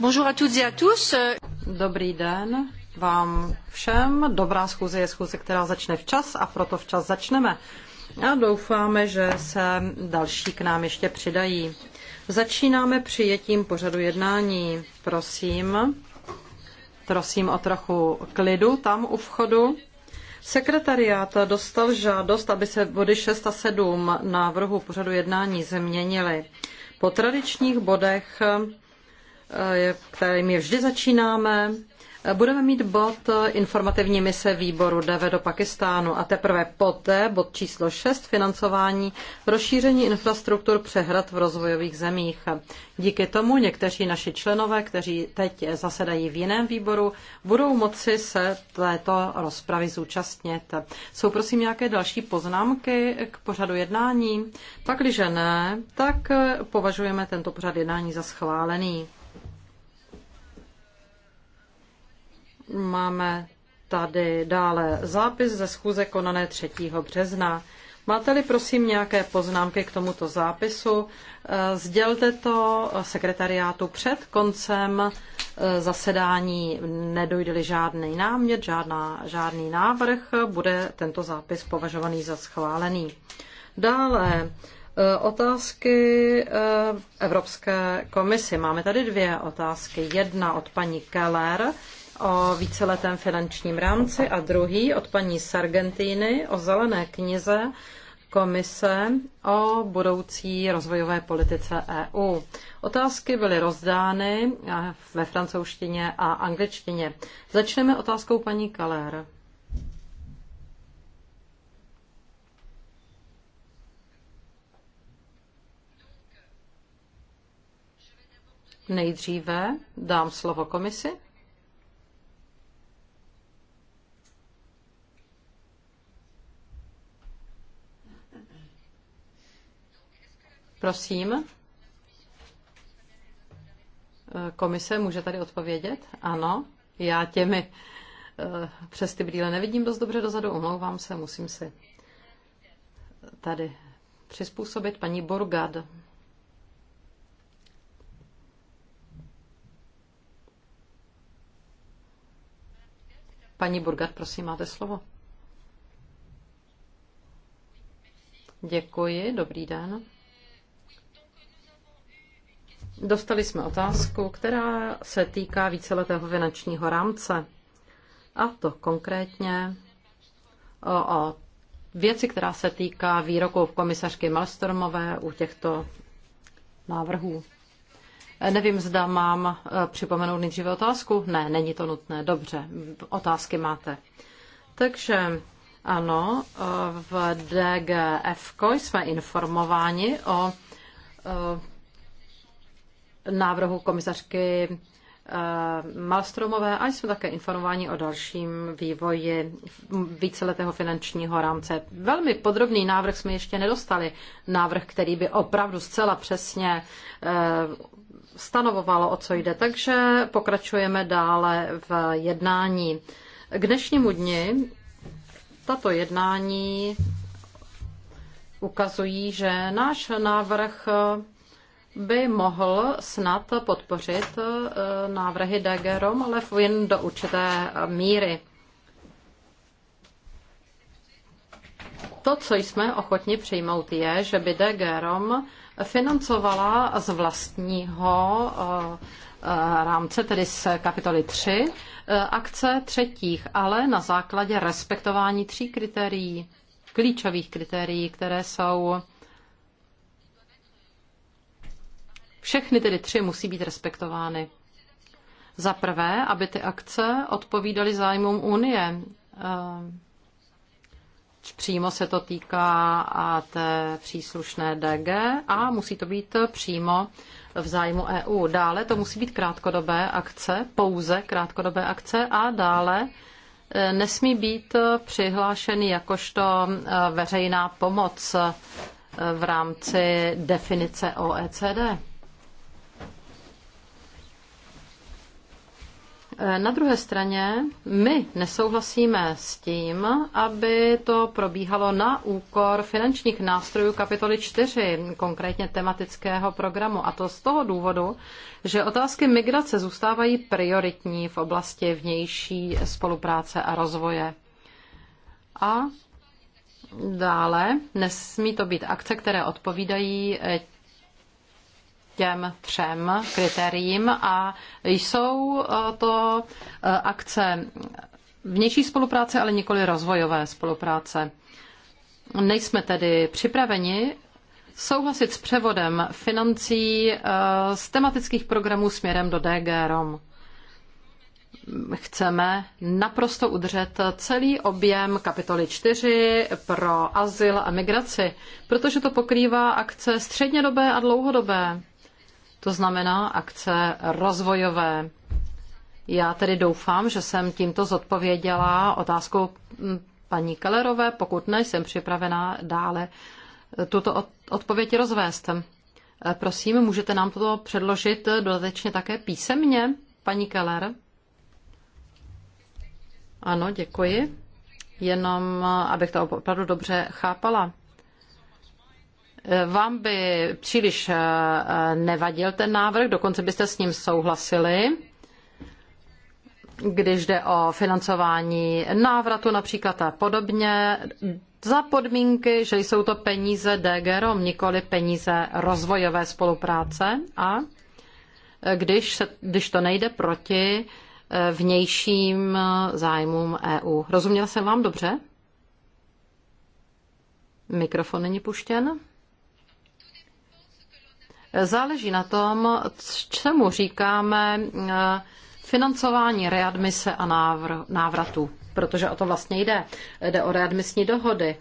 Bonjour à toutes et à tous. Dobrý den vám všem. Dobrá schůze je schůze, která začne včas a proto včas začneme. A doufáme, že se další k nám ještě přidají. Začínáme přijetím pořadu jednání. Prosím, prosím o trochu klidu tam u vchodu. Sekretariát dostal žádost, aby se body 6 a 7 návrhu pořadu jednání změnily. Po tradičních bodech kterými vždy začínáme. Budeme mít bod eh, informativní mise výboru DV do Pakistánu a teprve poté bod číslo 6 financování rozšíření infrastruktur přehrad v rozvojových zemích. Díky tomu někteří naši členové, kteří teď zasedají v jiném výboru, budou moci se této rozpravy zúčastnit. Jsou prosím nějaké další poznámky k pořadu jednání? Pakliže ne, tak eh, považujeme tento pořad jednání za schválený. Máme tady dále zápis ze schůze konané 3. března. Máte-li prosím nějaké poznámky k tomuto zápisu, eh, sdělte to sekretariátu před koncem eh, zasedání. Nedojde-li žádný námět, žádná, žádný návrh, bude tento zápis považovaný za schválený. Dále eh, otázky Evropské komisi. Máme tady dvě otázky. Jedna od paní Keller o víceletém finančním rámci a druhý od paní Sargentiny o zelené knize Komise o budoucí rozvojové politice EU. Otázky byly rozdány eh, ve francouzštině a angličtině. Začneme otázkou paní Kaler. Nejdříve dám slovo komisi Prosím. Komise může tady odpovědět? Ano. Já těmi eh, přes ty brýle nevidím dost dobře dozadu, omlouvám se, musím si tady přizpůsobit paní Borgad. Paní Burgat, prosím, máte slovo. Děkuji, dobrý den. Dostali jsme otázku, která se týká víceletého finančního rámce. A to konkrétně o, o věci, která se týká výroku komisařky Malstromové u těchto návrhů. Nevím, zda mám e, připomenout nejdříve otázku. Ne, není to nutné. Dobře, otázky máte. Takže ano, e, v DGF jsme informováni o e, návrhu komisařky eh, Malstromové a jsme také informováni o dalším vývoji víceletého finančního rámce. Velmi podrobný návrh jsme ještě nedostali. Návrh, který by opravdu zcela přesně eh, stanovovalo, o co jde. Takže pokračujeme dále v jednání. K dnešnímu dni tato jednání ukazují, že náš návrh by mohl snad podpořit eh, návrhy DG Rom, ale jen do určité míry. To, co jsme ochotni přijmout, je, že by DG Rom financovala z vlastního eh, eh, rámce, tedy z kapitoly 3, akce třetích, ale na základě respektování tří kritérií, klíčových kritérií, které jsou Všechny tedy tři musí být respektovány. Za prvé, aby ty akce odpovídaly zájmům Unie. Eh, přímo se to týká a té příslušné DG a musí to být přímo v zájmu EU. Dále to musí být krátkodobé akce, pouze krátkodobé akce a dále eh, nesmí být přihlášeny jakožto eh, veřejná pomoc v rámci definice OECD. Eh, na druhé straně my nesouhlasíme s tím, aby to probíhalo na úkor finančních nástrojů kapitoly 4, konkrétně tematického programu. A to z toho důvodu, že otázky migrace zůstávají prioritní v oblasti vnější spolupráce a rozvoje. A dále nesmí to být akce, které odpovídají eh, těm třem kritériím a jsou eh, to eh, akce vnější spolupráce, ale nikoli rozvojové spolupráce. Nejsme tedy připraveni souhlasit s převodem financí eh, z tematických programů směrem do DG-ROM chceme naprosto udržet celý objem kapitoly 4 pro azyl a migraci, protože to pokrývá akce střednědobé a dlouhodobé to znamená akce rozvojové. Já tedy doufám, že jsem tímto zodpověděla otázkou hm, paní Kellerové, pokud ne, jsem připravená dále eh, tuto odpověď rozvést. Eh, prosím, můžete nám toto předložit dodatečně také písemně, paní Keller? Ano, děkuji. Jenom, eh, abych to opravdu dobře chápala. Vám by příliš eh, nevadil ten návrh, dokonce byste s ním souhlasili, když jde o financování návratu například a podobně, za podmínky, že jsou to peníze DGROM, nikoli peníze rozvojové spolupráce a když, se, když to nejde proti eh, vnějším eh, zájmům EU. Rozuměla jsem vám dobře? Mikrofon není puštěn. Záleží na tom, čemu říkáme eh, financování readmise a návratu, protože o to vlastně jde. Jde o readmisní dohody,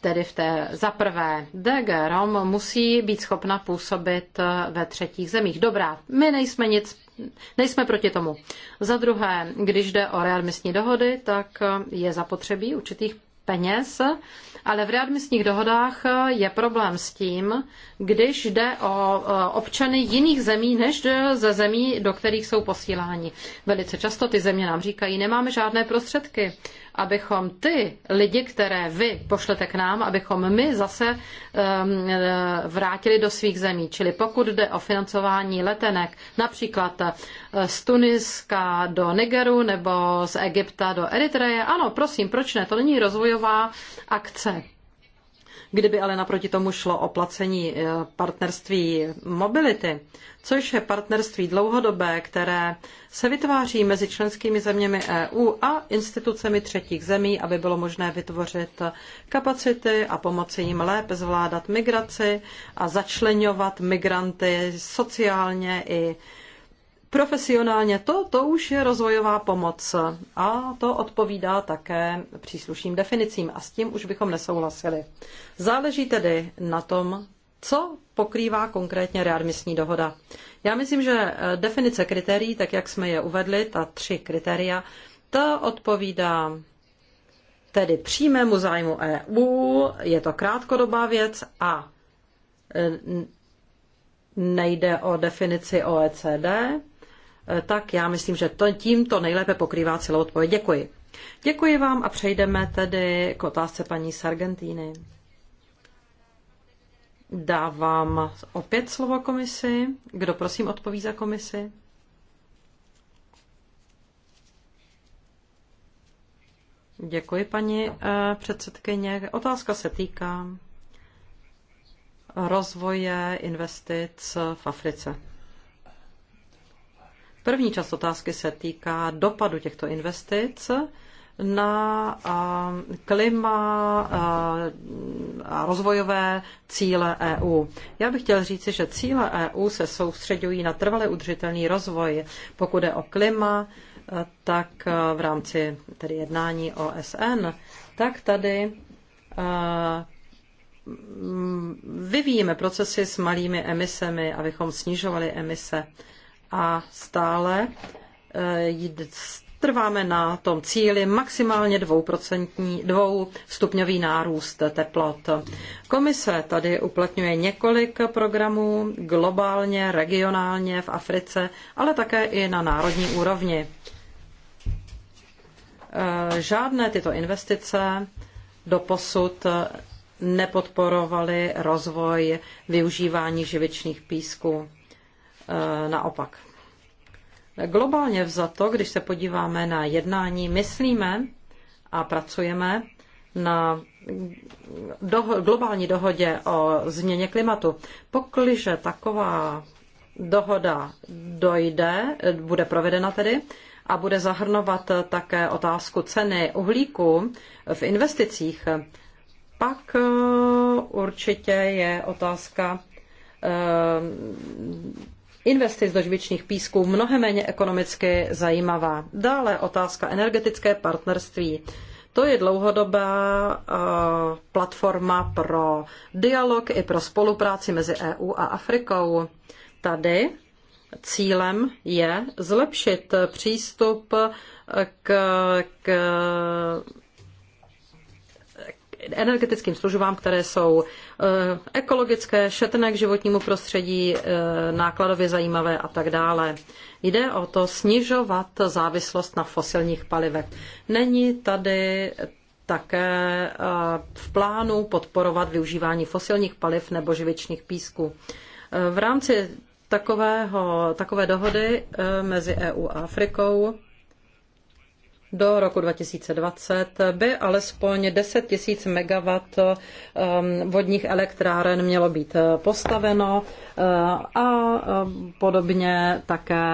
tedy v té za prvé DG Rom musí být schopna působit eh, ve třetích zemích. Dobrá, my nejsme nic, nejsme proti tomu. Za druhé, když jde o readmisní dohody, tak eh, je zapotřebí určitých peněz, ale v readmisních dohodách je problém s tím, když jde o e, občany jiných zemí než ze zemí, do kterých jsou posíláni. Velice často ty země nám říkají, nemáme žádné prostředky abychom ty lidi, které vy pošlete k nám, abychom my zase um, eh, vrátili do svých zemí. Čili pokud jde o financování letenek například eh, z Tuniska do Nigeru nebo z Egypta do Eritreje, ano, prosím, proč ne? To není rozvojová akce. Kdyby ale naproti tomu šlo o placení eh, partnerství mobility, což je partnerství dlouhodobé, které se vytváří mezi členskými zeměmi EU a institucemi třetích zemí, aby bylo možné vytvořit kapacity a pomoci jim lépe zvládat migraci a začlenovat migranty sociálně i profesionálně. To, to už je rozvojová pomoc a to odpovídá také příslušným definicím a s tím už bychom nesouhlasili. Záleží tedy na tom, co pokrývá konkrétně readmisní dohoda. Já myslím, že definice kritérií, tak jak jsme je uvedli, ta tři kritéria, to odpovídá tedy přímému zájmu EU, je to krátkodobá věc a e, nejde o definici OECD, Eh, tak já myslím, že to, tím to nejlépe pokrývá celou odpověď. Děkuji. Děkuji vám a přejdeme tedy k otázce paní Sargentiny. Dávám opět slovo komisi. Kdo prosím odpoví za komisi? Děkuji, paní eh, předsedkyně. Otázka se týká rozvoje investic v Africe. První část otázky se týká dopadu těchto investic na klima a rozvojové cíle EU. Já bych chtěl říci, že cíle EU se soustředují na trvalý udržitelný rozvoj. Pokud je o klima, tak v rámci tedy jednání OSN, tak tady vyvíjíme procesy s malými emisemi, abychom snižovali emise a stále eh, trváme na tom cíli maximálně dvouprocentní, dvoustupňový nárůst teplot. Komise tady uplatňuje několik programů globálně, regionálně v Africe, ale také i na národní úrovni. Eh, žádné tyto investice doposud nepodporovaly rozvoj využívání živičných písků. Eh, naopak. Globálně vzato, když se podíváme na jednání, myslíme a pracujeme na doho- globální dohodě o změně klimatu. Pokliže taková dohoda dojde, bude provedena tedy, a bude zahrnovat také otázku ceny uhlíku v investicích, pak eh, určitě je otázka eh, investic do žvičných písků mnohem méně ekonomicky zajímavá. Dále otázka energetické partnerství. To je dlouhodobá eh, platforma pro dialog i pro spolupráci mezi EU a Afrikou. Tady cílem je zlepšit přístup k, k energetickým službám, které jsou eh, ekologické, šetrné k životnímu prostředí, eh, nákladově zajímavé a tak dále. Jde o to snižovat závislost na fosilních palivech. Není tady také eh, v plánu podporovat využívání fosilních paliv nebo živičných písků. V rámci takového, takové dohody mezi EU a Afrikou do roku 2020 by alespoň 10 tisíc megawatt um, vodních elektráren mělo být uh, postaveno uh, a uh, podobně také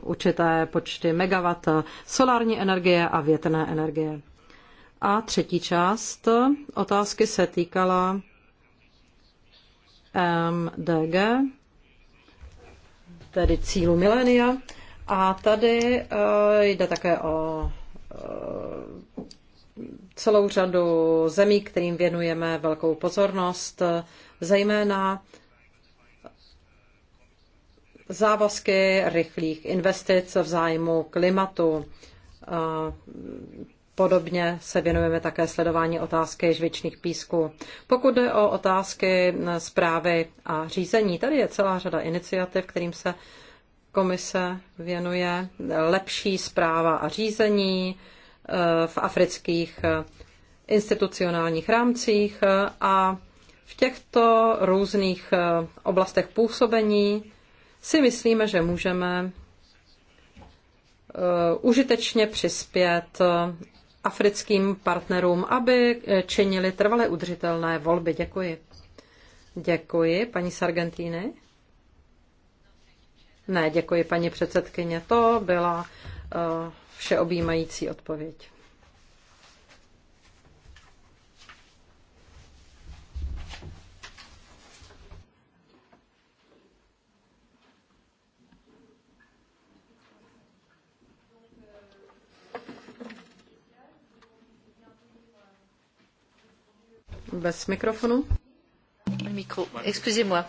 určité počty megawatt solární energie a větrné energie. A třetí část otázky se týkala MDG, tedy cílu milénia. A tady eh, jde také o eh, celou řadu zemí, kterým věnujeme velkou pozornost, zejména závazky rychlých investic v zájmu klimatu. Eh, podobně se věnujeme také sledování otázky žvičných písků. Pokud jde o otázky zprávy a řízení, tady je celá řada iniciativ, kterým se komise věnuje lepší zpráva a řízení eh, v afrických eh, institucionálních rámcích eh, a v těchto různých oblastech působení si myslíme, že můžeme užitečně přispět africkým partnerům, aby činili trvale udržitelné volby. Děkuji. Děkuji, paní Sargentini. Ne, děkuji paní předsedkyně. To byla eh, všeobjímající odpověď. Bez mikrofonu. Mikro. Excusez-moi.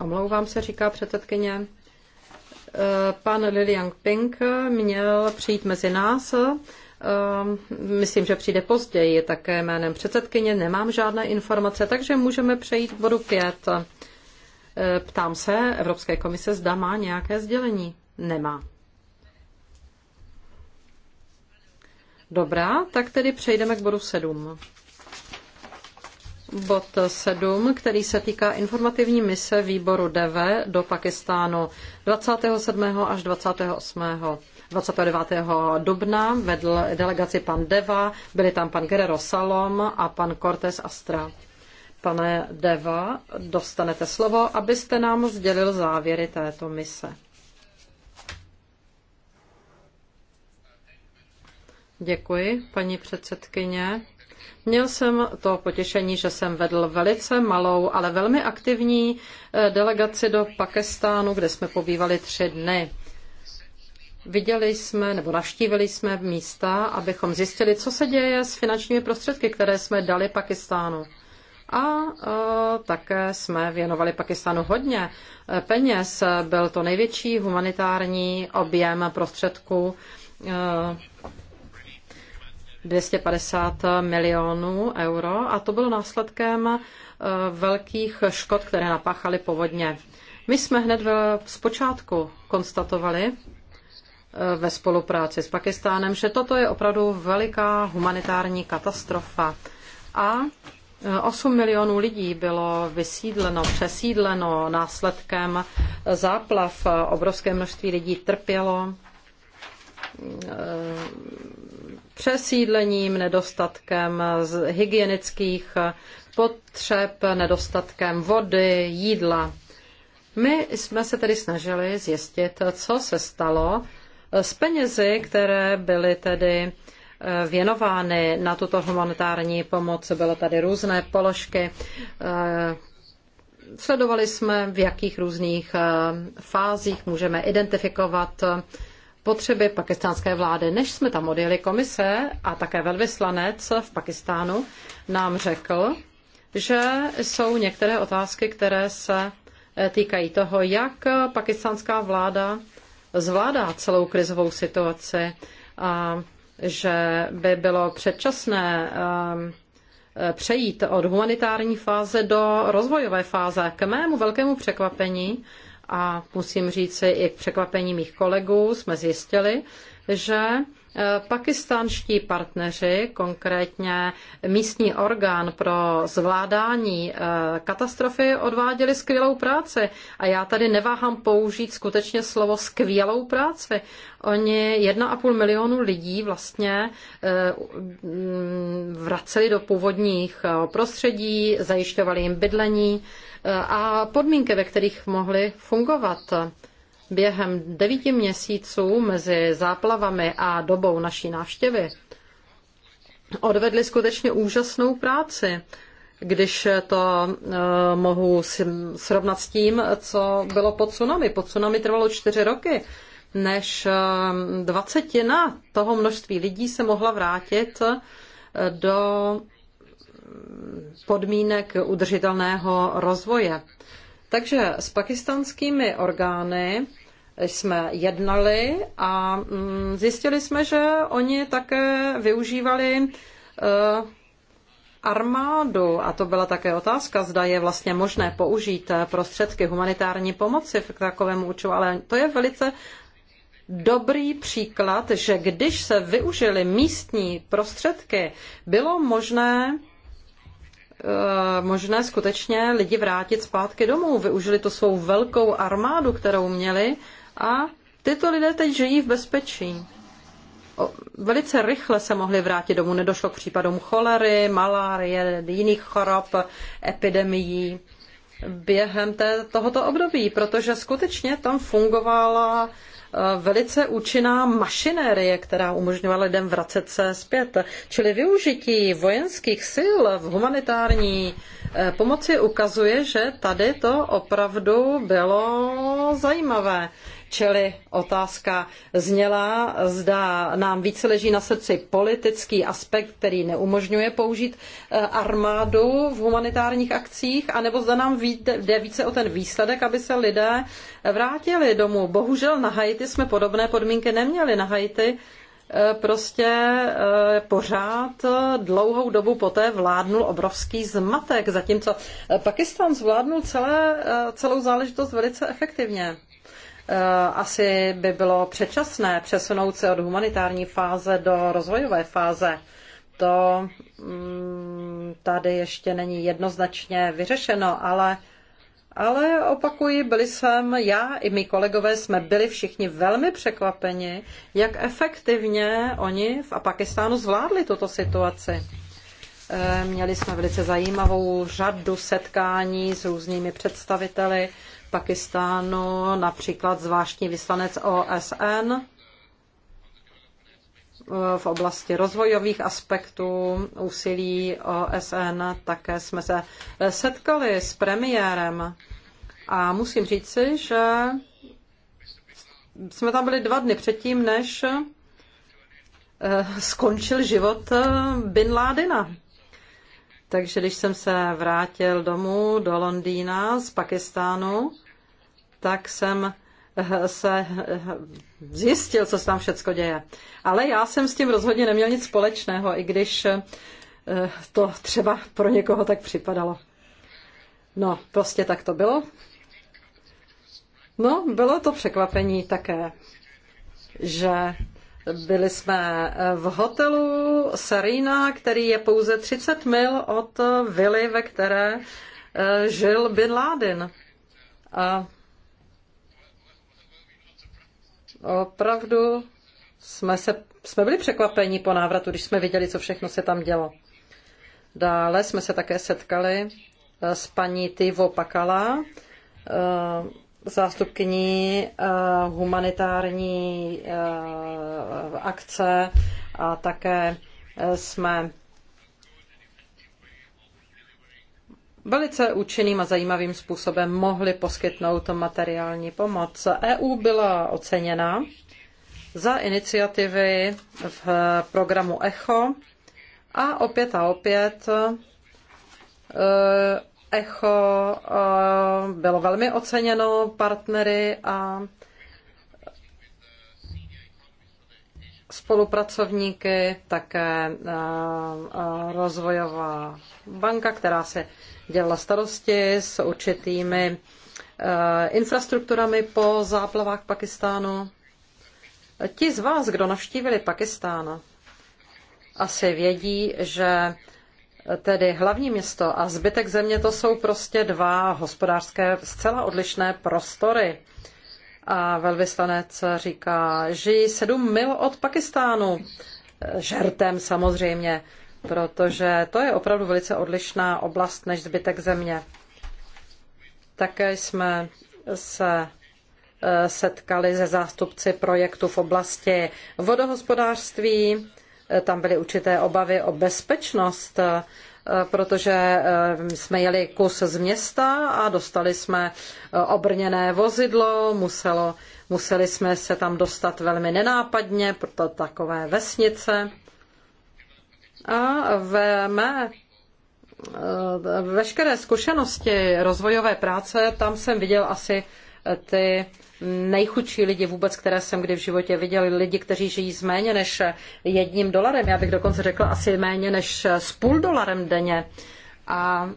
Omlouvám se, říká předsedkyně. Eh, pan Liliang Ping měl přijít mezi nás. Eh, myslím, že přijde později také jménem předsedkyně. Nemám žádné informace, takže můžeme přejít k bodu 5. Eh, ptám se Evropské komise, zda má nějaké sdělení. Nemá. Dobrá, tak tedy přejdeme k bodu 7 bod 7, který se týká informativní mise výboru DV do Pakistánu 27. až 28. 29. dubna vedl delegaci pan Deva, byli tam pan Guerrero Salom a pan Cortés Astra. Pane Deva, dostanete slovo, abyste nám sdělil závěry této mise. Děkuji, paní předsedkyně. Měl jsem to potěšení, že jsem vedl velice malou, ale velmi aktivní eh, delegaci do Pakistánu, kde jsme pobývali tři dny. Viděli jsme nebo navštívili jsme místa, abychom zjistili, co se děje s finančními prostředky, které jsme dali Pakistánu. A eh, také jsme věnovali Pakistánu hodně eh, peněz. Byl to největší humanitární objem prostředků 250 milionů euro a to bylo následkem eh, velkých škod, které napáchaly povodně. My jsme hned zpočátku konstatovali eh, ve spolupráci s Pakistánem, že toto je opravdu veliká humanitární katastrofa. A 8 eh, milionů lidí bylo vysídleno, přesídleno následkem záplav. Obrovské množství lidí trpělo přesídlením, nedostatkem z hygienických potřeb, nedostatkem vody, jídla. My jsme se tedy snažili zjistit, co se stalo s penězi, které byly tedy eh, věnovány na tuto humanitární pomoc. Byly tady různé položky. Eh, sledovali jsme, v jakých různých eh, fázích můžeme identifikovat potřeby pakistánské vlády. Než jsme tam odjeli komise a také velvyslanec v Pakistánu nám řekl, že jsou některé otázky, které se eh, týkají toho, jak pakistánská vláda zvládá celou krizovou situaci a že by bylo předčasné ehm, eh, přejít od humanitární fáze do rozvojové fáze. K mému velkému překvapení a musím říci i k překvapení mých kolegů jsme zjistili, že eh, Pakistánští partneři, konkrétně místní orgán pro zvládání eh, katastrofy, odváděli skvělou práci. A já tady neváhám použít skutečně slovo skvělou práci. Oni 1,5 milionu lidí vlastně eh, mm, vraceli do původních prostředí, zajišťovali jim bydlení, a podmínky, ve kterých mohly fungovat. Během devíti měsíců mezi záplavami a dobou naší návštěvy odvedly skutečně úžasnou práci, když to eh, mohu srovnat s tím, co bylo pod tsunami. Pod tsunami trvalo čtyři roky než eh, dvacetina toho množství lidí se mohla vrátit eh, do podmínek udržitelného rozvoje. Takže s pakistanskými orgány jsme jednali a mm, zjistili jsme, že oni také využívali e, armádu, a to byla také otázka, zda je vlastně možné použít e, prostředky humanitární pomoci v takovému účelu, ale to je velice dobrý příklad, že když se využili místní prostředky, bylo možné Eh, možné skutečně lidi vrátit zpátky domů. Využili to svou velkou armádu, kterou měli a tyto lidé teď žijí v bezpečí. Velice rychle se mohli vrátit domů. Nedošlo k případům cholery, malárie, jiných chorob, epidemií během té, tohoto období, protože skutečně tam fungovala Eh, velice účinná mašinérie, která umožňovala lidem vracet se zpět. Čili využití vojenských sil v humanitární eh, pomoci ukazuje, že tady to opravdu bylo zajímavé. Čili otázka zněla, zda nám více leží na srdci politický aspekt, který neumožňuje použít eh, armádu v humanitárních akcích, anebo zda nám jde více o ten výsledek, aby se lidé vrátili domů. Bohužel na Haiti jsme podobné podmínky neměli. Na Haiti eh, prostě eh, pořád dlouhou dobu poté vládnul obrovský zmatek, zatímco Pakistan zvládnul celé, celou záležitost velice efektivně. Eh, asi by bylo předčasné přesunout se od humanitární fáze do rozvojové fáze. To mm, tady ještě není jednoznačně vyřešeno, ale, ale opakuji, byli jsem já i mý kolegové, jsme byli všichni velmi překvapeni, jak efektivně oni v Pakistánu zvládli tuto situaci. Eh, měli jsme velice zajímavou řadu setkání s různými představiteli Pakistánu, například zvláštní vyslanec OSN v oblasti rozvojových aspektů úsilí OSN. Také jsme se setkali s premiérem a musím říci, že jsme tam byli dva dny předtím, než eh, skončil život eh, Bin Ládina. Takže když jsem se vrátil domů do Londýna z Pakistánu, tak jsem eh, se eh, zjistil, co se tam všecko děje. Ale já jsem s tím rozhodně neměl nic společného, i když eh, to třeba pro někoho tak připadalo. No, prostě tak to bylo. No, bylo to překvapení také, že byli jsme v hotelu Sarina, který je pouze 30 mil od vily, ve které e, žil Bin Laden. A opravdu jsme, se, jsme byli překvapeni po návratu, když jsme viděli, co všechno se tam dělo. Dále jsme se také setkali e, s paní Tivo Pakala, e, zástupkyní eh, humanitární eh, akce a také eh, jsme velice účinným a zajímavým způsobem mohli poskytnout materiální pomoc. EU byla oceněna za iniciativy v programu ECHO a opět a opět echo eh, bylo velmi oceněno partnery a spolupracovníky, také eh, eh, rozvojová banka, která se dělala starosti s určitými infrastrukturami po záplavách Pakistánu. Ti z vás, kdo navštívili Pakistán, asi vědí, že tedy hlavní město a zbytek země, to jsou prostě dva hospodářské zcela odlišné prostory. A velvyslanec říká, žijí sedm mil od Pakistánu. Žertem samozřejmě, protože to je opravdu velice odlišná oblast než zbytek země. Také jsme se eh, setkali se zástupci projektu v oblasti vodohospodářství, tam byly určité obavy o bezpečnost, eh, protože eh, jsme jeli kus z města a dostali jsme eh, obrněné vozidlo, muselo, museli jsme se tam dostat velmi nenápadně, proto takové vesnice. A ve mé veškeré zkušenosti rozvojové práce, tam jsem viděl asi ty nejchudší lidi vůbec, které jsem kdy v životě viděl, lidi, kteří žijí s méně než jedním dolarem, já bych dokonce řekla asi méně než s půl dolarem denně. A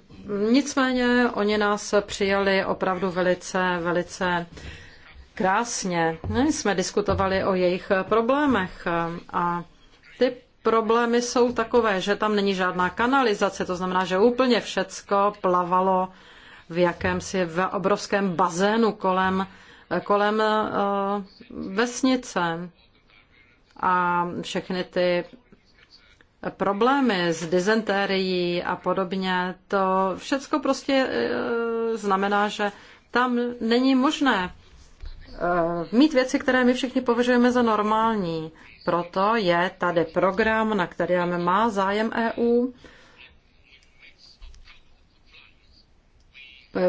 nicméně oni nás přijali opravdu velice, velice krásně. No, my jsme diskutovali o jejich problémech a ty problémy jsou takové, že tam není žádná kanalizace, to znamená, že úplně všecko plavalo v jakémsi obrovském bazénu kolem kolem eh, vesnice a všechny ty problémy s dizentérií a podobně, to všecko prostě eh, znamená, že tam není možné eh, mít věci, které my všichni považujeme za normální. Proto je tady program, na kterém má zájem EU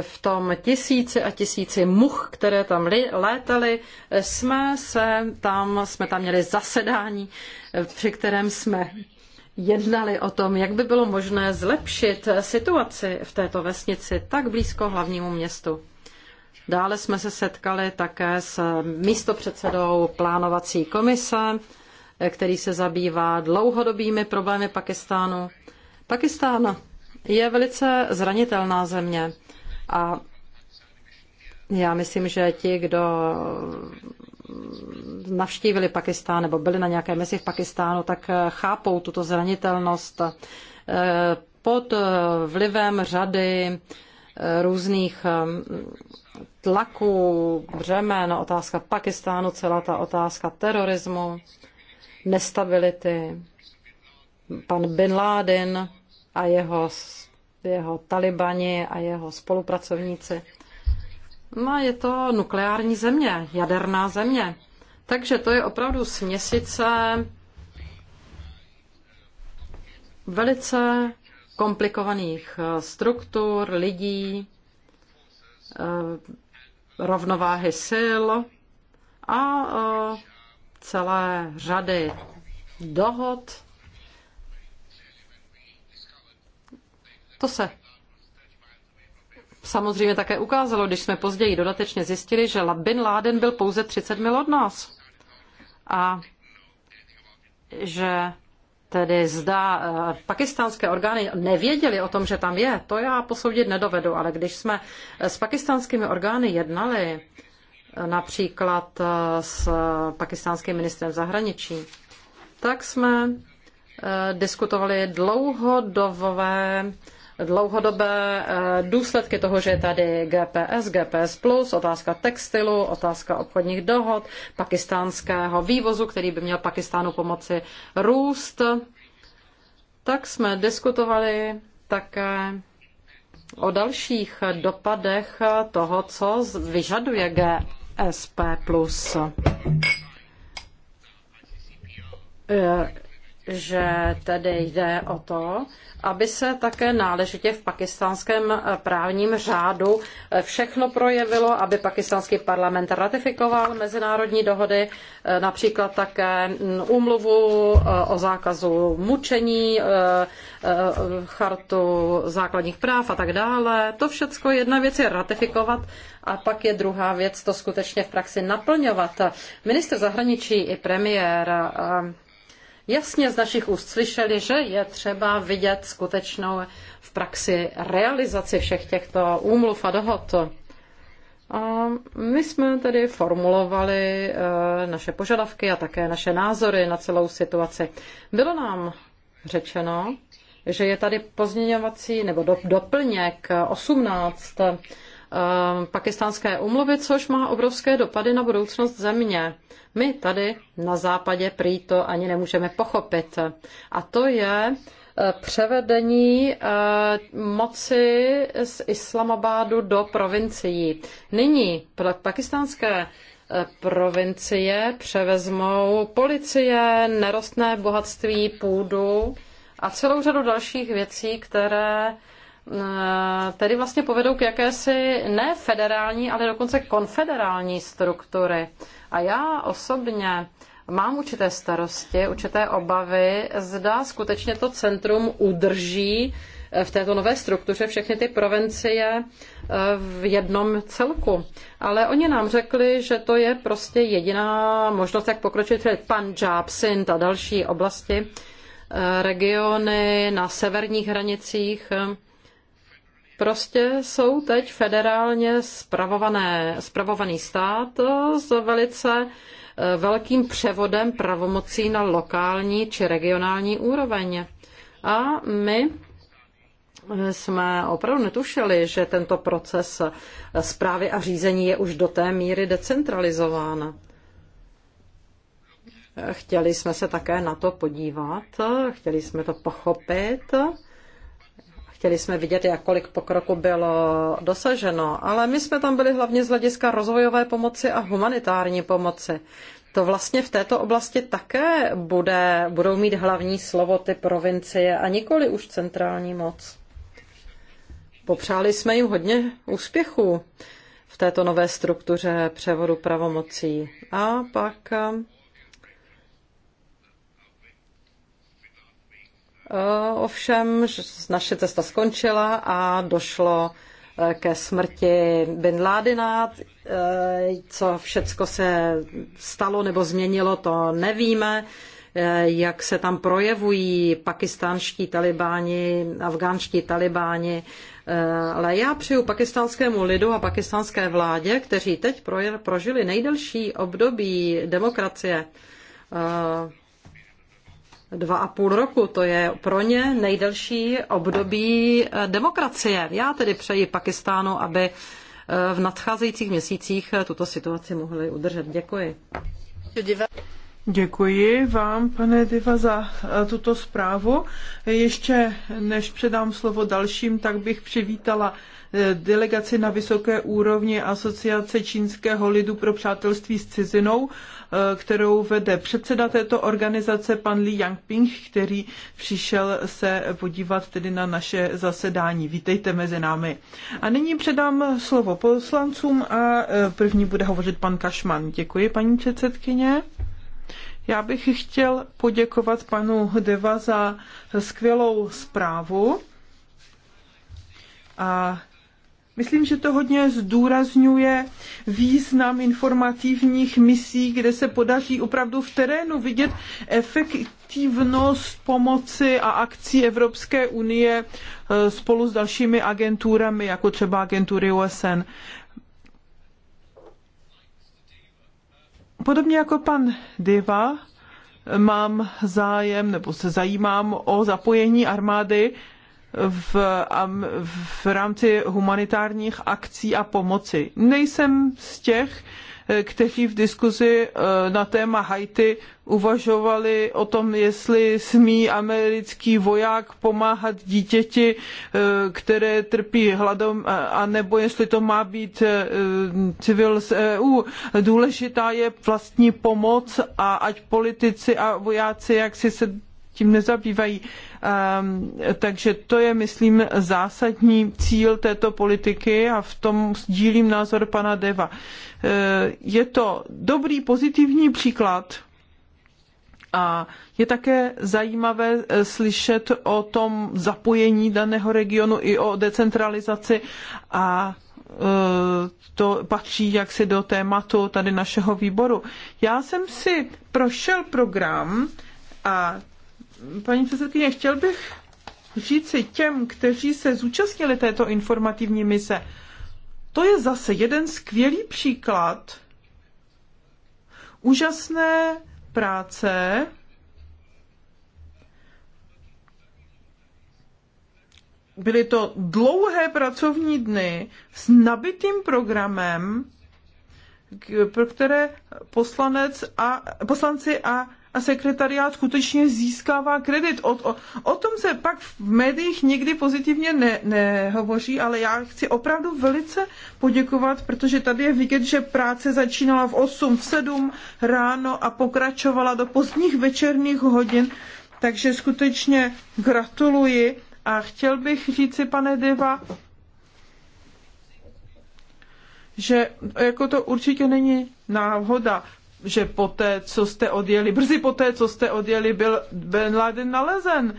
v tom tisíci a tisíci much, které tam létaly, jsme se tam, jsme tam měli zasedání, při kterém jsme jednali o tom, jak by bylo možné zlepšit situaci v této vesnici tak blízko hlavnímu městu. Dále jsme se setkali také s místopředsedou plánovací komise, který se zabývá dlouhodobými problémy Pakistánu. Pakistán je velice zranitelná země. A já myslím, že ti, kdo navštívili Pakistán nebo byli na nějaké misi v Pakistánu, tak chápou tuto zranitelnost pod vlivem řady různých tlaků, břemen, otázka Pakistánu, celá ta otázka terorismu, nestability, pan Bin Laden a jeho jeho talibani a jeho spolupracovníci. No, je to nukleární země, jaderná země. Takže to je opravdu směsice velice komplikovaných eh, struktur, lidí, eh, rovnováhy sil a eh, celé řady dohod To se samozřejmě také ukázalo, když jsme později dodatečně zjistili, že Bin Laden byl pouze 30 mil od nás. A že tedy zda eh, pakistánské orgány nevěděli o tom, že tam je, to já posoudit nedovedu, ale když jsme eh, s pakistánskými orgány jednali, eh, například s pakistánským ministrem zahraničí, tak jsme diskutovali dlouhodobé dlouhodobé eh, důsledky toho, že je tady GPS, GPS+, otázka textilu, otázka obchodních dohod, pakistánského vývozu, který by měl Pakistánu pomoci růst. Tak jsme diskutovali také o dalších dopadech toho, co vyžaduje GSP+ že tedy jde o to, aby se také náležitě v pakistánském eh, právním řádu eh, všechno projevilo, aby pakistánský parlament ratifikoval mezinárodní dohody, eh, například také mm, úmluvu o zákazu mučení, chartu základních práv a tak dále. To všechno jedna věc je ratifikovat a pak je druhá věc to skutečně v praxi naplňovat. Minister zahraničí i premiér jasně z našich úst slyšeli, že je třeba vidět skutečnou v praxi realizaci všech těchto úmluv a dohod. A my jsme tedy formulovali eh, naše požadavky a také naše názory na celou situaci. Bylo nám řečeno, že je tady pozměňovací nebo doplněk 18 Eh, pakistánské umluvy, což má obrovské dopady na budoucnost země. My tady na západě prý to ani nemůžeme pochopit. A to je eh, převedení eh, moci z Islamabádu do provincií. Nyní pakistánské provincie převezmou policie, nerostné bohatství, půdu a celou řadu dalších věcí, které Eh, tedy vlastně povedou k jakési ne federální, ale dokonce konfederální struktury. A já osobně mám určité starosti, určité obavy, zda skutečně to centrum udrží eh, v této nové struktuře všechny ty provincie eh, v jednom celku. Ale oni nám řekli, že to je prostě jediná možnost, jak pokročit Punjab, Sindh a další oblasti, regiony na severních hranicích prostě jsou teď federálně spravované, spravovaný stát eh, s velice eh, velkým převodem pravomocí na lokální či regionální úroveň. A my eh, jsme opravdu netušili, že tento proces zprávy a řízení je už do té míry decentralizován. Chtěli jsme se také na to podívat, chtěli jsme to pochopit Chtěli jsme vidět, jak kolik pokroku bylo dosaženo, ale my jsme tam byli hlavně z hlediska rozvojové pomoci a humanitární pomoci. To vlastně v této oblasti také bude, budou mít hlavní slovo ty provincie a nikoli už centrální moc. Popřáli jsme jim hodně úspěchů v této nové struktuře převodu pravomocí. A pak Eh, ovšem naše cesta skončila a došlo eh, ke smrti Bin Ládina. Eh, co všecko se stalo nebo změnilo, to nevíme. Jak se tam projevují pakistánští talibáni, afgánští talibáni. Ale já přeju pakistánskému lidu a pakistánské vládě, kteří teď prožili nejdelší období demokracie, dva a půl roku. To je pro ně nejdelší období eh, demokracie. Já tedy přeji Pakistánu, aby eh, v nadcházejících měsících eh, tuto situaci mohli udržet. Děkuji. Děkuji vám, pane Diva, za tuto zprávu. Ještě než předám slovo dalším, tak bych přivítala delegaci na vysoké úrovni Asociace čínského lidu pro přátelství s cizinou Eh, kterou vede předseda této organizace, pan Li Yangping, který přišel se podívat tedy na naše zasedání. Vítejte mezi námi. A nyní předám slovo poslancům a eh, první bude hovořit pan Kašman. Děkuji, paní předsedkyně. Já bych chtěl poděkovat panu Deva za skvělou zprávu. A Myslím, že to hodně zdůrazňuje význam informativních misí, kde se podaří opravdu v terénu vidět efektivnost pomoci a akcí Evropské unie eh, spolu s dalšími agenturami, jako třeba agentury OSN. Podobně jako pan Deva, eh, mám zájem nebo se zajímám o zapojení armády v, v rámci humanitárních akcí a pomoci. Nejsem z těch, eh, kteří v diskuzi eh, na téma Haiti uvažovali o tom, jestli smí americký voják pomáhat dítěti, eh, které trpí hladem, anebo jestli to má být civil z EU. Důležitá je vlastní pomoc a ať politici a vojáci jaksi se tím nezabývají. Ehm, takže to je, myslím, zásadní cíl této politiky a v tom sdílím názor pana Deva. Eh, je to dobrý pozitivní příklad a je také zajímavé eh, slyšet o tom zapojení daného regionu i o decentralizaci a eh, to patří jaksi do tématu tady našeho výboru. Já jsem si prošel program a Paní předsedkyně, chtěl bych říci těm, kteří se zúčastnili této informativní mise, to je zase jeden skvělý příklad úžasné práce, byly to dlouhé pracovní dny s nabitým programem, pro které poslanec a, poslanci a a sekretariát skutečně získává kredit. O, o, o tom se pak v médiích nikdy pozitivně ne, nehovoří, ale já chci opravdu velice poděkovat, protože tady je vidět, že práce začínala v 8, v 7 ráno a pokračovala do pozdních večerních hodin, takže skutečně gratuluji a chtěl bych říci, pane Deva, že jako to určitě není náhoda že poté, co jste odjeli, brzy poté, co jste odjeli, byl Ben Laden nalezen.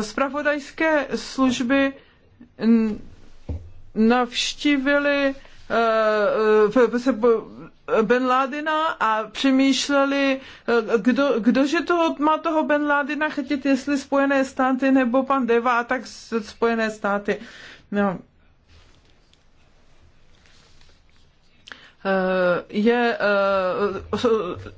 Spravodajské eh, služby navštívili eh, eh, Ben Ládina a přemýšleli, kdo, kdože to má toho Ben Ládina chytit, jestli Spojené státy nebo pan Deva, tak Spojené státy. No, Eh, je, eh,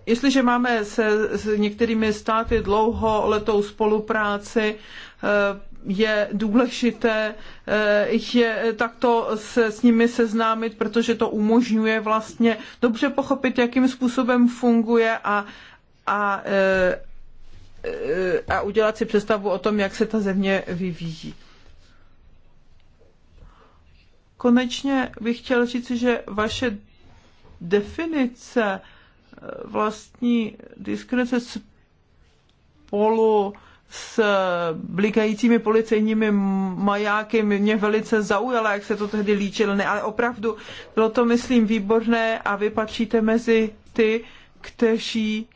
jestliže máme se s některými státy dlouholetou spolupráci, eh, je důležité je takto se s nimi seznámit, protože to umožňuje vlastně dobře pochopit, jakým způsobem funguje a, a, a udělat si představu o tom, jak se ta země vyvíjí. Konečně bych chtěl říct, že vaše definice eh, vlastní diskrece spolu s blikajícími policejními majáky mě velice zaujala, jak se to tehdy líčil. Ne, ale opravdu bylo to, myslím, výborné a vy patříte mezi ty, kteří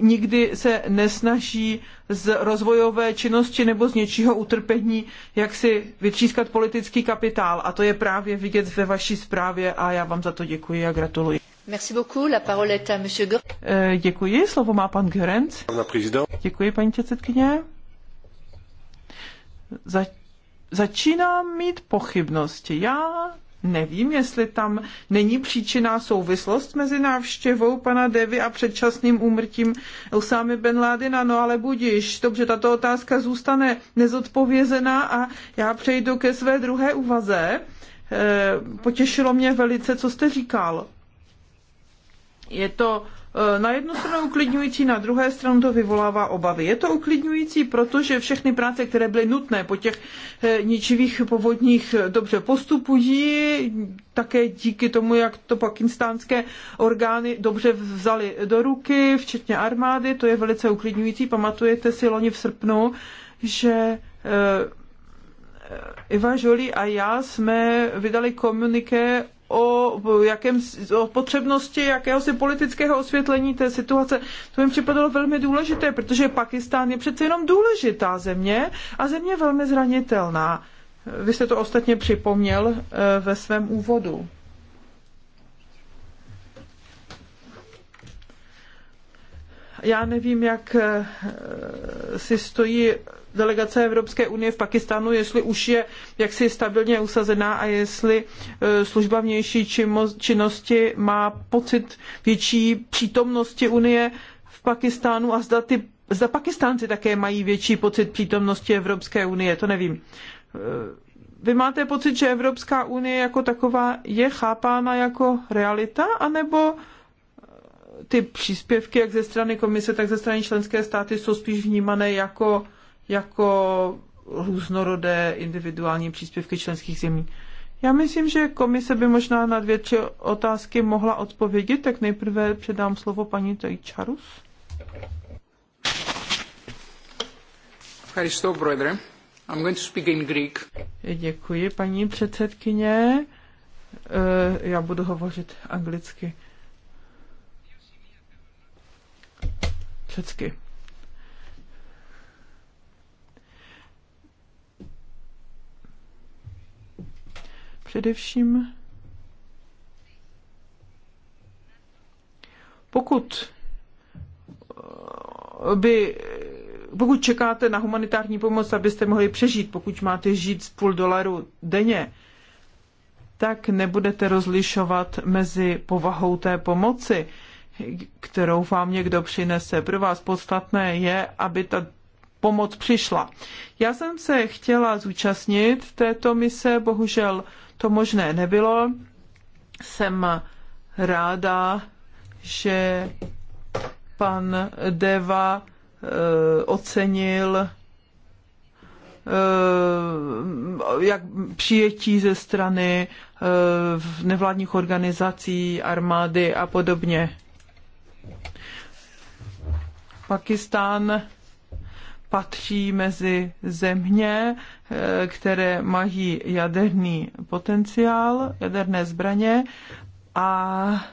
nikdy se nesnaží z rozvojové činnosti nebo z něčího utrpení, jak si vytřískat politický kapitál. A to je právě vidět ve vaší zprávě a já vám za to děkuji a gratuluji. Merci beaucoup. La parole est à monsieur eh, Děkuji, slovo má pan Görenc. Děkuji, paní předsedkyně. Za... Začínám mít pochybnosti. Já Nevím, jestli tam není příčina souvislost mezi návštěvou pana Devy a předčasným úmrtím Usámy Ben Ládina, no ale budíš. Dobře, tato otázka zůstane nezodpovězená a já přejdu ke své druhé úvaze. Eh, potěšilo mě velice, co jste říkal. Je to Eh, na jednu stranu uklidňující, na druhé stranu to vyvolává obavy. Je to uklidňující, protože všechny práce, které byly nutné po těch eh, ničivých povodních, eh, dobře postupují, také díky tomu, jak to pakistánské orgány dobře vzaly do ruky, včetně armády, to je velice uklidňující. Pamatujete si loni v srpnu, že Iva Žolí a já jsme vydali komuniké o, jakém, o potřebnosti jakéhosi politického osvětlení té situace. To mi připadalo velmi důležité, protože Pakistán je přece jenom důležitá země a země velmi zranitelná. Vy jste to ostatně připomněl eh, ve svém úvodu. já nevím, jak eh, si stojí delegace Evropské unie v Pakistánu, jestli už je jaksi stabilně usazená a jestli eh, služba vnější činnosti má pocit větší přítomnosti unie v Pakistánu a zda, ty, zda Pakistánci také mají větší pocit přítomnosti Evropské unie, to nevím. Eh, vy máte pocit, že Evropská unie jako taková je chápána jako realita, anebo ty příspěvky jak ze strany komise, tak ze strany členské státy jsou spíš vnímané jako, jako různorodé individuální příspěvky členských zemí. Já myslím, že komise by možná na dvě tři otázky mohla odpovědět, tak nejprve předám slovo paní Tejčarus. I'm going to speak in Greek. Děkuji, paní předsedkyně. Eh, já budu hovořit anglicky. Všecky. Především, pokud eh, by pokud čekáte na humanitární pomoc, abyste mohli přežít, pokud máte žít z půl dolaru denně, tak nebudete rozlišovat mezi povahou té pomoci kterou vám někdo přinese. Pro vás podstatné je, aby ta pomoc přišla. Já jsem se chtěla zúčastnit této mise, bohužel to možné nebylo. Jsem ráda, že pan Deva eh, ocenil eh, jak přijetí ze strany eh, nevládních organizací, armády a podobně. Pakistán patří mezi země, eh, které mají jaderný potenciál, jaderné zbraně a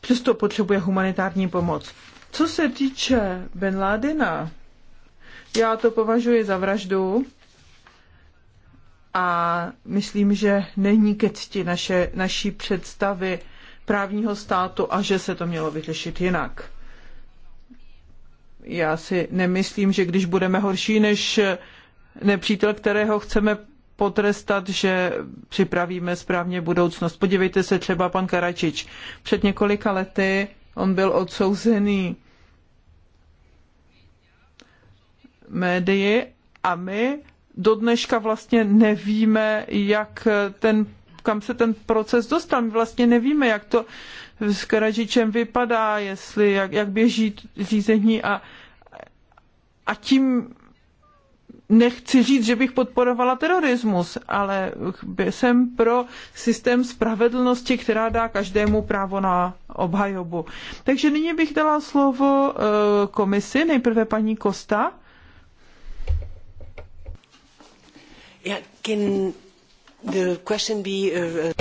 přesto potřebuje humanitární pomoc. Co se týče Ben Ládina, já to považuji za vraždu, a myslím, že není ke cti naše, naší představy právního státu a že se to mělo vyřešit jinak. Já si nemyslím, že když budeme horší než nepřítel, kterého chceme potrestat, že připravíme správně budoucnost. Podívejte se třeba pan Karačič. Před několika lety on byl odsouzený médii a my do dneška vlastně nevíme, jak ten kam se ten proces dostal. My vlastně nevíme, jak to s Karadžičem vypadá, jestli, jak, jak běží řízení a, a tím nechci říct, že bych podporovala terorismus, ale jsem pro systém spravedlnosti, která dá každému právo na obhajobu. Takže nyní bych dala slovo eh, komisi, nejprve paní Kosta can the question be, uh, uh,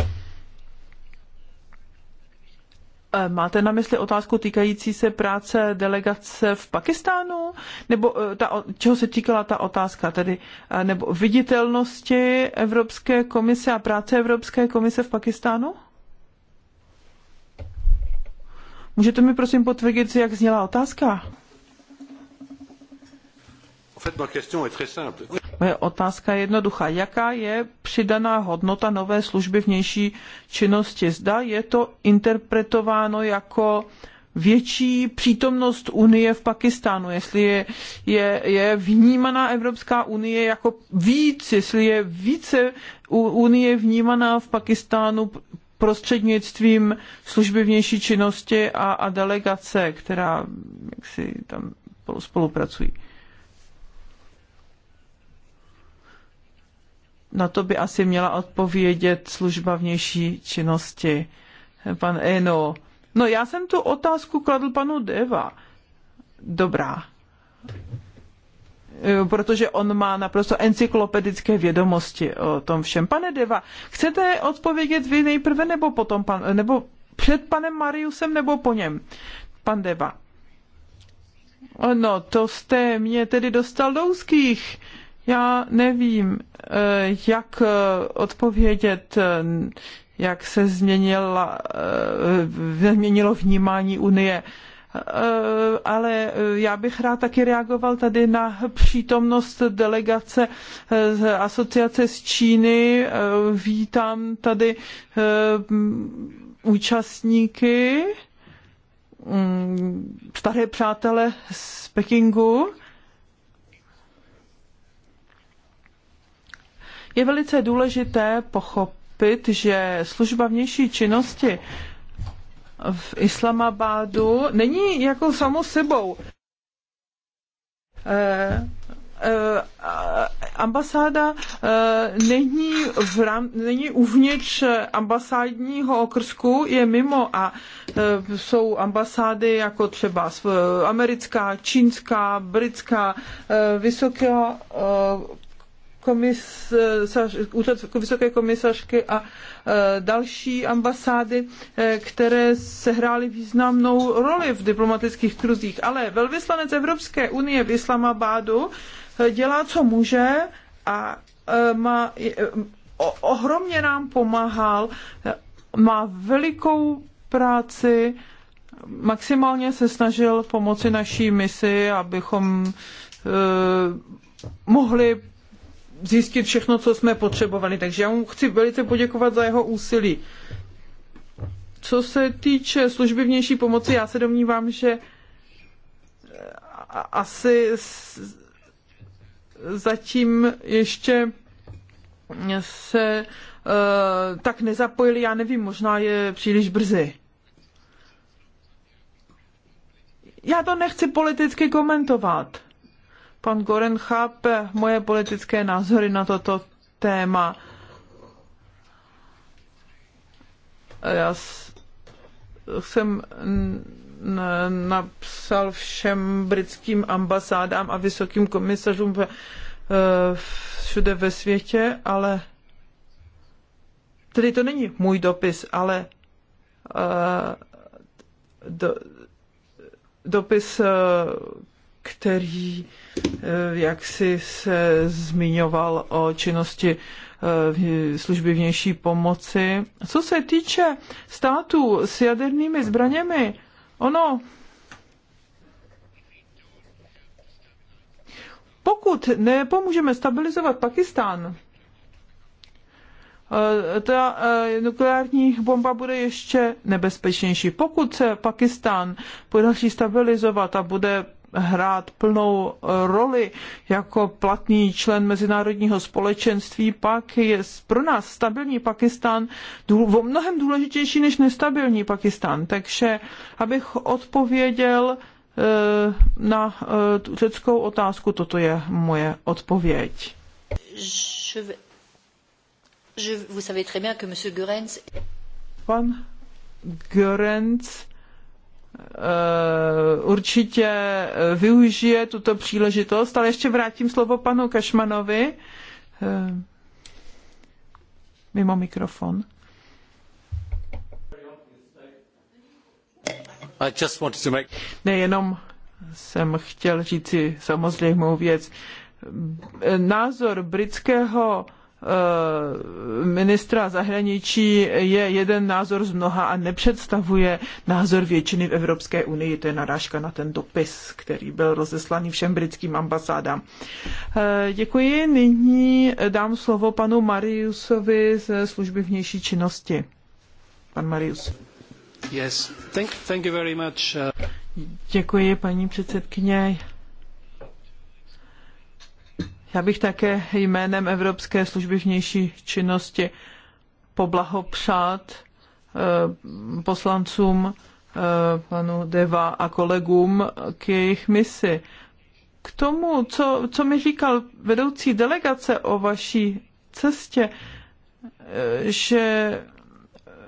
eh, Máte na mysli otázku týkající se práce delegace v Pakistánu? Nebo eh, ta, čeho se týkala ta otázka, tedy eh, nebo viditelnosti Evropské komise a práce Evropské komise v Pakistánu? Můžete mi prosím potvrdit, jak zněla otázka? En fait, ma question est très simple. Moje otázka je jednoduchá. Jaká je přidaná hodnota nové služby vnější činnosti? Zda je to interpretováno jako větší přítomnost Unie v Pakistánu, jestli je, je, je vnímaná Evropská unie jako víc, jestli je více Unie vnímaná v Pakistánu prostřednictvím služby vnější činnosti a, a delegace, která jak si tam spolupracují. na to by asi měla odpovědět služba vnější činnosti. Pan Eno. No já jsem tu otázku kladl panu Deva. Dobrá. E, protože on má naprosto encyklopedické vědomosti o tom všem. Pane Deva, chcete odpovědět vy nejprve nebo potom pan, nebo před panem Mariusem nebo po něm? Pan Deva. No, to jste mě tedy dostal do úzkých. Já nevím, eh, jak eh, odpovědět, eh, jak se změnila, změnilo vnímání Unie ale já bych rád taky reagoval tady na přítomnost delegace z asociace z Číny. Vítám tady účastníky, mm, staré přátele z Pekingu Je velice důležité pochopit, že služba vnější činnosti v Islamabadu není jako samo sebou. e, ambasáda eh, není, v rám, není uvnitř ambasádního okrsku, je mimo a jsou ambasády jako třeba americká, čínská, britská, vysokého Eh, úřad vysoké komisařky a eh, další ambasády, eh, které sehrály významnou roli v diplomatických kruzích. Ale velvyslanec Evropské unie v Islamabadu dělá, co může a má, ohromně nám pomáhal, má velikou práci, maximálně se snažil pomoci naší misi, abychom mohli zjistit všechno, co jsme potřebovali. Takže já mu chci velice poděkovat za jeho úsilí. Co se týče služby vnější pomoci, já se domnívám, že eh, asi zatím ještě se uh, tak nezapojili, já nevím, možná je příliš brzy. Já to nechci politicky komentovat pan Goren chápe moje politické názory na toto téma. Já jsem napsal všem britským ambasádám a vysokým komisařům eh, všude ve světě, ale tedy to není můj dopis, ale eh, do, dopis eh, který eh, jak si se zmiňoval o činnosti eh, služby vnější pomoci. Co se týče států s jadernými zbraněmi, ono pokud nepomůžeme stabilizovat Pakistán, eh, ta nukleární bomba bude ještě nebezpečnější. Pokud se Pakistán podaří stabilizovat a bude hrát plnou roli jako platný člen mezinárodního společenství, pak je pro nás stabilní Pakistan důl, mnohem důležitější než nestabilní Pakistan. Takže abych odpověděl eh, na eh, tu řeckou otázku, toto je moje odpověď. Je, je, vous savez très bien que Pan Gorenz Eh, určitě využije tuto příležitost, ale ještě vrátím slovo panu Kašmanovi eh, mimo mikrofon. I just wanted to make... jsem chtěl říct, si samozřejmou věc. Názor britského Eh, ministra zahraničí je jeden názor z mnoha a nepředstavuje názor většiny v Evropské unii. To je narážka na ten dopis, který byl rozeslaný všem britským ambasádám. Eh, děkuji. Nyní dám slovo panu Mariusovi ze služby vnější činnosti. Pan Marius. Yes. Thank, thank you very much. Uh, děkuji, paní předsedkyně. Já bych také jménem Evropské služby vnější činnosti poblahopřát eh, poslancům eh, panu Deva a kolegům k jejich misi. K tomu, co, co mi říkal vedoucí delegace o vaší cestě, eh, že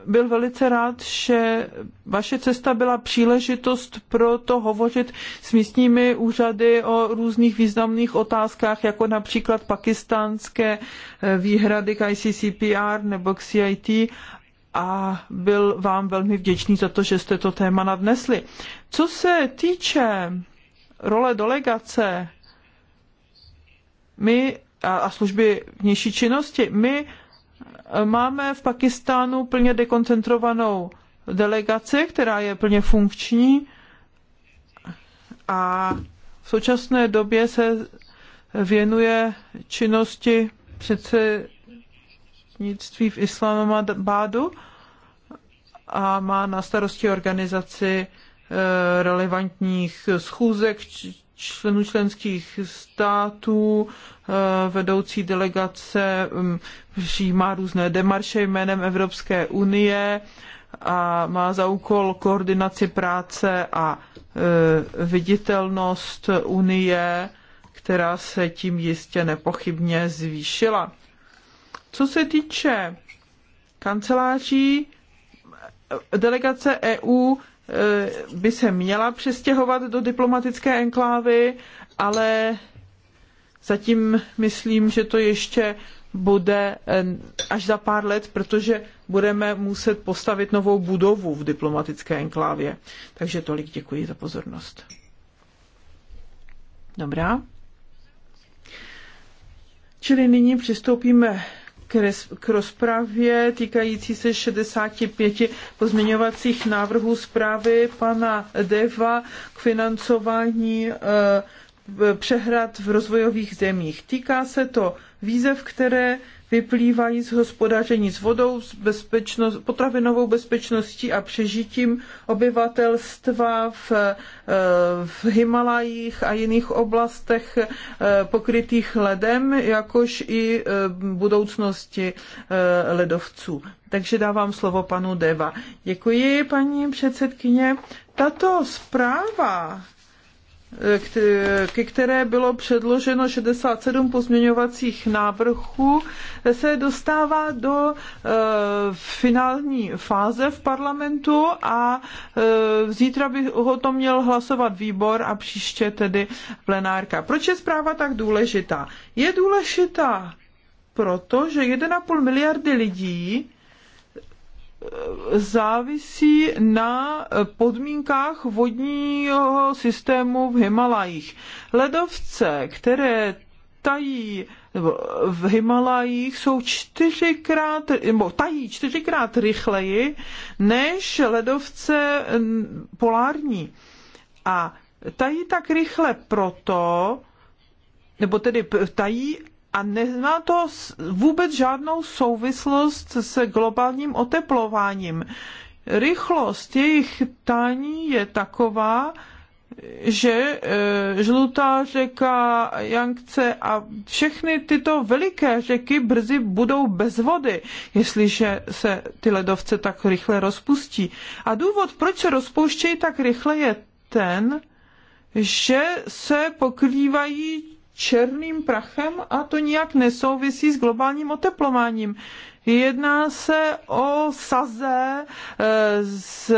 byl velice rád, že vaše cesta byla příležitost pro to hovořit s místními úřady o různých významných otázkách, jako například pakistánské eh, výhrady k ICCPR nebo k CIT a byl vám velmi vděčný za to, že jste to téma nadnesli. Co se týče role delegace my a služby vnější činnosti, my Máme v Pakistánu plně dekoncentrovanou delegaci, která je plně funkční a v současné době se věnuje činnosti předsednictví v Islamabadu a má na starosti organizaci eh, relevantních schůzek, členů členských států, eh, vedoucí delegace mm, přijímá různé demarše jménem Evropské unie a má za úkol koordinaci práce a eh, viditelnost unie, která se tím jistě nepochybně zvýšila. Co se týče kanceláří, eh, delegace EU Eh, by se měla přestěhovat do diplomatické enklávy, ale zatím myslím, že to ještě bude eh, až za pár let, protože budeme muset postavit novou budovu v diplomatické enklávě. Takže tolik děkuji za pozornost. Dobrá. Čili nyní přistoupíme k rozpravě týkající se 65 pozměňovacích návrhů zprávy pana Deva k financování eh, přehrad v rozvojových zemích. Týká se to výzev, které vyplývají z hospodaření s vodou, s bezpečnost, potravinovou bezpečností a přežitím obyvatelstva v, eh, v Himalajích a jiných oblastech eh, pokrytých ledem, jakož i eh, budoucnosti ledovců. Takže dávám slovo panu Deva. Děkuji, paní předsedkyně. Tato zpráva ke které bylo předloženo 67 pozměňovacích návrhů, se dostává do e, finální fáze v parlamentu a e, zítra by ho to měl hlasovat výbor a příště tedy plenárka. Proč je zpráva tak důležitá? Je důležitá proto, že 1,5 miliardy lidí závisí na podmínkách vodního systému v Himalajích. Ledovce, které tají v Himalajích jsou čtyřikrát, nebo tají čtyřikrát rychleji než ledovce polární. A tají tak rychle proto, nebo tedy tají a nemá to vůbec žádnou souvislost s globálním oteplováním. Rychlost jejich tání je taková, že e, žlutá řeka Jankce a všechny tyto veliké řeky brzy budou bez vody, jestliže se ty ledovce tak rychle rozpustí. A důvod, proč se rozpouštějí tak rychle, je ten, že se pokrývají černým prachem a to nijak nesouvisí s globálním oteplováním. Jedná se o saze eh, z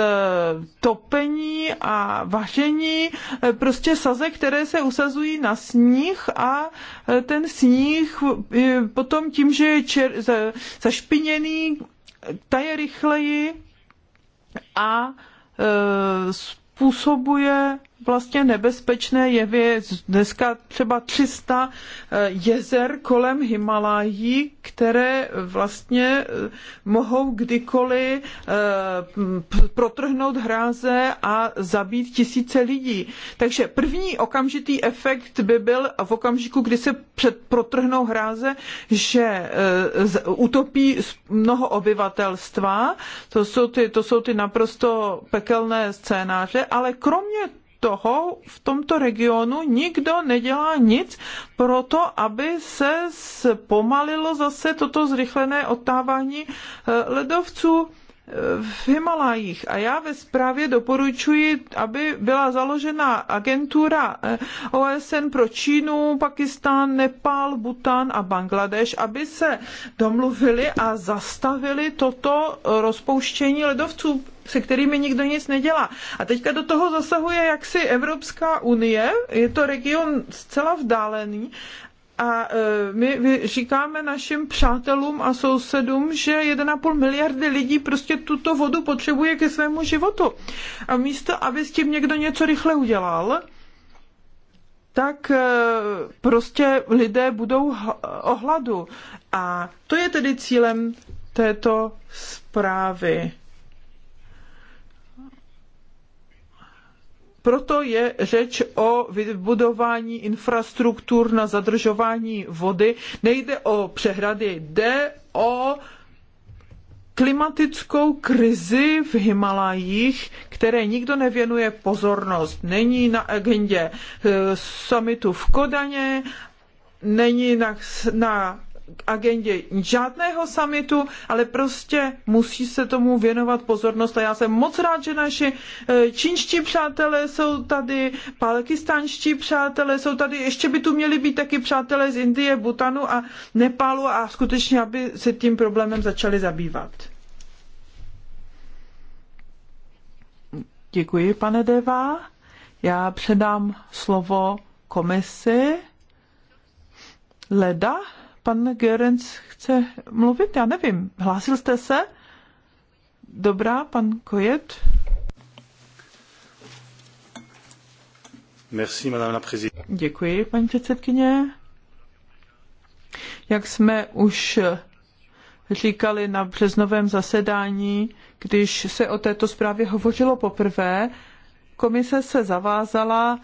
topení a vaření, eh, prostě saze, které se usazují na sníh a eh, ten sníh potom tím, že je čer, zašpiněný, taje rychleji a způsobuje vlastně nebezpečné jevy. Dneska třeba 300 eh, jezer kolem Himalají, které eh, vlastně eh, mohou kdykoliv protrhnout hráze a zabít tisíce lidí. Takže první okamžitý efekt by byl v okamžiku, kdy se před protrhnou hráze, že utopí mnoho obyvatelstva. To jsou ty, to jsou ty naprosto pekelné scénáře, ale kromě toho v tomto regionu nikdo nedělá nic pro to, aby se zpomalilo zase toto zrychlené otávání eh, ledovců eh, v Himalajích. A já ve zprávě doporučuji, aby byla založena agentura eh, OSN pro Čínu, Pakistán, Nepál, Bután a Bangladeš, aby se domluvili a zastavili toto rozpouštění ledovců se kterými nikdo nic nedělá. A teďka do toho zasahuje jaksi Evropská unie, je to region zcela vzdálený, a e, my říkáme našim přátelům a sousedům, že 1,5 miliardy lidí prostě tuto vodu potřebuje ke svému životu. A místo, aby s tím někdo něco rychle udělal, tak e, prostě lidé budou ohladu. A to je tedy cílem této zprávy. Proto je řeč o vybudování infrastruktur na zadržování vody. Nejde o přehrady, jde o klimatickou krizi v Himalajích, které nikdo nevěnuje pozornost. Není na agendě eh, summitu v Kodaně, není na, na agendě žádného samitu, ale prostě musí se tomu věnovat pozornost a já jsem moc rád, že naši eh, čínští přátelé jsou tady, pakistánští přátelé jsou tady, ještě by tu měli být taky přátelé z Indie, Butanu a Nepálu a skutečně, aby se tím problémem začali zabývat. Děkuji, pane Deva. Já předám slovo komisi. Leda? pan Gerenc chce mluvit? Já nevím. Hlásil jste se? Dobrá, pan Kojet. Merci, madame la Děkuji, paní předsedkyně. Jak jsme už říkali na březnovém zasedání, když se o této zprávě hovořilo poprvé, komise se zavázala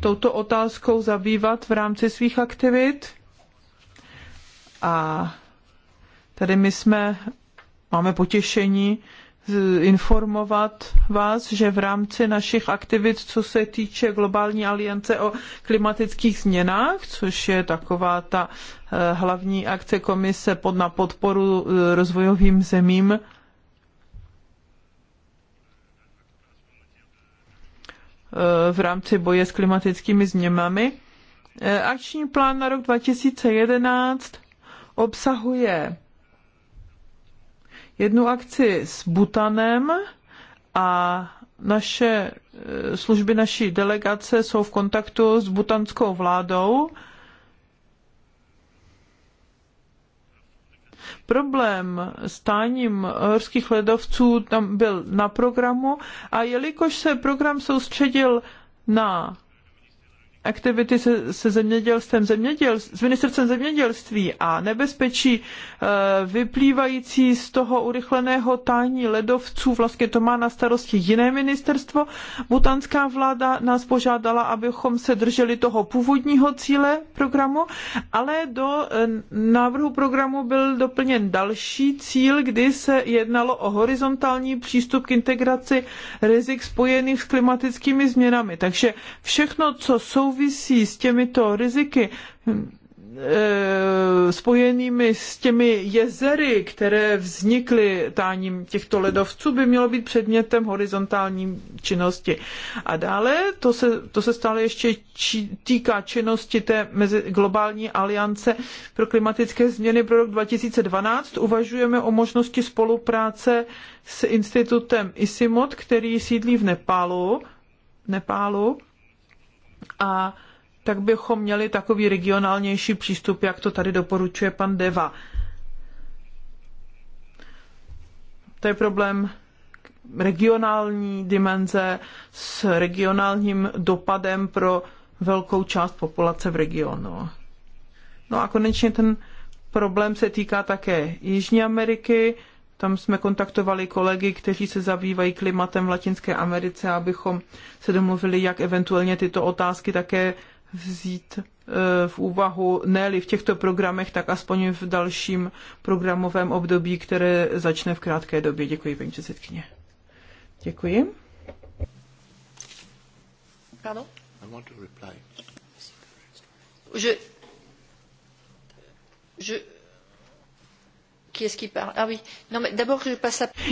touto otázkou zabývat v rámci svých aktivit a tady my jsme, máme potěšení informovat vás, že v rámci našich aktivit, co se týče globální aliance o klimatických změnách, což je taková ta eh, hlavní akce komise pod, na podporu eh, rozvojovým zemím, eh, v rámci boje s klimatickými změnami. Akční plán na rok 2011 obsahuje jednu akci s Butanem a naše e, služby naší delegace jsou v kontaktu s butanskou vládou. Problém s táním horských ledovců tam byl na programu a jelikož se program soustředil na aktivity se, se zemědělstvem, zemědělství, s ministerstvem zemědělství a nebezpečí eh, vyplývající z toho urychleného tání ledovců, vlastně to má na starosti jiné ministerstvo. Butanská vláda nás požádala, abychom se drželi toho původního cíle programu, ale do eh, návrhu programu byl doplněn další cíl, kdy se jednalo o horizontální přístup k integraci rizik spojených s klimatickými změnami. Takže všechno, co souvisí souvisí s těmito riziky hm, e, spojenými s těmi jezery, které vznikly táním těchto ledovců, by mělo být předmětem horizontální činnosti. A dále to se, to se stále ještě či, týká činnosti té mezi globální aliance pro klimatické změny pro rok 2012. Uvažujeme o možnosti spolupráce s institutem ISIMOT, který sídlí v Nepálu. Nepálu a tak bychom měli takový regionálnější přístup, jak to tady doporučuje pan Deva. To je problém regionální dimenze s regionálním dopadem pro velkou část populace v regionu. No a konečně ten problém se týká také Jižní Ameriky, tam jsme kontaktovali kolegy, kteří se zabývají klimatem v Latinské Americe, abychom se domluvili, jak eventuálně tyto otázky také vzít eh, v úvahu, ne v těchto programech, tak aspoň v dalším programovém období, které začne v krátké době. Děkuji, paní předsedkyně. Děkuji. Pardon? I want to reply. Je, je,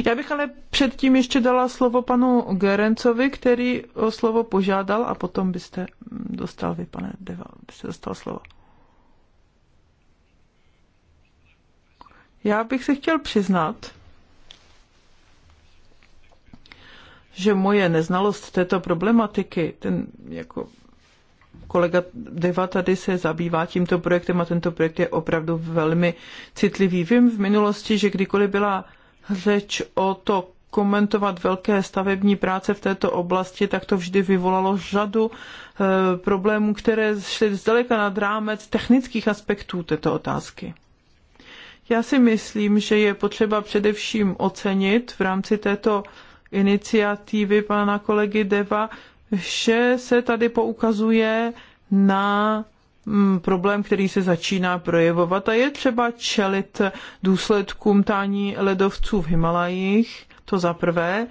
já bych ale předtím ještě dala slovo panu Gerencovi, který o slovo požádal a potom byste dostal vy, pane Deva, byste dostal slovo. Já bych se chtěl přiznat, že moje neznalost této problematiky, ten jako kolega Deva tady se zabývá tímto projektem a tento projekt je opravdu velmi citlivý. Vím v minulosti, že kdykoliv byla řeč o to, komentovat velké stavební práce v této oblasti, tak to vždy vyvolalo řadu e, problémů, které šly zdaleka nad rámec technických aspektů této otázky. Já si myslím, že je potřeba především ocenit v rámci této iniciativy pana kolegy Deva že se tady poukazuje na mm, problém, který se začíná projevovat a je třeba čelit důsledkům tání ledovců v Himalajích, to za prvé,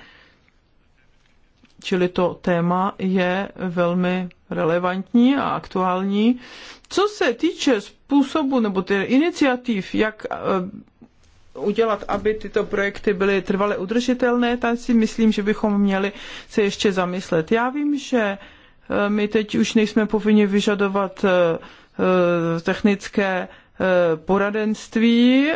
čili to téma je velmi relevantní a aktuální. Co se týče způsobu nebo ty iniciativ, jak eh, udělat, aby tyto projekty byly trvale udržitelné, tak si myslím, že bychom měli se ještě zamyslet. Já vím, že e, my teď už nejsme povinni vyžadovat e, e, technické poradenství,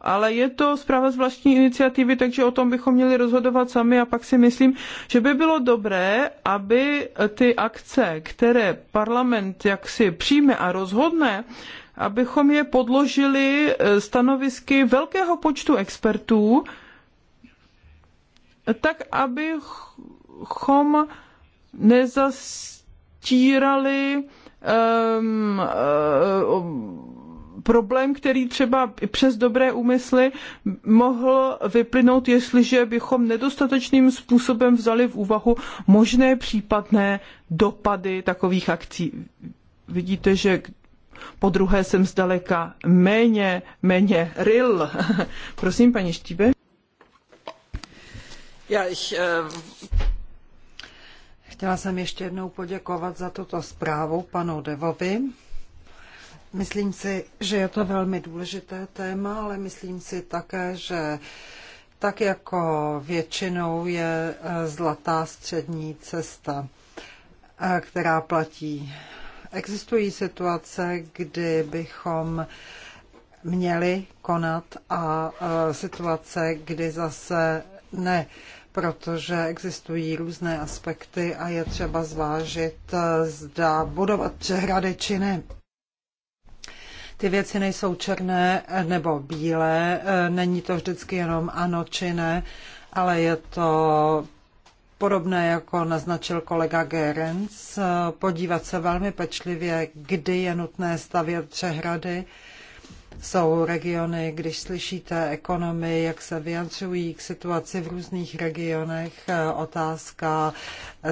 ale je to zpráva z vlastní iniciativy, takže o tom bychom měli rozhodovat sami a pak si myslím, že by bylo dobré, aby ty akce, které parlament jaksi přijme a rozhodne, abychom je podložili eh, stanovisky velkého počtu expertů, tak abychom nezastírali um, um, problém, který třeba i přes dobré úmysly mohl vyplynout, jestliže bychom nedostatečným způsobem vzali v úvahu možné případné dopady takových akcí. Vidíte, že po druhé jsem zdaleka méně, méně ril. Prosím, paní Štíbe. Já ich, eh, Chtěla jsem ještě jednou poděkovat za tuto zprávu panu Devovi. Myslím si, že je to velmi důležité téma, ale myslím si také, že tak jako většinou je eh, zlatá střední cesta, eh, která platí existují situace, kdy bychom měli konat a situace, kdy zase ne, protože existují různé aspekty a je třeba zvážit, e, zda budovat přehrady či ne. Ty věci nejsou černé nebo bílé, e, není to vždycky jenom ano či ne, ale je to podobné, jako naznačil kolega Gerens, podívat se velmi pečlivě, kdy je nutné stavět přehrady. Jsou regiony, když slyšíte ekonomy, jak se vyjadřují k situaci v různých regionech, otázka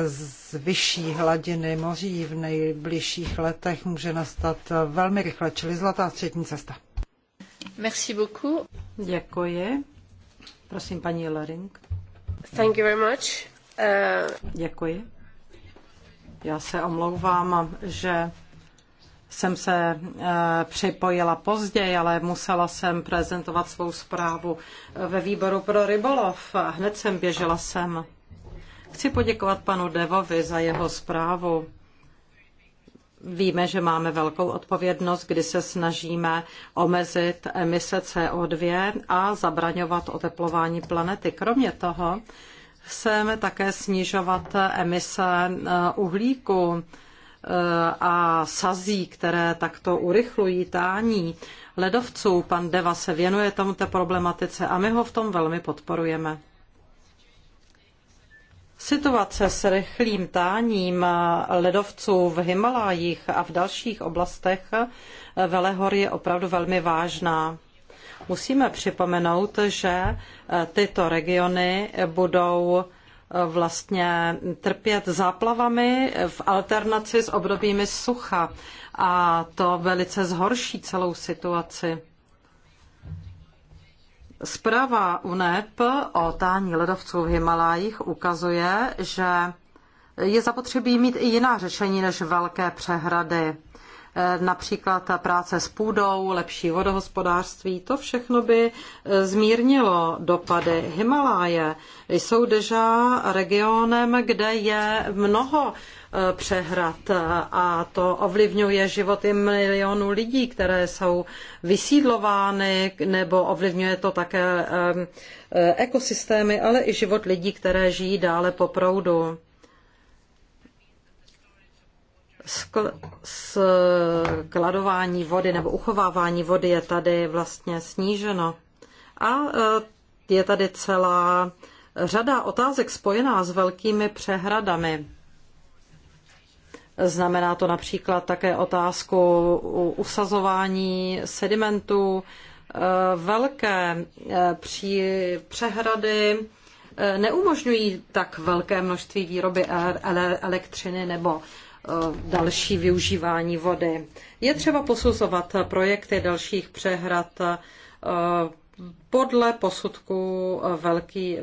z vyšší hladiny moří v nejbližších letech může nastat velmi rychle, čili zlatá střední cesta. Merci beaucoup. Děkuji. Prosím, paní Loring. Thank you very much. Děkuji. Já se omlouvám, že jsem se eh, připojila později, ale musela jsem prezentovat svou zprávu ve výboru pro rybolov. Hned jsem běžela sem. Chci poděkovat panu Devovi za jeho zprávu. Víme, že máme velkou odpovědnost, kdy se snažíme omezit emise CO2 a zabraňovat oteplování planety. Kromě toho chceme také snižovat emise eh, uhlíku eh, a sazí, které takto urychlují tání ledovců. Pan Deva se věnuje tomuto problematice a my ho v tom velmi podporujeme. Situace s rychlým táním ledovců v Himalájích a v dalších oblastech Velehor je opravdu velmi vážná. Musíme připomenout, že e, tyto regiony budou e, vlastně trpět záplavami v alternaci s obdobími sucha a to velice zhorší celou situaci. Zpráva UNEP o tání ledovců v Himalájích ukazuje, že je zapotřebí mít i jiná řešení než velké přehrady. Eh, například práce s půdou, lepší vodohospodářství, to všechno by eh, zmírnilo dopady. Himaláje jsou deža regionem, kde je mnoho eh, přehrad a to ovlivňuje životy milionů lidí, které jsou vysídlovány, nebo ovlivňuje to také ekosystémy, ale i život lidí, které žijí dále po proudu skladování vody nebo uchovávání vody je tady vlastně sníženo. A e, je tady celá řada otázek spojená s velkými přehradami. Znamená to například také otázku usazování sedimentů. E, velké e, při přehrady neumožňují tak velké množství výroby elektřiny nebo Eh, další využívání vody. Je třeba posuzovat projekty dalších přehrad eh, podle posudku velký,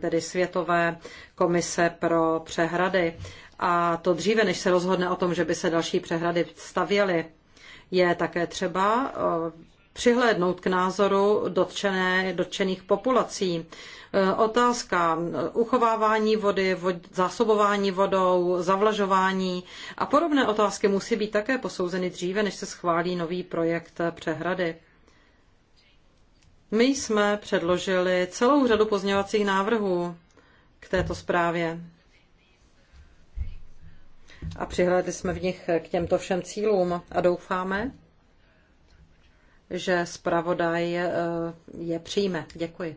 tedy Světové komise pro přehrady. A to dříve, než se rozhodne o tom, že by se další přehrady stavěly, je také třeba eh, přihlédnout k názoru dotčené, dotčených populací. E, otázka e, uchovávání vody, vod, zásobování vodou, zavlažování a podobné otázky musí být také posouzeny dříve, než se schválí nový projekt přehrady. My jsme předložili celou řadu pozměňovacích návrhů k této zprávě. A přihlédli jsme v nich k těmto všem cílům a doufáme, že zpravodaj eh, je přijme. Děkuji.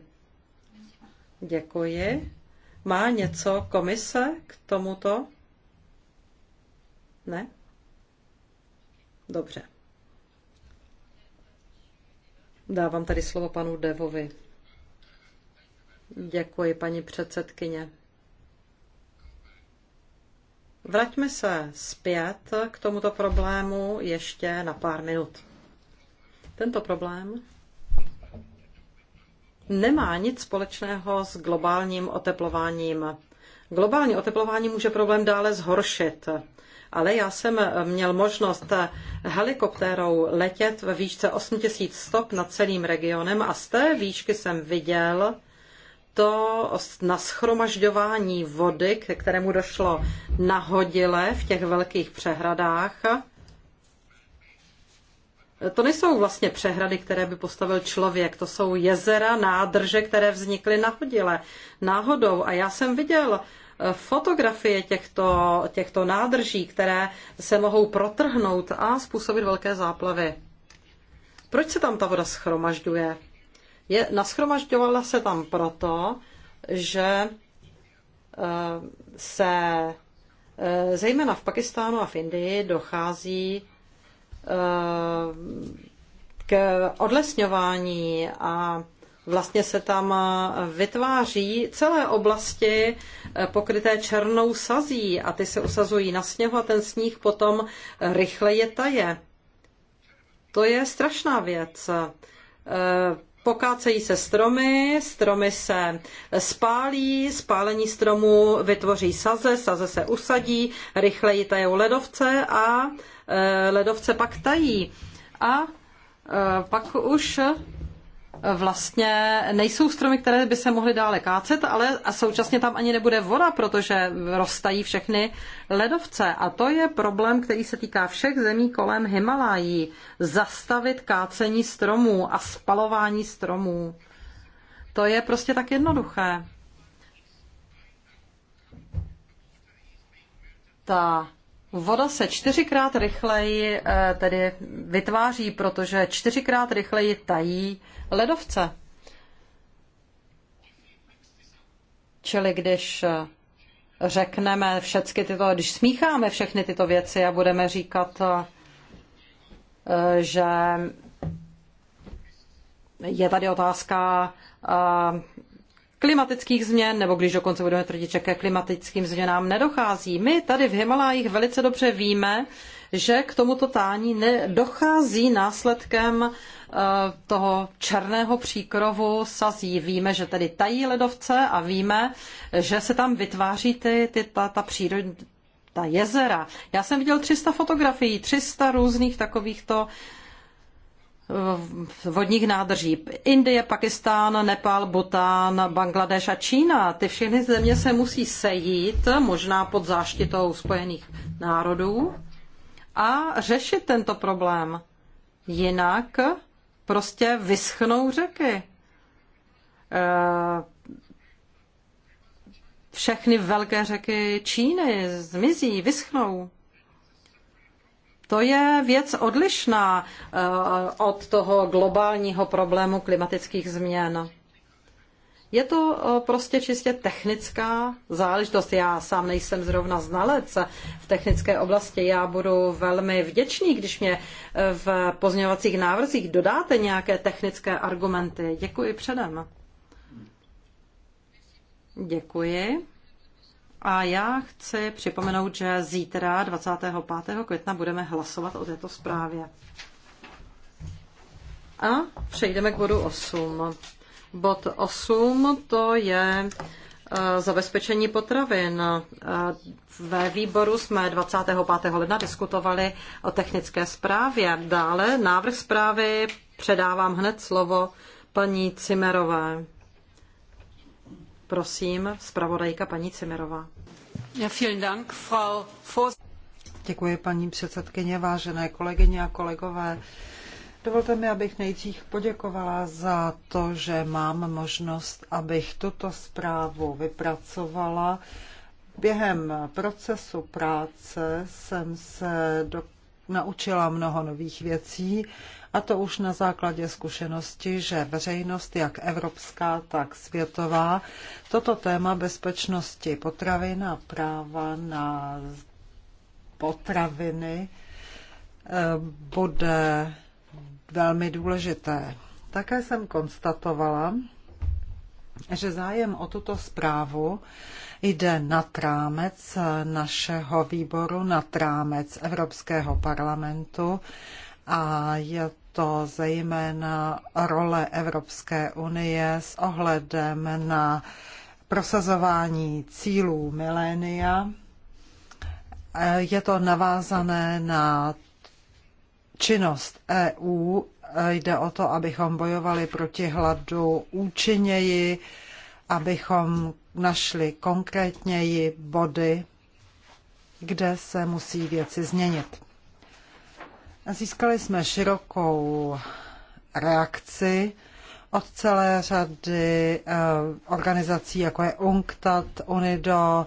Děkuji. Má něco komise k tomuto? Ne? Dobře. Dávám tady slovo panu Devovi. Děkuji, paní předsedkyně. Vraťme se zpět k tomuto problému ještě na pár minut. Tento problém nemá nic společného s globálním oteplováním. Globální oteplování může problém dále zhoršit, ale já jsem měl možnost helikoptérou letět ve výšce 8000 stop nad celým regionem a z té výšky jsem viděl to naschromažďování vody, ke kterému došlo nahodile v těch velkých přehradách to nejsou vlastně přehrady, které by postavil člověk, to jsou jezera, nádrže, které vznikly nahodile, náhodou. A já jsem viděl eh, fotografie těchto, těchto nádrží, které se mohou protrhnout a způsobit velké záplavy. Proč se tam ta voda schromažďuje? Je, naschromažďovala se tam proto, že eh, se eh, zejména v Pakistánu a v Indii dochází Eh, k odlesňování a vlastně se tam vytváří celé oblasti eh, pokryté černou sazí a ty se usazují na sněhu a ten sníh potom je taje. To je strašná věc eh, pokácejí se stromy, stromy se spálí, spálení stromů vytvoří saze, saze se usadí, rychleji tajou ledovce a e, ledovce pak tají. A e, pak už vlastně nejsou stromy, které by se mohly dále kácet, ale a současně tam ani nebude voda, protože rostají všechny ledovce. A to je problém, který se týká všech zemí kolem Himalají. Zastavit kácení stromů a spalování stromů. To je prostě tak jednoduché. Ta Voda se čtyřikrát rychleji eh, tedy vytváří, protože čtyřikrát rychleji tají ledovce. Čili když eh, řekneme všechny tyto, když smícháme všechny tyto věci a budeme říkat, eh, že je tady otázka klimatických změn, nebo když dokonce budeme tvrdit, že ke klimatickým změnám nedochází. My tady v Himalájích velice dobře víme, že k tomuto tání nedochází následkem eh, toho černého příkrovu sazí. Víme, že tady tají ledovce a víme, že se tam vytváří ty, ty, ta, ta přírodní ta jezera. Já jsem viděl 300 fotografií, 300 různých takovýchto uh, vodních nádrží. Indie, Pakistán, Nepal, Bután, Bangladeš a Čína. Ty všechny země se musí sejít, možná pod záštitou Spojených národů, a řešit tento problém. Jinak prostě vyschnou řeky. Eh, všechny velké řeky Číny zmizí, vyschnou to je věc odlišná eh, od toho globálního problému klimatických změn. Je to eh, prostě čistě technická záležitost. Já sám nejsem zrovna znalec v technické oblasti. Já budu velmi vděčný, když mě eh, v pozměňovacích návrzích dodáte nějaké technické argumenty. Děkuji předem. Děkuji. A já chci připomenout, že zítra 25. května budeme hlasovat o této zprávě. A přejdeme k bodu 8. Bod 8 to je eh, zabezpečení potravin. Eh, ve výboru jsme 25. ledna diskutovali o technické zprávě. Dále návrh zprávy předávám hned slovo paní Cimerové. Prosím, zpravodajka paní Cimerová. Děkuji, paní předsedkyně, vážené kolegyně a kolegové. Dovolte mi, abych nejdřív poděkovala za to, že mám možnost, abych tuto zprávu vypracovala. Během procesu práce jsem se do, naučila mnoho nových věcí a to už na základě zkušenosti, že veřejnost, jak evropská, tak světová, toto téma bezpečnosti potravin a práva na potraviny eh, bude velmi důležité. Také jsem konstatovala, že zájem o tuto zprávu jde nad rámec našeho výboru, nad rámec Evropského parlamentu a je to zejména role Evropské unie s ohledem na prosazování cílů milénia. Je to navázané na činnost EU. Jde o to, abychom bojovali proti hladu účinněji, abychom našli konkrétněji body, kde se musí věci změnit. Získali jsme širokou reakci od celé řady eh, organizací, jako je UNCTAD, UNIDO,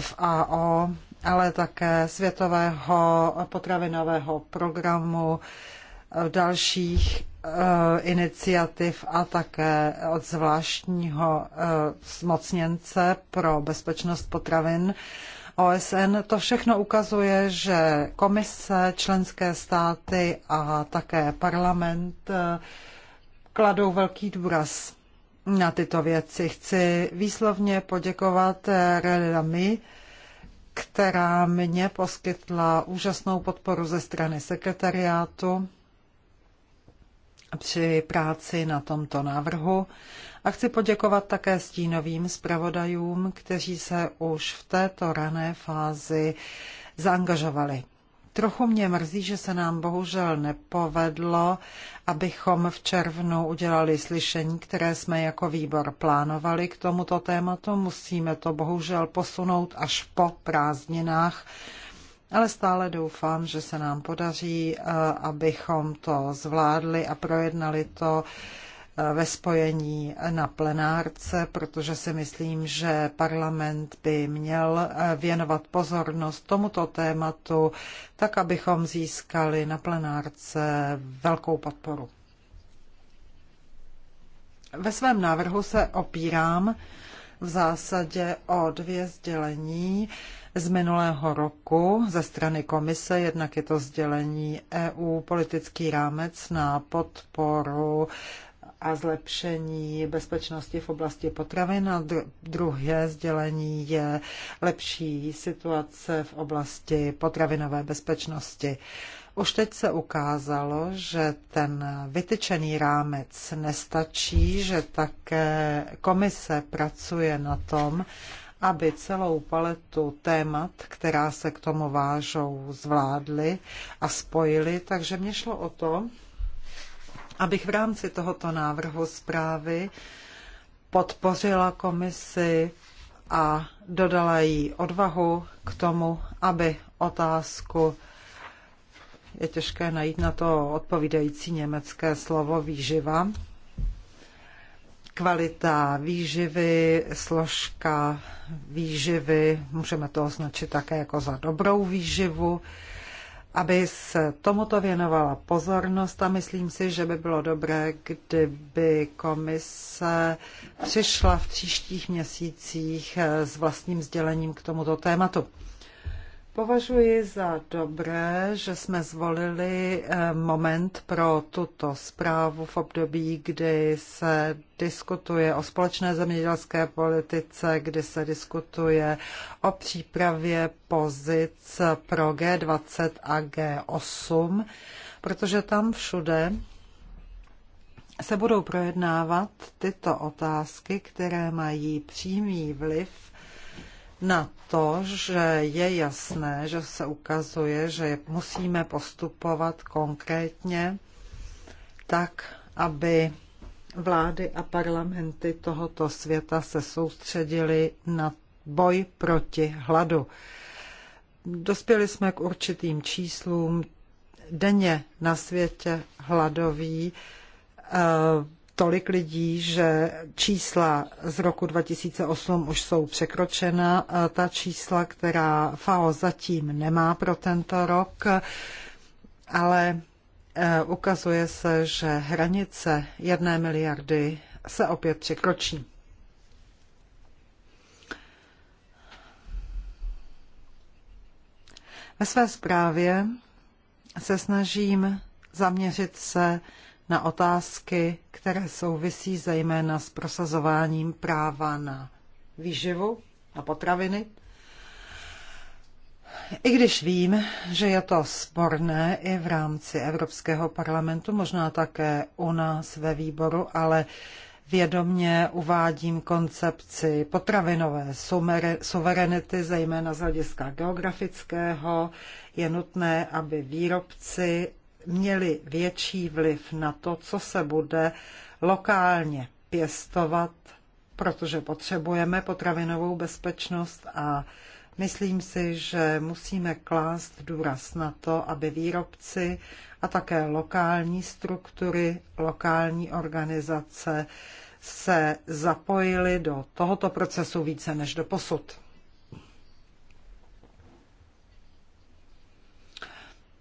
FAO, ale také Světového potravinového programu, eh, dalších eh, iniciativ a také od zvláštního zmocněnce pro bezpečnost potravin OSN. To všechno ukazuje, že komise, členské státy a také parlament eh, kladou velký důraz na tyto věci. Chci výslovně poděkovat eh, Relami, která mě poskytla úžasnou podporu ze strany sekretariátu při práci na tomto návrhu a chci poděkovat také stínovým zpravodajům, kteří se už v této rané fázi zaangažovali. Trochu mě mrzí, že se nám bohužel nepovedlo, abychom v červnu udělali slyšení, které jsme jako výbor plánovali k tomuto tématu. Musíme to bohužel posunout až po prázdninách, ale stále doufám, že se nám podaří, eh, abychom to zvládli a projednali to eh, ve spojení na plenárce, protože si myslím, že parlament by měl eh, věnovat pozornost tomuto tématu, tak abychom získali na plenárce velkou podporu. Ve svém návrhu se opírám v zásadě o dvě sdělení z minulého roku ze strany komise. Jednak je to sdělení EU politický rámec na podporu a zlepšení bezpečnosti v oblasti potravin a druhé sdělení je lepší situace v oblasti potravinové bezpečnosti. Uh, už teď se ukázalo, že ten vytyčený rámec nestačí, že také komise pracuje na tom, aby celou paletu témat, která se k tomu vážou, zvládly a spojili. Takže mě šlo o to, abych v rámci tohoto návrhu zprávy podpořila komisi a dodala jí odvahu k tomu, aby otázku je těžké najít na to odpovídající německé slovo výživa. Kvalita výživy, složka výživy, můžeme to označit také jako za dobrou výživu, aby se tomuto věnovala pozornost a myslím si, že by bylo dobré, kdyby komise přišla v příštích měsících s vlastním sdělením k tomuto tématu. Považuji za dobré, že jsme zvolili eh, moment pro tuto zprávu v období, kdy se diskutuje o společné zemědělské politice, kdy se diskutuje o přípravě pozic pro G20 a G8, protože tam všude se budou projednávat tyto otázky, které mají přímý vliv na to, že je jasné, že se ukazuje, že musíme postupovat konkrétně tak, aby vlády a parlamenty tohoto světa se soustředili na boj proti hladu. Dospěli jsme k určitým číslům. Denně na světě hladoví eh, tolik lidí, že čísla z roku 2008 už jsou překročena. Ta čísla, která FAO zatím nemá pro tento rok, ale e, ukazuje se, že hranice jedné miliardy se opět překročí. Ve své zprávě se snažím zaměřit se na otázky, které souvisí zejména s prosazováním práva na výživu a potraviny. I když vím, že je to sporné i v rámci Evropského parlamentu, možná také u nás ve výboru, ale vědomně uvádím koncepci potravinové suverenity, zejména z hlediska geografického. Je nutné, aby výrobci měli větší vliv na to, co se bude lokálně pěstovat, protože potřebujeme potravinovou bezpečnost a myslím si, že musíme klást důraz na to, aby výrobci a také lokální struktury, lokální organizace se zapojili do tohoto procesu více než do posud.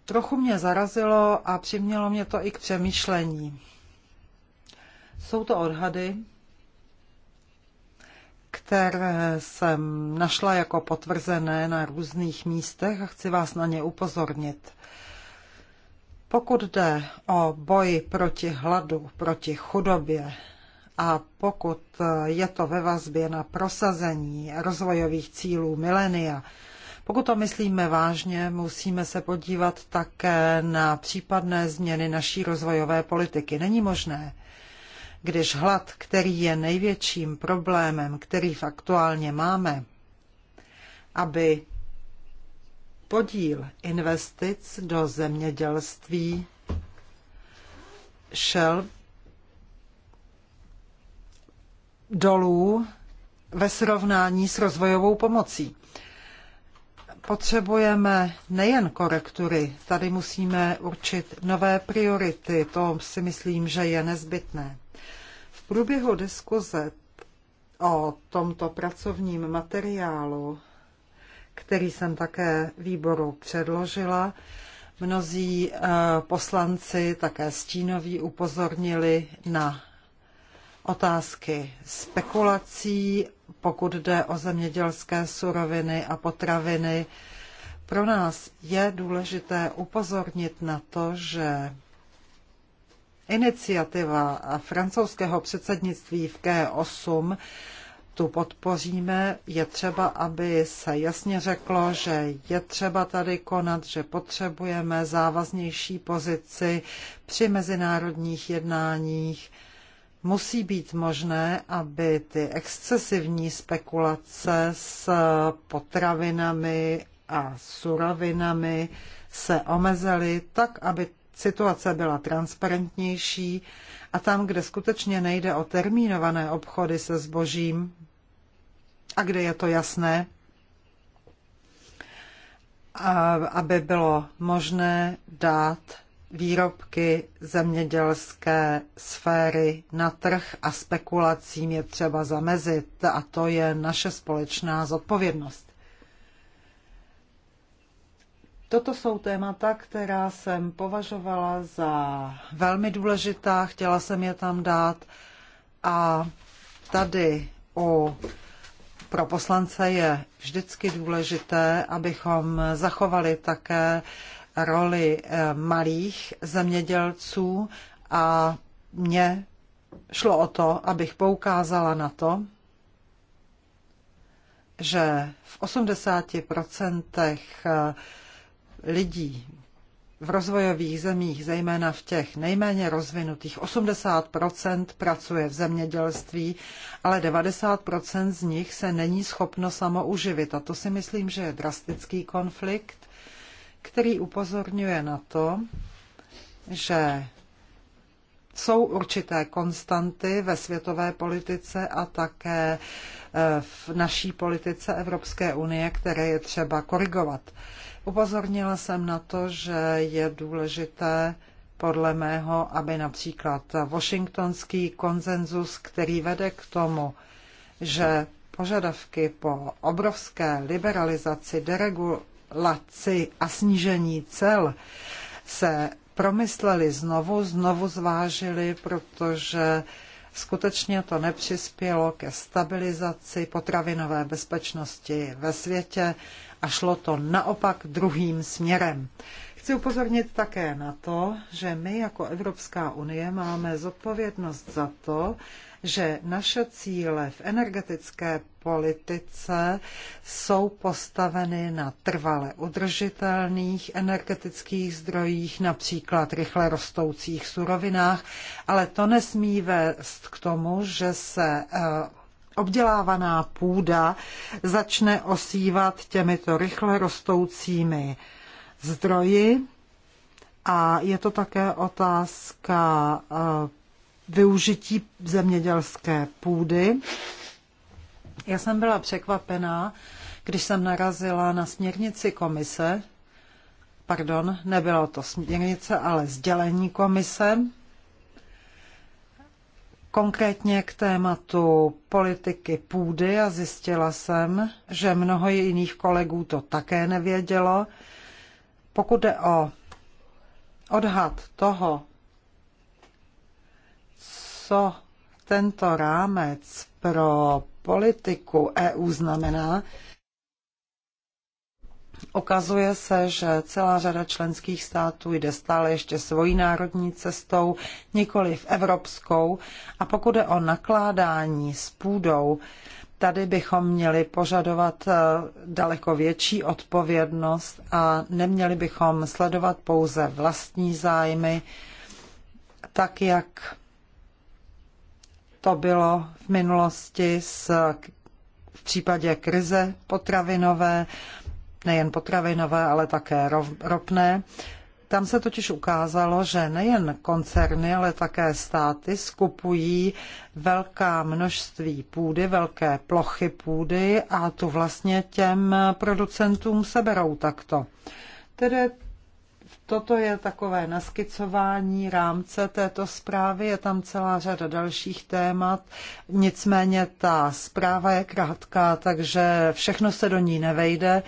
trochu mě zarazilo a přimělo mě to i k přemýšlení. Jsou to odhady, které jsem našla jako potvrzené na různých místech a chci vás na ně upozornit. Pokud jde o boj proti hladu, proti chudobě, a pokud je to ve vazbě na prosazení rozvojových cílů milenia, pokud to myslíme vážně, musíme se podívat také na případné změny naší rozvojové politiky. Není možné, když hlad, který je největším problémem, který aktuálně máme, aby podíl investic do zemědělství šel dolů ve srovnání s rozvojovou pomocí potřebujeme nejen korektury, tady musíme určit nové priority, to si myslím, že je nezbytné. V průběhu diskuze o tomto pracovním materiálu, který jsem také výboru předložila, mnozí eh, poslanci, také stínoví, upozornili na otázky spekulací pokud jde o zemědělské suroviny a potraviny. Pro nás je důležité upozornit na to, že iniciativa francouzského předsednictví v G8 tu podpoříme. Je třeba, aby se jasně řeklo, že je třeba tady konat, že potřebujeme závaznější pozici při mezinárodních jednáních musí být možné, aby ty excesivní spekulace s potravinami a surovinami se omezily tak, aby situace byla transparentnější a tam, kde skutečně nejde o termínované obchody se zbožím a kde je to jasné, aby bylo možné dát výrobky zemědělské sféry na trh a spekulacím je třeba zamezit a to je naše společná zodpovědnost. Toto jsou témata, která jsem považovala za velmi důležitá, chtěla jsem je tam dát a tady u pro poslance je vždycky důležité, abychom zachovali také roli eh, malých zemědělců a mě šlo o to, abych poukázala na to, že v 80% eh, lidí v rozvojových zemích, zejména v těch nejméně rozvinutých, 80% pracuje v zemědělství, ale 90% z nich se není schopno samouživit. A to si myslím, že je drastický konflikt který upozorňuje na to, že jsou určité konstanty ve světové politice a také eh, v naší politice Evropské unie, které je třeba korigovat. Upozornila jsem na to, že je důležité podle mého, aby například washingtonský konsenzus, který vede k tomu, že požadavky po obrovské liberalizaci, deregul, laci a snížení cel se promysleli znovu, znovu zvážili, protože skutečně to nepřispělo ke stabilizaci potravinové bezpečnosti ve světě a šlo to naopak druhým směrem. Chci upozornit také na to, že my jako Evropská unie máme zodpovědnost za to, že naše cíle v energetické politice jsou postaveny na trvale udržitelných energetických zdrojích, například rychle rostoucích surovinách, ale to nesmí vést k tomu, že se eh, obdělávaná půda začne osívat těmito rychle rostoucími zdroji a je to také otázka eh, využití zemědělské půdy. Já jsem byla překvapená, když jsem narazila na směrnici komise, pardon, nebylo to směrnice, ale sdělení komise, konkrétně k tématu politiky půdy a zjistila jsem, že mnoho jiných kolegů to také nevědělo, pokud jde o odhad toho, co tento rámec pro politiku EU znamená, Ukazuje se, že celá řada členských států jde stále ještě svojí národní cestou, nikoli v evropskou. A pokud je o nakládání s půdou, tady bychom měli požadovat eh, daleko větší odpovědnost a neměli bychom sledovat pouze vlastní zájmy, tak jak to bylo v minulosti s, v případě krize potravinové, nejen potravinové, ale také ropné. Tam se totiž ukázalo, že nejen koncerny, ale také státy skupují velká množství půdy, velké plochy půdy a tu vlastně těm producentům seberou takto. Tedy toto je takové naskicování rámce této zprávy, je tam celá řada dalších témat, nicméně ta zpráva je krátká, takže všechno se do ní nevejde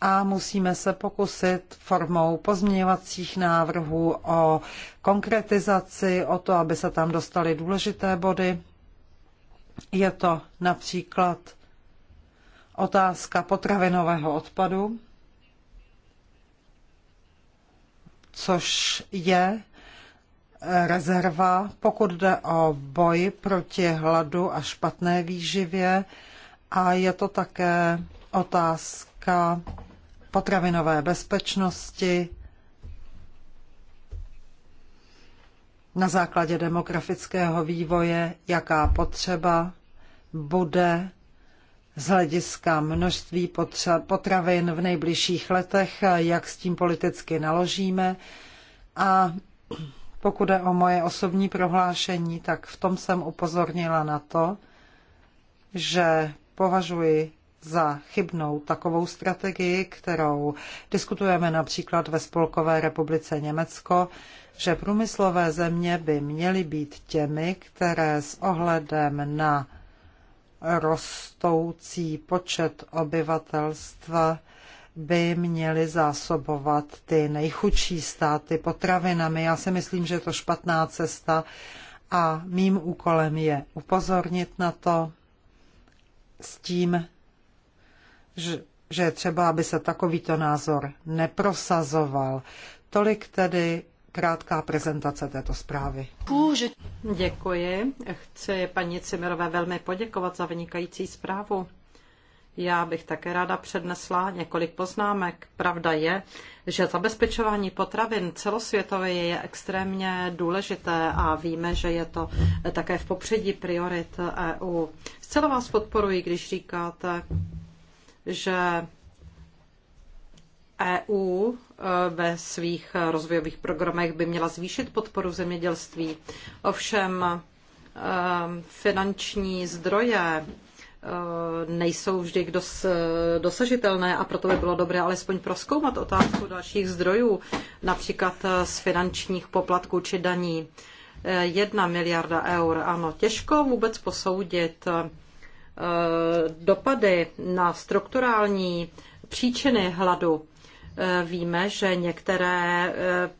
a musíme se pokusit formou pozměňovacích návrhů o konkretizaci, o to, aby se tam dostaly důležité body. Je to například otázka potravinového odpadu, což je rezerva, pokud jde o boj proti hladu a špatné výživě. A je to také otázka potravinové bezpečnosti, na základě demografického vývoje, jaká potřeba bude z hlediska množství potravin v nejbližších letech, jak s tím politicky naložíme. A pokud je o moje osobní prohlášení, tak v tom jsem upozornila na to, že považuji za chybnou takovou strategii, kterou diskutujeme například ve Spolkové republice Německo, že průmyslové země by měly být těmi, které s ohledem na rostoucí počet obyvatelstva by měly zásobovat ty nejchudší státy potravinami. Já si myslím, že je to špatná cesta a mým úkolem je upozornit na to s tím, že, je třeba, aby se takovýto názor neprosazoval. Tolik tedy krátká prezentace této zprávy. Děkuji. Chci paní Cimerové velmi poděkovat za vynikající zprávu. Já bych také ráda přednesla několik poznámek. Pravda je, že zabezpečování potravin celosvětově je extrémně důležité a víme, že je to také v popředí priorit EU. Zcela vás podporuji, když říkáte, že EU eh, ve svých eh, rozvojových programech by měla zvýšit podporu zemědělství. Ovšem eh, finanční zdroje nejsou vždy dos, dosažitelné a proto by bylo dobré alespoň proskoumat otázku dalších zdrojů, například z finančních poplatků či daní. Jedna miliarda eur, ano, těžko vůbec posoudit, Eh, dopady na strukturální příčiny hladu, eh, víme, že některé eh,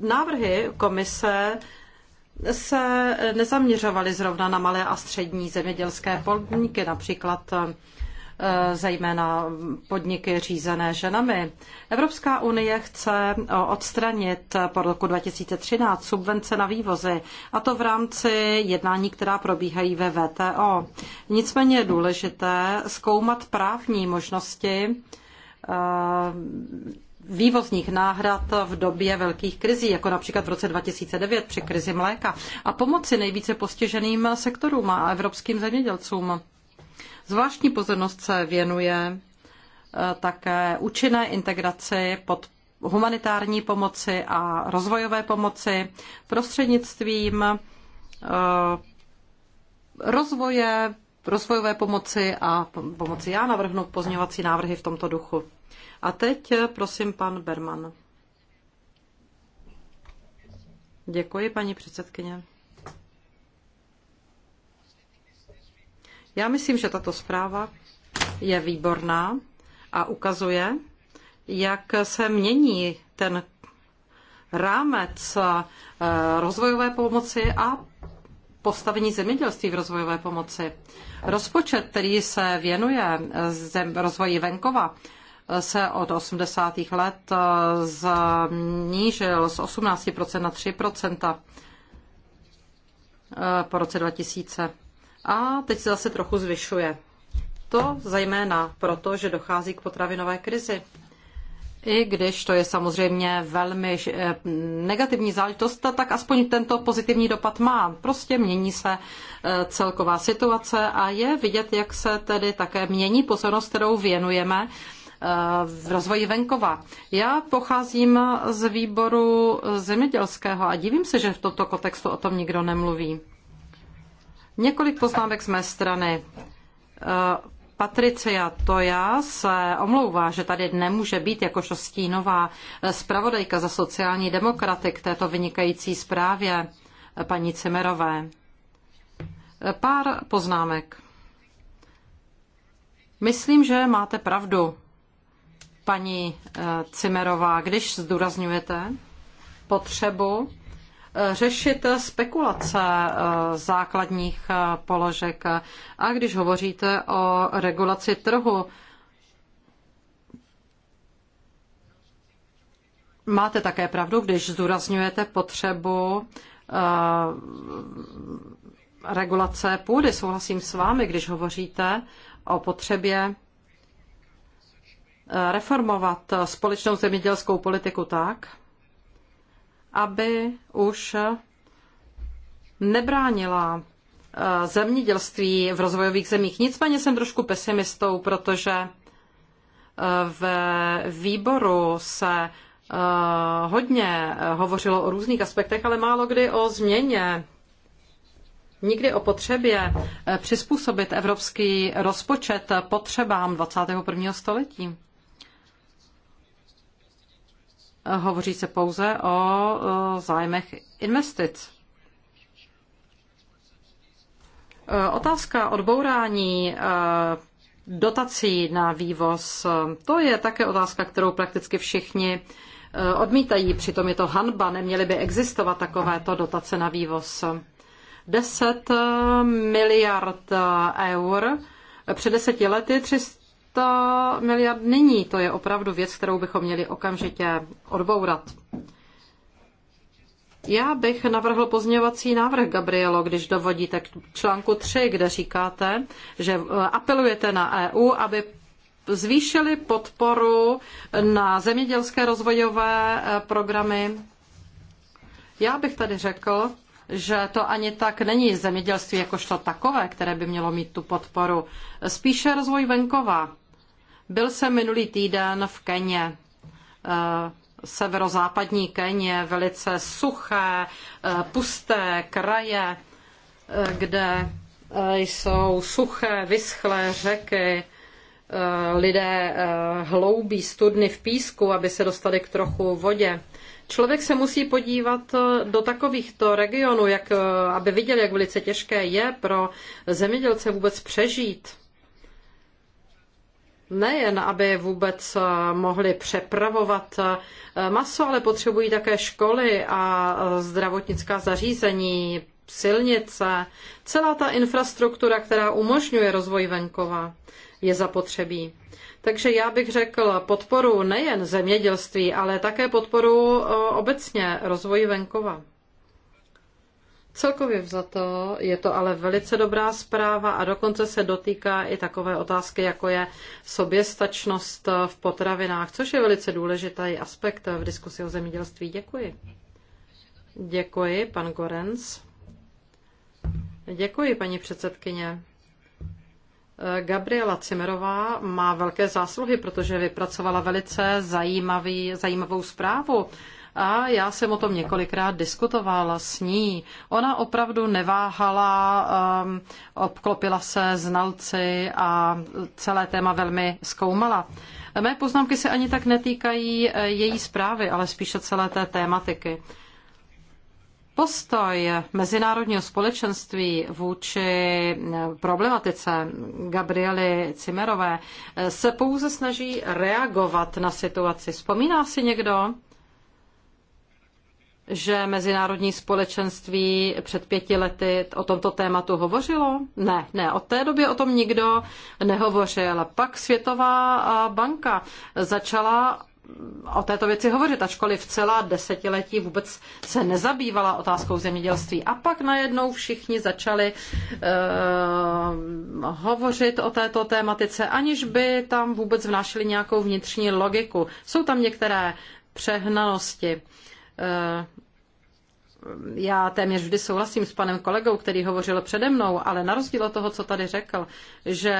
návrhy komise se nezaměřovaly zrovna na malé a střední zemědělské podniky, například Eh, zejména podniky řízené ženami. Evropská unie chce eh, odstranit po roku 2013 subvence na vývozy, a to v rámci jednání, která probíhají ve VTO. Nicméně je důležité zkoumat právní možnosti eh, vývozních náhrad v době velkých krizí, jako například v roce 2009 při krizi mléka, a pomoci nejvíce postiženým sektorům a evropským zemědělcům. Zvláštní pozornost se věnuje eh, také účinné integraci pod humanitární pomoci a rozvojové pomoci prostřednictvím eh, rozvoje, rozvojové pomoci a pomoci. Já navrhnu pozměňovací návrhy v tomto duchu. A teď eh, prosím pan Berman. Děkuji, paní předsedkyně. Já myslím, že tato zpráva je výborná a ukazuje, jak se mění ten rámec eh, rozvojové pomoci a postavení zemědělství v rozvojové pomoci. Rozpočet, který se věnuje eh, rozvoji venkova, eh, se od 80. let znížil z 18% na 3% po roce 2000 a teď se zase trochu zvyšuje. To zejména proto, že dochází k potravinové krizi. I když to je samozřejmě velmi eh, negativní záležitost, tak aspoň tento pozitivní dopad má. Prostě mění se eh, celková situace a je vidět, jak se tedy také mění pozornost, kterou věnujeme eh, v rozvoji venkova. Já pocházím z výboru zemědělského a divím se, že v tomto kontextu o tom nikdo nemluví. Několik poznámek z mé strany. Eh, Patricia Toja se omlouvá, že tady nemůže být jakožto stínová eh, zpravodajka za sociální demokraty k této vynikající zprávě eh, paní Cimerové. Pár poznámek. Myslím, že máte pravdu, paní Cimerová, když zdůrazňujete potřebu řešit spekulace eh, základních eh, položek. A když hovoříte o regulaci trhu, máte také pravdu, když zdůrazňujete potřebu eh, regulace půdy. Souhlasím s vámi, když hovoříte o potřebě reformovat společnou zemědělskou politiku tak, aby už nebránila eh, zemědělství v rozvojových zemích. Nicméně jsem trošku pesimistou, protože eh, v výboru se eh, hodně hovořilo o různých aspektech, ale málo kdy o změně nikdy o potřebě přizpůsobit evropský rozpočet potřebám 21. století. Hovoří se pouze o zájmech investic. E, otázka odbourání e, dotací na vývoz, e, to je také otázka, kterou prakticky všichni odmítají. Přitom je to hanba, neměly by existovat takovéto dotace na vývoz. 10 miliard eur před deseti lety 300 300 miliard Není To je opravdu věc, kterou bychom měli okamžitě odbourat. Já bych navrhl pozměňovací návrh, Gabrielo, když dovodíte k článku 3, kde říkáte, že eh, apelujete na EU, aby zvýšili podporu na zemědělské rozvojové eh, programy. Já bych tady řekl, že to ani tak není zemědělství jakožto takové, které by mělo mít tu podporu. Spíše rozvoj venkova. Byl jsem minulý týden v Keně eh, severozápadní Keně, velice suché, eh, pusté kraje, eh, kde jsou suché, vyschlé řeky, lidé hloubí studny v písku, aby se dostali k trochu vodě. Člověk se musí podívat do takovýchto regionů, jak, aby viděl, jak velice těžké je pro zemědělce vůbec přežít nejen, aby vůbec eh, mohli přepravovat eh, maso, ale potřebují také školy a eh, zdravotnická zařízení, silnice, celá ta infrastruktura, která umožňuje rozvoj venkova, je zapotřebí. Takže já bych řekl podporu nejen zemědělství, ale také podporu obecně rozvoji venkova. Celkově vzato je to ale velice dobrá zpráva a dokonce se dotýká i takové otázky, jako je soběstačnost v potravinách, což je velice důležitý aspekt v diskusi o zemědělství. Děkuji. Děkuji, pan Gorenc. Děkuji, paní předsedkyně. Gabriela Cimerová má velké zásluhy, protože vypracovala velice zajímavý, zajímavou zprávu a já jsem o tom několikrát diskutovala s ní. Ona opravdu neváhala, um, obklopila se znalci a celé téma velmi zkoumala. Mé poznámky se ani tak netýkají eh, její zprávy, ale spíše celé té tématiky. Postoj mezinárodního společenství vůči eh, problematice Gabriely Cimerové eh, se pouze snaží reagovat na situaci. Vzpomíná si někdo? že mezinárodní společenství před pěti lety o tomto tématu hovořilo? Ne, ne, od té doby o tom nikdo nehovořil. Pak Světová banka začala o této věci hovořit, ačkoliv celá desetiletí vůbec se nezabývala otázkou zemědělství. A pak najednou všichni začali uh, hovořit o této tématice, aniž by tam vůbec vnášeli nějakou vnitřní logiku. Jsou tam některé přehnanosti. Uh, já téměř vždy souhlasím s panem kolegou, který hovořil přede mnou, ale na rozdíl od toho, co tady řekl, že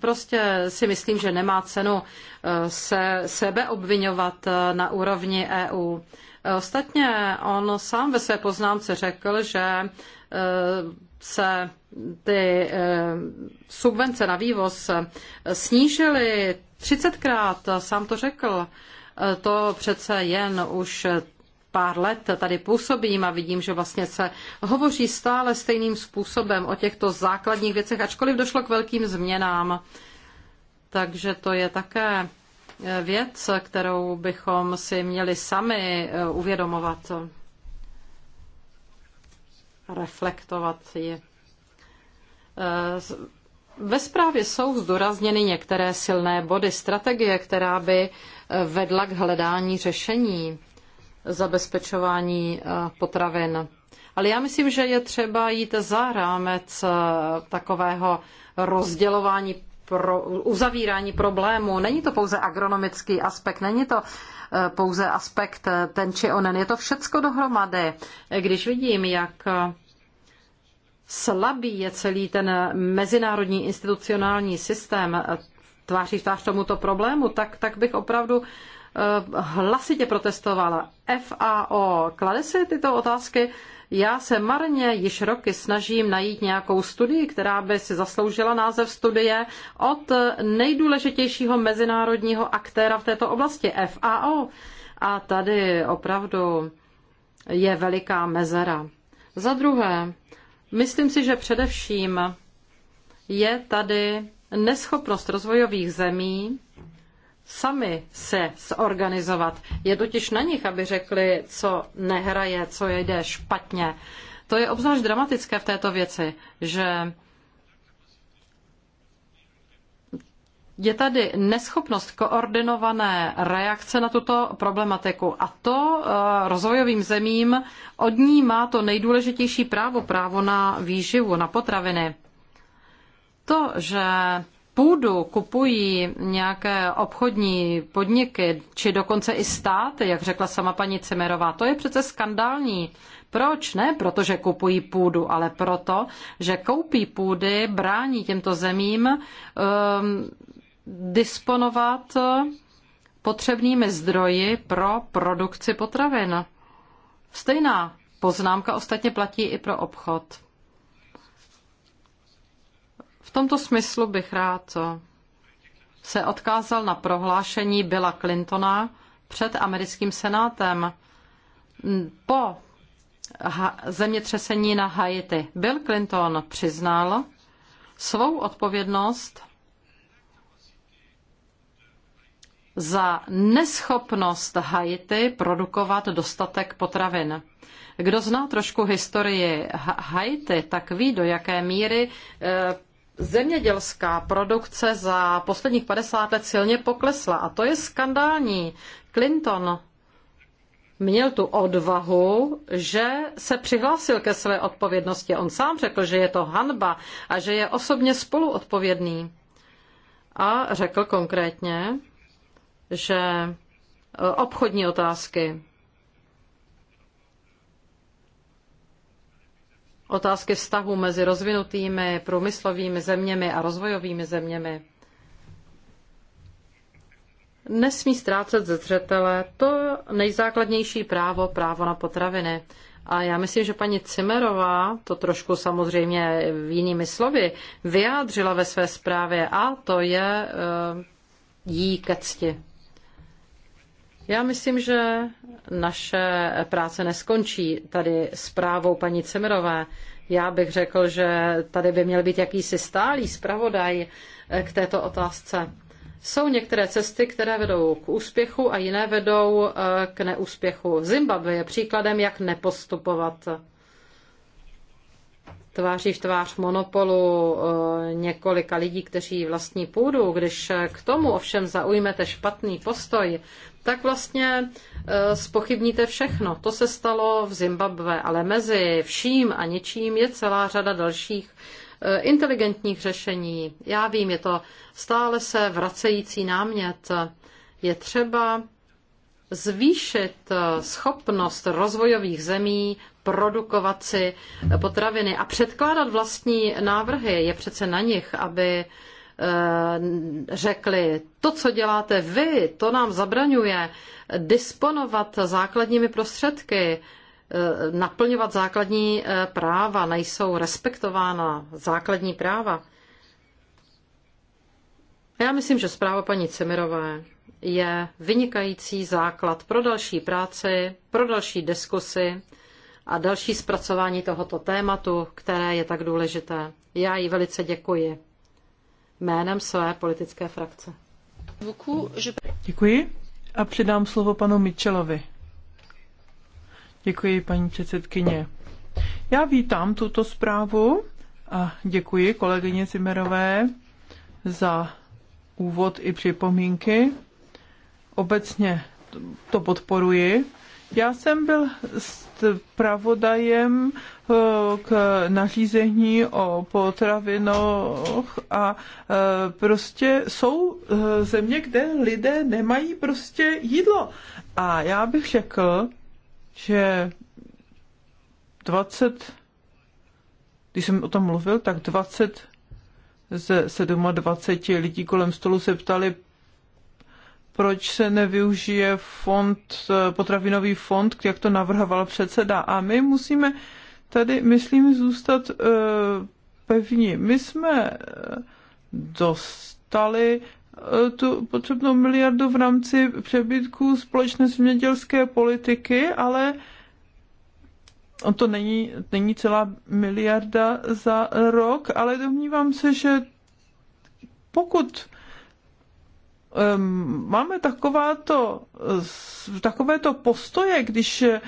prostě si myslím, že nemá cenu eh, se sebe obvinovat eh, na úrovni EU. Ostatně on sám ve své poznámce řekl, že eh, se ty subvence na vývoz snížily 30krát, sám to řekl. To přece jen už pár let tady působím a vidím, že vlastně se hovoří stále stejným způsobem o těchto základních věcech, ačkoliv došlo k velkým změnám. Takže to je také eh, věc, kterou bychom si měli sami eh, uvědomovat, reflektovat ji. Eh, ve zprávě jsou zdorazněny některé silné body strategie, která by vedla k hledání řešení zabezpečování eh, potravin. Ale já myslím, že je třeba jít za rámec eh, takového rozdělování, pro, uzavírání problému. Není to pouze agronomický aspekt, není to eh, pouze aspekt ten či onen. Je to všecko dohromady. Když vidím, jak slabý je celý ten mezinárodní institucionální systém tváří v tvář tomuto problému, tak, tak bych opravdu Eh, hlasitě protestovala. FAO klade si tyto otázky. Já se marně již roky snažím najít nějakou studii, která by si zasloužila název studie od nejdůležitějšího mezinárodního aktéra v této oblasti, FAO. A tady opravdu je veliká mezera. Za druhé, myslím si, že především je tady neschopnost rozvojových zemí sami se zorganizovat. Je totiž na nich, aby řekli, co nehraje, co jde špatně. To je obzvlášť dramatické v této věci, že je tady neschopnost koordinované reakce na tuto problematiku. A to eh, rozvojovým zemím od ní má to nejdůležitější právo, právo na výživu, na potraviny. To, že půdu kupují nějaké obchodní podniky, či dokonce i státy, jak řekla sama paní Cimerová, to je přece skandální. Proč? Ne protože kupují půdu, ale proto, že koupí půdy brání těmto zemím um, disponovat potřebnými zdroji pro produkci potravin. Stejná poznámka ostatně platí i pro obchod. V tomto smyslu bych rád se odkázal na prohlášení Billa Clintona před americkým senátem po zemětřesení na Haiti. Bill Clinton přiznal svou odpovědnost za neschopnost Haiti produkovat dostatek potravin. Kdo zná trošku historii Haiti, tak ví, do jaké míry eh, zemědělská produkce za posledních 50 let silně poklesla a to je skandální. Clinton měl tu odvahu, že se přihlásil ke své odpovědnosti. On sám řekl, že je to hanba a že je osobně spoluodpovědný. A řekl konkrétně, že obchodní otázky otázky vztahu mezi rozvinutými průmyslovými zeměmi a rozvojovými zeměmi nesmí ztrácet ze zřetele to nejzákladnější právo, právo na potraviny. A já myslím, že paní Cimerová to trošku samozřejmě v jinými slovy vyjádřila ve své zprávě a to je eh, jí ke cti. Já myslím, že naše práce neskončí tady zprávou paní Cimerové. Já bych řekl, že tady by měl být jakýsi stálý zpravodaj eh, k této otázce. Jsou některé cesty, které vedou k úspěchu a jiné vedou eh, k neúspěchu. Zimbabwe je příkladem, jak nepostupovat tváří v tvář monopolu eh, několika lidí, kteří vlastní půdu. Když k tomu ovšem zaujmete špatný postoj, tak vlastně e, spochybníte všechno. To se stalo v Zimbabve, ale mezi vším a ničím je celá řada dalších e, inteligentních řešení. Já vím, je to stále se vracející námět. Je třeba zvýšit e, schopnost rozvojových zemí produkovat si potraviny a předkládat vlastní návrhy. Je přece na nich, aby Eh, řekli, to, co děláte vy, to nám zabraňuje disponovat základními prostředky, eh, naplňovat základní eh, práva, nejsou respektována základní práva. Já myslím, že zpráva paní Cimirové je vynikající základ pro další práci, pro další diskusy a další zpracování tohoto tématu, které je tak důležité. Já jí velice děkuji jménem své politické frakce. Děkuji a předám slovo panu Michelovi. Děkuji, paní předsedkyně. Já vítám tuto zprávu a děkuji kolegyně Zimerové za úvod i připomínky. Obecně to podporuji já jsem byl pravodajem eh, k nařízení o potravinoch a eh, prostě jsou eh, země, kde lidé nemají prostě jídlo. A já bych řekl, že 20, když jsem o tom mluvil, tak 20 ze 27 lidí kolem stolu se ptali, proč se nevyužije fond, eh, potravinový fond, jak to navrhoval předseda. A my musíme tady, myslím, zůstat e, pevní. My jsme eh, dostali tu potřebnou miliardu v rámci přebytků společné zemědělské politiky, ale on to není, není celá miliarda za rok, ale domnívám se, že pokud máme takováto, takovéto postoje, když eh,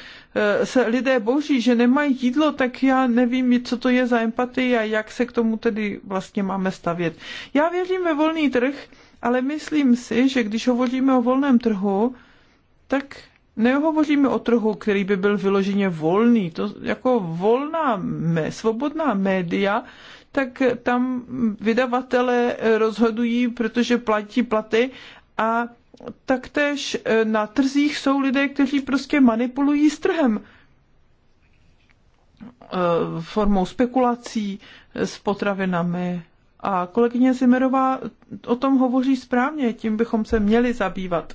se lidé boží, že nemají jídlo, tak já nevím, co to je za empatii a jak se k tomu tedy vlastně máme stavět. Já věřím ve volný trh, ale myslím si, že když hovoříme o volném trhu, tak nehovoříme o trhu, který by byl vyloženě volný. To jako volná, svobodná média tak tam vydavatele rozhodují, protože platí platy a taktéž eh, na trzích jsou lidé, kteří prostě manipulují s trhem eh, formou spekulací eh, s potravinami. A kolegyně Zimerová o tom hovoří správně, tím bychom se měli zabývat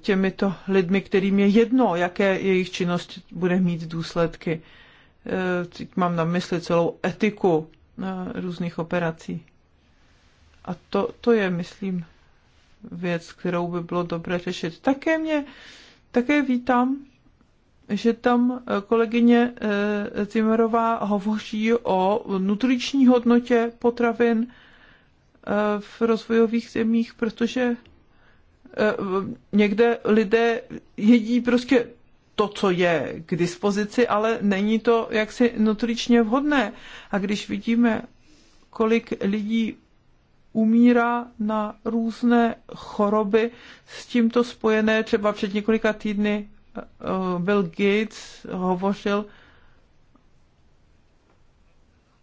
těmito lidmi, kterým je jedno, jaké jejich činnost bude mít důsledky. Eh, teď mám na mysli celou etiku eh, různých operací. A to, to je, myslím, věc, kterou by bylo dobré řešit. Také mě, také vítám, že tam eh, kolegyně Zimerová hovoří o nutriční hodnotě potravin v rozvojových zemích, protože někde lidé jedí prostě to, co je k dispozici, ale není to jaksi nutričně vhodné. A když vidíme, kolik lidí umírá na různé choroby s tímto spojené, třeba před několika týdny eh, Bill Gates hovořil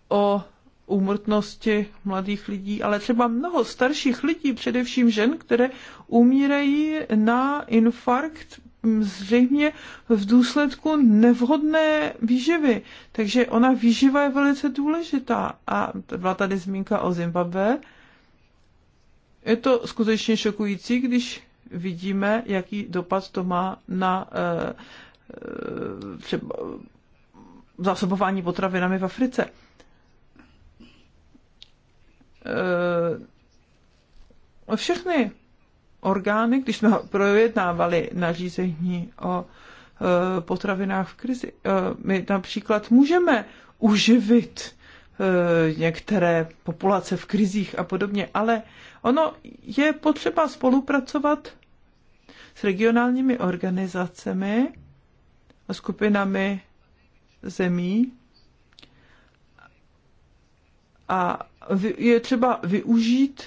o úmrtnosti mladých lidí, ale třeba mnoho starších lidí, především žen, které umírají na infarkt zřejmě v důsledku nevhodné výživy. Takže ona výživa je velice důležitá. A byla tady zmínka o Zimbabwe. Je to skutečně šokující, když vidíme, jaký dopad to má na eh, eh, třeba zásobování potravinami v Africe. Eh, všechny orgány, když jsme projednávali nařízení o e, potravinách v krizi. E, my například můžeme uživit e, některé populace v krizích a podobně, ale ono je potřeba spolupracovat s regionálními organizacemi a skupinami zemí a je třeba využít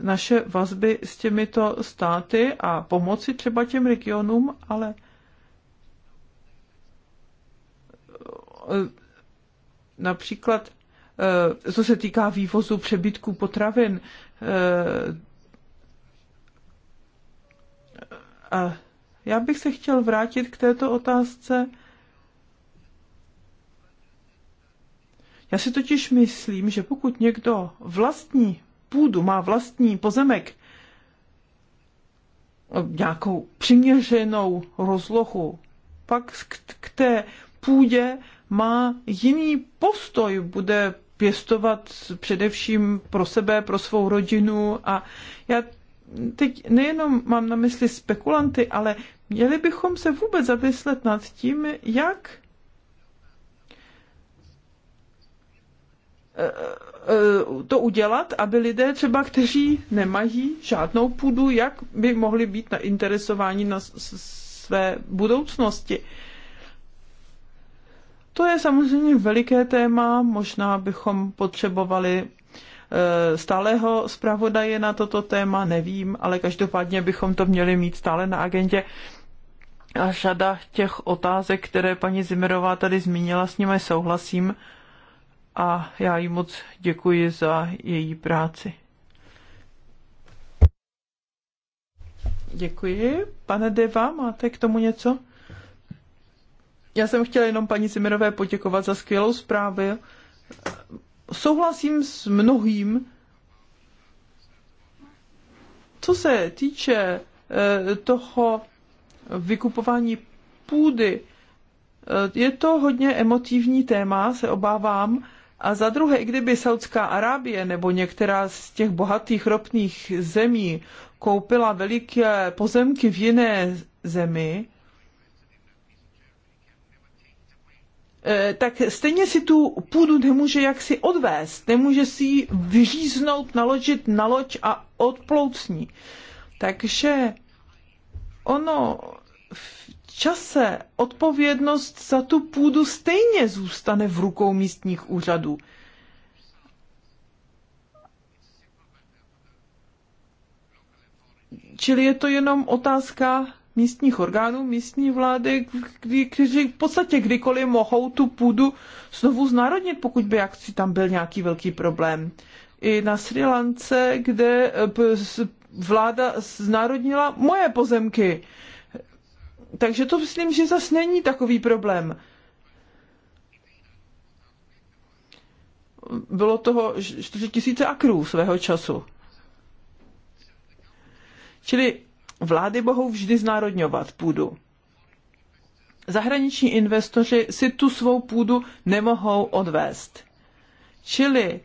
naše vazby s těmito státy a pomoci třeba těm regionům, ale eh, například eh, co se týká vývozu přebytků potravin eh, a já bych se chtěl vrátit k této otázce. Já si totiž myslím, že pokud někdo vlastní půdu, má vlastní pozemek, nějakou přiměřenou rozlohu, pak k té půdě má jiný postoj, bude pěstovat především pro sebe, pro svou rodinu a já teď nejenom mám na mysli spekulanty, ale měli bychom se vůbec zamyslet nad tím, jak Eh, to udělat, aby lidé třeba, kteří nemají žádnou půdu, jak by mohli být na interesováni na své budoucnosti. To je samozřejmě veliké téma, možná bychom potřebovali eh, stálého zpravodaje na toto téma, nevím, ale každopádně bychom to měli mít stále na agendě. A řada těch otázek, které paní Zimerová tady zmínila, s nimi souhlasím a já jí moc děkuji za její práci. Děkuji. Pane Deva, máte k tomu něco? Já jsem chtěla jenom paní Cimirové poděkovat za skvělou zprávu. Souhlasím s mnohým, co se týče eh, toho vykupování půdy, eh, je to hodně emotivní téma, se obávám, a za druhé, i kdyby Saudská Arábie nebo některá z těch bohatých ropných zemí koupila veliké pozemky v jiné zemi, eh, tak stejně si tu půdu nemůže jaksi odvést, nemůže si ji vyříznout, naložit na loď a odplout s ní. Takže ono čase odpovědnost za tu půdu stejně zůstane v rukou místních úřadů. Čili je to jenom otázka místních orgánů, místní vlády, kdy, kteří v podstatě kdykoliv mohou tu půdu znovu znárodnit, pokud by akci tam byl nějaký velký problém. I na Sri Lance, kde eh, vláda znárodnila moje pozemky takže to myslím, že zas není takový problém. Bylo toho 4 tisíce akrů svého času. Čili vlády mohou vždy znárodňovat půdu. Zahraniční investoři si tu svou půdu nemohou odvést. Čili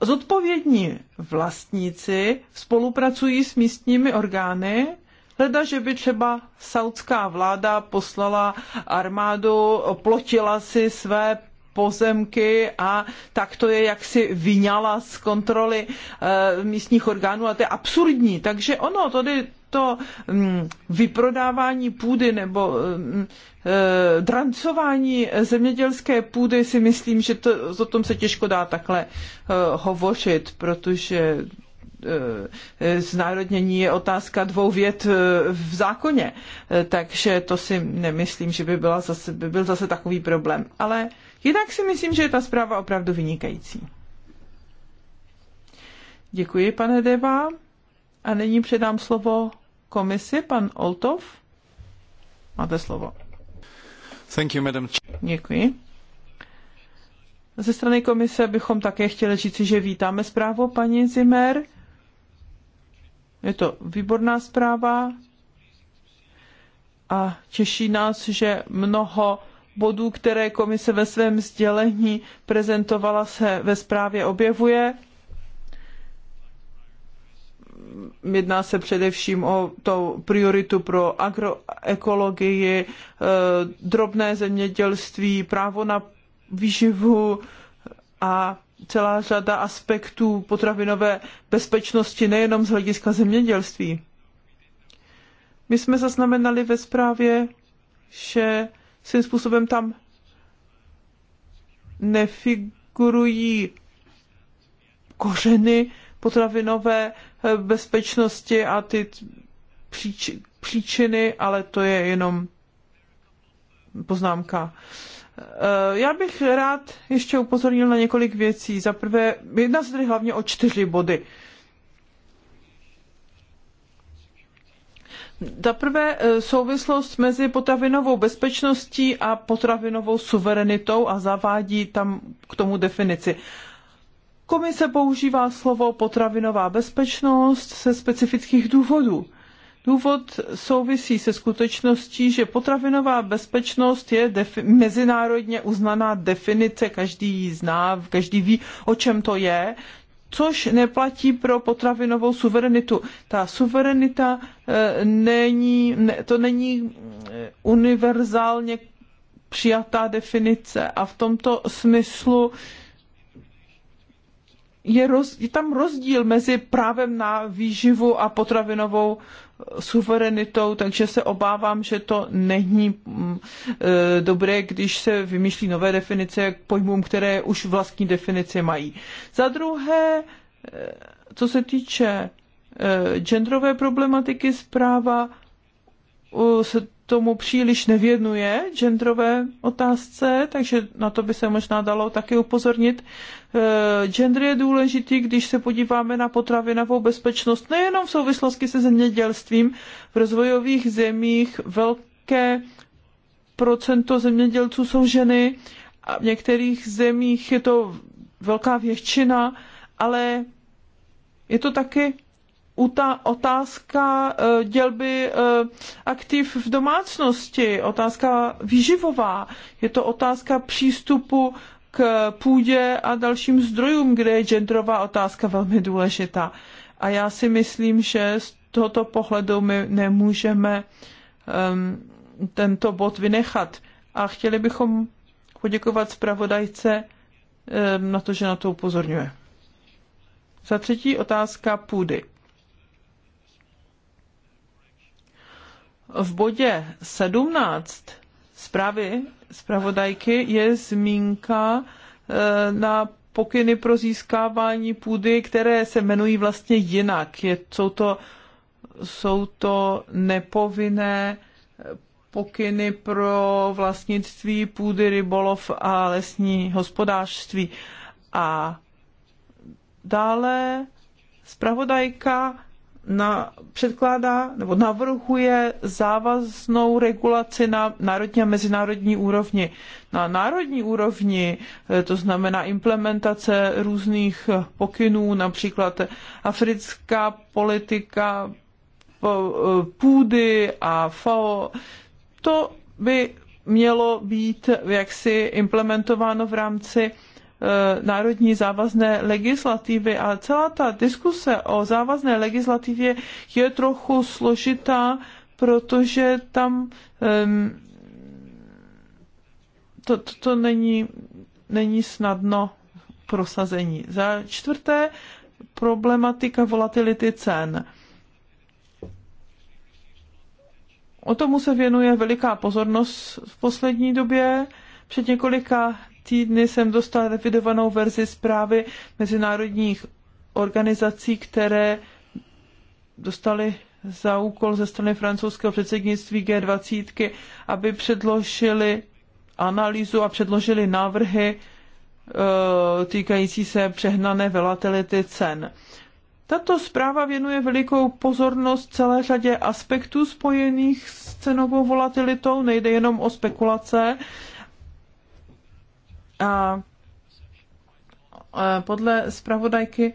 zodpovědní vlastníci spolupracují s místními orgány Hleda, že by třeba saudská vláda poslala armádu, plotila si své pozemky a tak to je jaksi vyňala z kontroly e, místních orgánů a to je absurdní. Takže ono, tady to m, mm, vyprodávání půdy nebo m, mm, e, eh, drancování zemědělské půdy si myslím, že to, o tom se těžko dá takhle e, hovořit, protože Eh, eh, znárodnění je otázka dvou vět eh, v zákoně. Takže to si nemyslím, že by, byla zase, by byl zase takový problém. Ale jinak si myslím, že je ta zpráva opravdu vynikající. Děkuji, pane Deva. A nyní předám slovo komisi, pan Oltov. Máte slovo. Thank you, madam. Děkuji. Ze strany komise bychom také chtěli říci, že vítáme zprávu paní Zimmer je to výborná zpráva a těší nás, že mnoho bodů, které komise ve svém sdělení prezentovala, se ve zprávě objevuje. Jedná se především o to prioritu pro agroekologii, eh, drobné zemědělství, právo na výživu a celá řada aspektů potravinové bezpečnosti, nejenom z hlediska zemědělství. My jsme zaznamenali ve zprávě, že svým způsobem tam nefigurují kořeny potravinové eh, bezpečnosti a ty příčiny, ale to je jenom poznámka. Eh, já bych rád ještě upozornil na několik věcí. Za prvé, jedná se tedy hlavně o čtyři body. Za prvé eh, souvislost mezi potravinovou bezpečností a potravinovou suverenitou a zavádí tam k tomu definici. Komise používá slovo potravinová bezpečnost ze specifických důvodů. Důvod souvisí se skutečností, že potravinová bezpečnost je mezinárodně uznaná definice, každý ji zná, každý ví, o čem to je, což neplatí pro potravinovou suverenitu. Ta suverenita e, není, ne, to není e, univerzálně přijatá definice a v tomto smyslu e, je, roz, je tam rozdíl mezi právem na výživu a potravinovou eh, suverenitou, takže se obávám, že to není mm, eh, dobré, když se vymýšlí nové definice k pojmům, které už vlastní definici mají. Za druhé, eh, co se týče genderové problematiky, zpráva se tomu příliš nevěnuje genderové otázce, takže na to by se možná dalo taky upozornit. E, gender je důležitý, když se podíváme na potravinovou bezpečnost, nejenom v souvislosti se zemědělstvím. V rozvojových zemích velké procento zemědělců jsou ženy a v některých zemích je to velká většina, ale je to taky otázka e, dělby e, aktiv v domácnosti, otázka výživová, je to otázka přístupu k půdě a dalším zdrojům, kde je genderová otázka velmi důležitá. A já si myslím, že z tohoto pohledu my nemůžeme um, tento bod vynechat. A chtěli bychom poděkovat zpravodajce um, na to, že na to upozorňuje. Za třetí otázka půdy. v bodě 17 zprávy zpravodajky je zmínka e, na pokyny pro získávání půdy, které se jmenují vlastně jinak. Je, jsou, to, jsou to nepovinné pokyny pro vlastnictví půdy, rybolov a lesní hospodářství. A dále zpravodajka na, předkládá nebo navrhuje závaznou regulaci na národní a mezinárodní úrovni. Na národní úrovni, eh, to znamená implementace různých eh, pokynů, například africká politika eh, půdy a FAO, to by mělo být jaksi implementováno v rámci E, národní závazné legislativy. A celá ta diskuse o závazné legislativě je trochu složitá, protože tam to, to, to není, není snadno prosazení. Za čtvrté, problematika volatility cen. O tomu se věnuje veliká pozornost v poslední době. Před několika týdny jsem dostal revidovanou verzi zprávy mezinárodních organizací, které dostali za úkol ze strany francouzského předsednictví G20, aby předložili analýzu a předložili návrhy e, týkající se přehnané volatility cen. Tato zpráva věnuje velikou pozornost celé řadě aspektů spojených s cenovou volatilitou. Nejde jenom o spekulace, a podle zpravodajky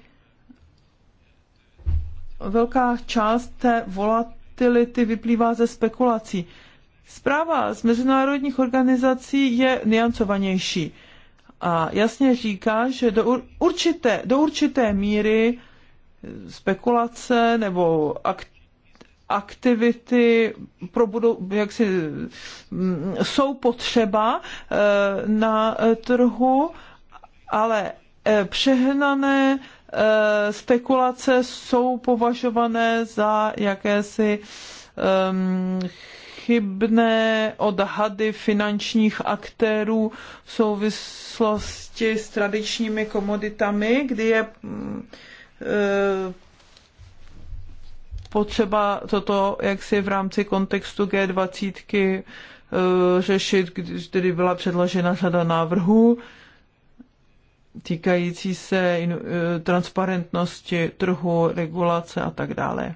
velká část té volatility vyplývá ze spekulací. Zpráva z mezinárodních organizací je niancovanější a jasně říká, že do určité, do určité míry spekulace nebo akt, aktivity pro budou, jak si, mm, jsou potřeba eh, na eh, trhu, ale eh, přehnané spekulace jsou považované za jakési ehm, chybné odhady finančních aktérů v souvislosti s tradičními komoditami, kdy je mm, potřeba toto jaksi v rámci kontextu G20 e, řešit, když tedy byla předložena řada návrhů týkající se e, transparentnosti trhu, regulace a tak dále.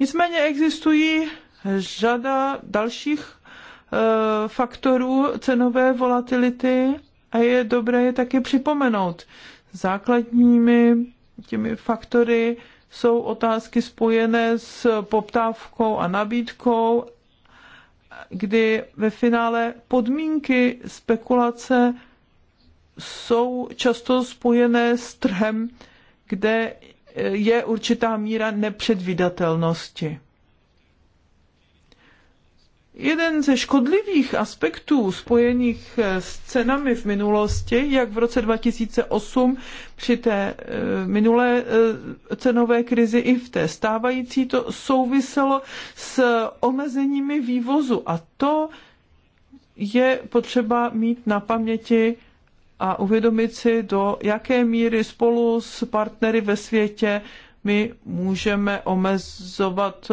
Nicméně existují řada dalších e, faktorů cenové volatility a je dobré je také připomenout. Základními těmi faktory jsou otázky spojené s poptávkou a nabídkou, kdy ve finále podmínky spekulace jsou často spojené s trhem, kde je určitá míra nepředvídatelnosti. Jeden ze škodlivých aspektů spojených eh, s cenami v minulosti, jak v roce 2008 při té eh, minulé eh, cenové krizi i v té stávající, to souviselo s omezeními vývozu. A to je potřeba mít na paměti a uvědomit si, do jaké míry spolu s partnery ve světě my můžeme omezovat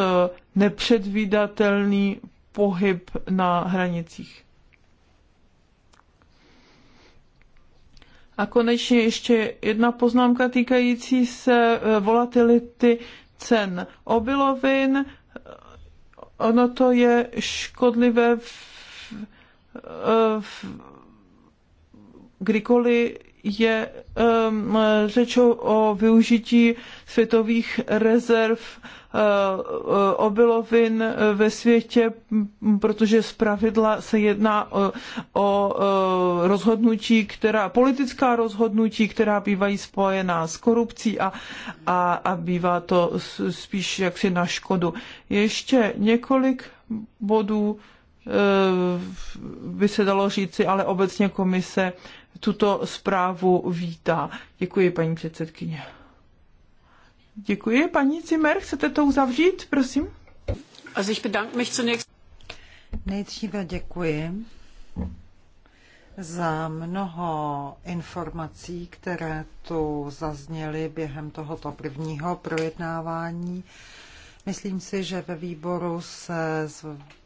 nepředvídatelný pohyb na hranicích. A konečně ještě jedna poznámka týkající se eh, volatility cen obilovin. Ono to je škodlivé v, eh, v, kdykoliv je um, řeč o využití světových rezerv uh, uh, obilovin uh, ve světě, protože pravidla se jedná o, o rozhodnutí, která, politická rozhodnutí, která bývají spojená s korupcí a, a, a bývá to spíš jaksi na škodu. Ještě několik bodů by se dalo říci, ale obecně komise tuto zprávu vítá. Děkuji, paní předsedkyně. Děkuji, paní Cimer, chcete to uzavřít, prosím? Also ich bedanke mich zunächst. Nejdříve děkuji za mnoho informací, které tu zazněly během tohoto prvního projednávání. Myslím si, že ve výboru se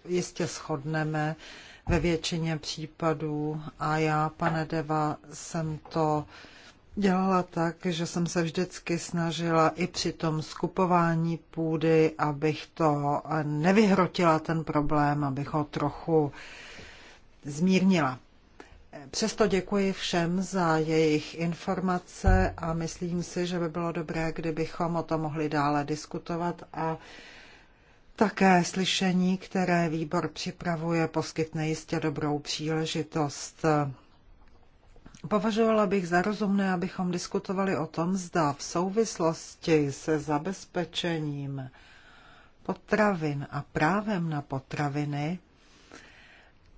jistě shodneme, ve většině případů a já, pane Deva, jsem to dělala tak, že jsem se vždycky snažila i při tom skupování půdy, abych to nevyhrotila ten problém, abych ho trochu zmírnila. Přesto děkuji všem za jejich informace a myslím si, že by bylo dobré, kdybychom o tom mohli dále diskutovat a také slyšení, které výbor připravuje, poskytne jistě dobrou příležitost. Považovala bych za rozumné, abychom diskutovali o tom, zda v souvislosti se zabezpečením potravin a právem na potraviny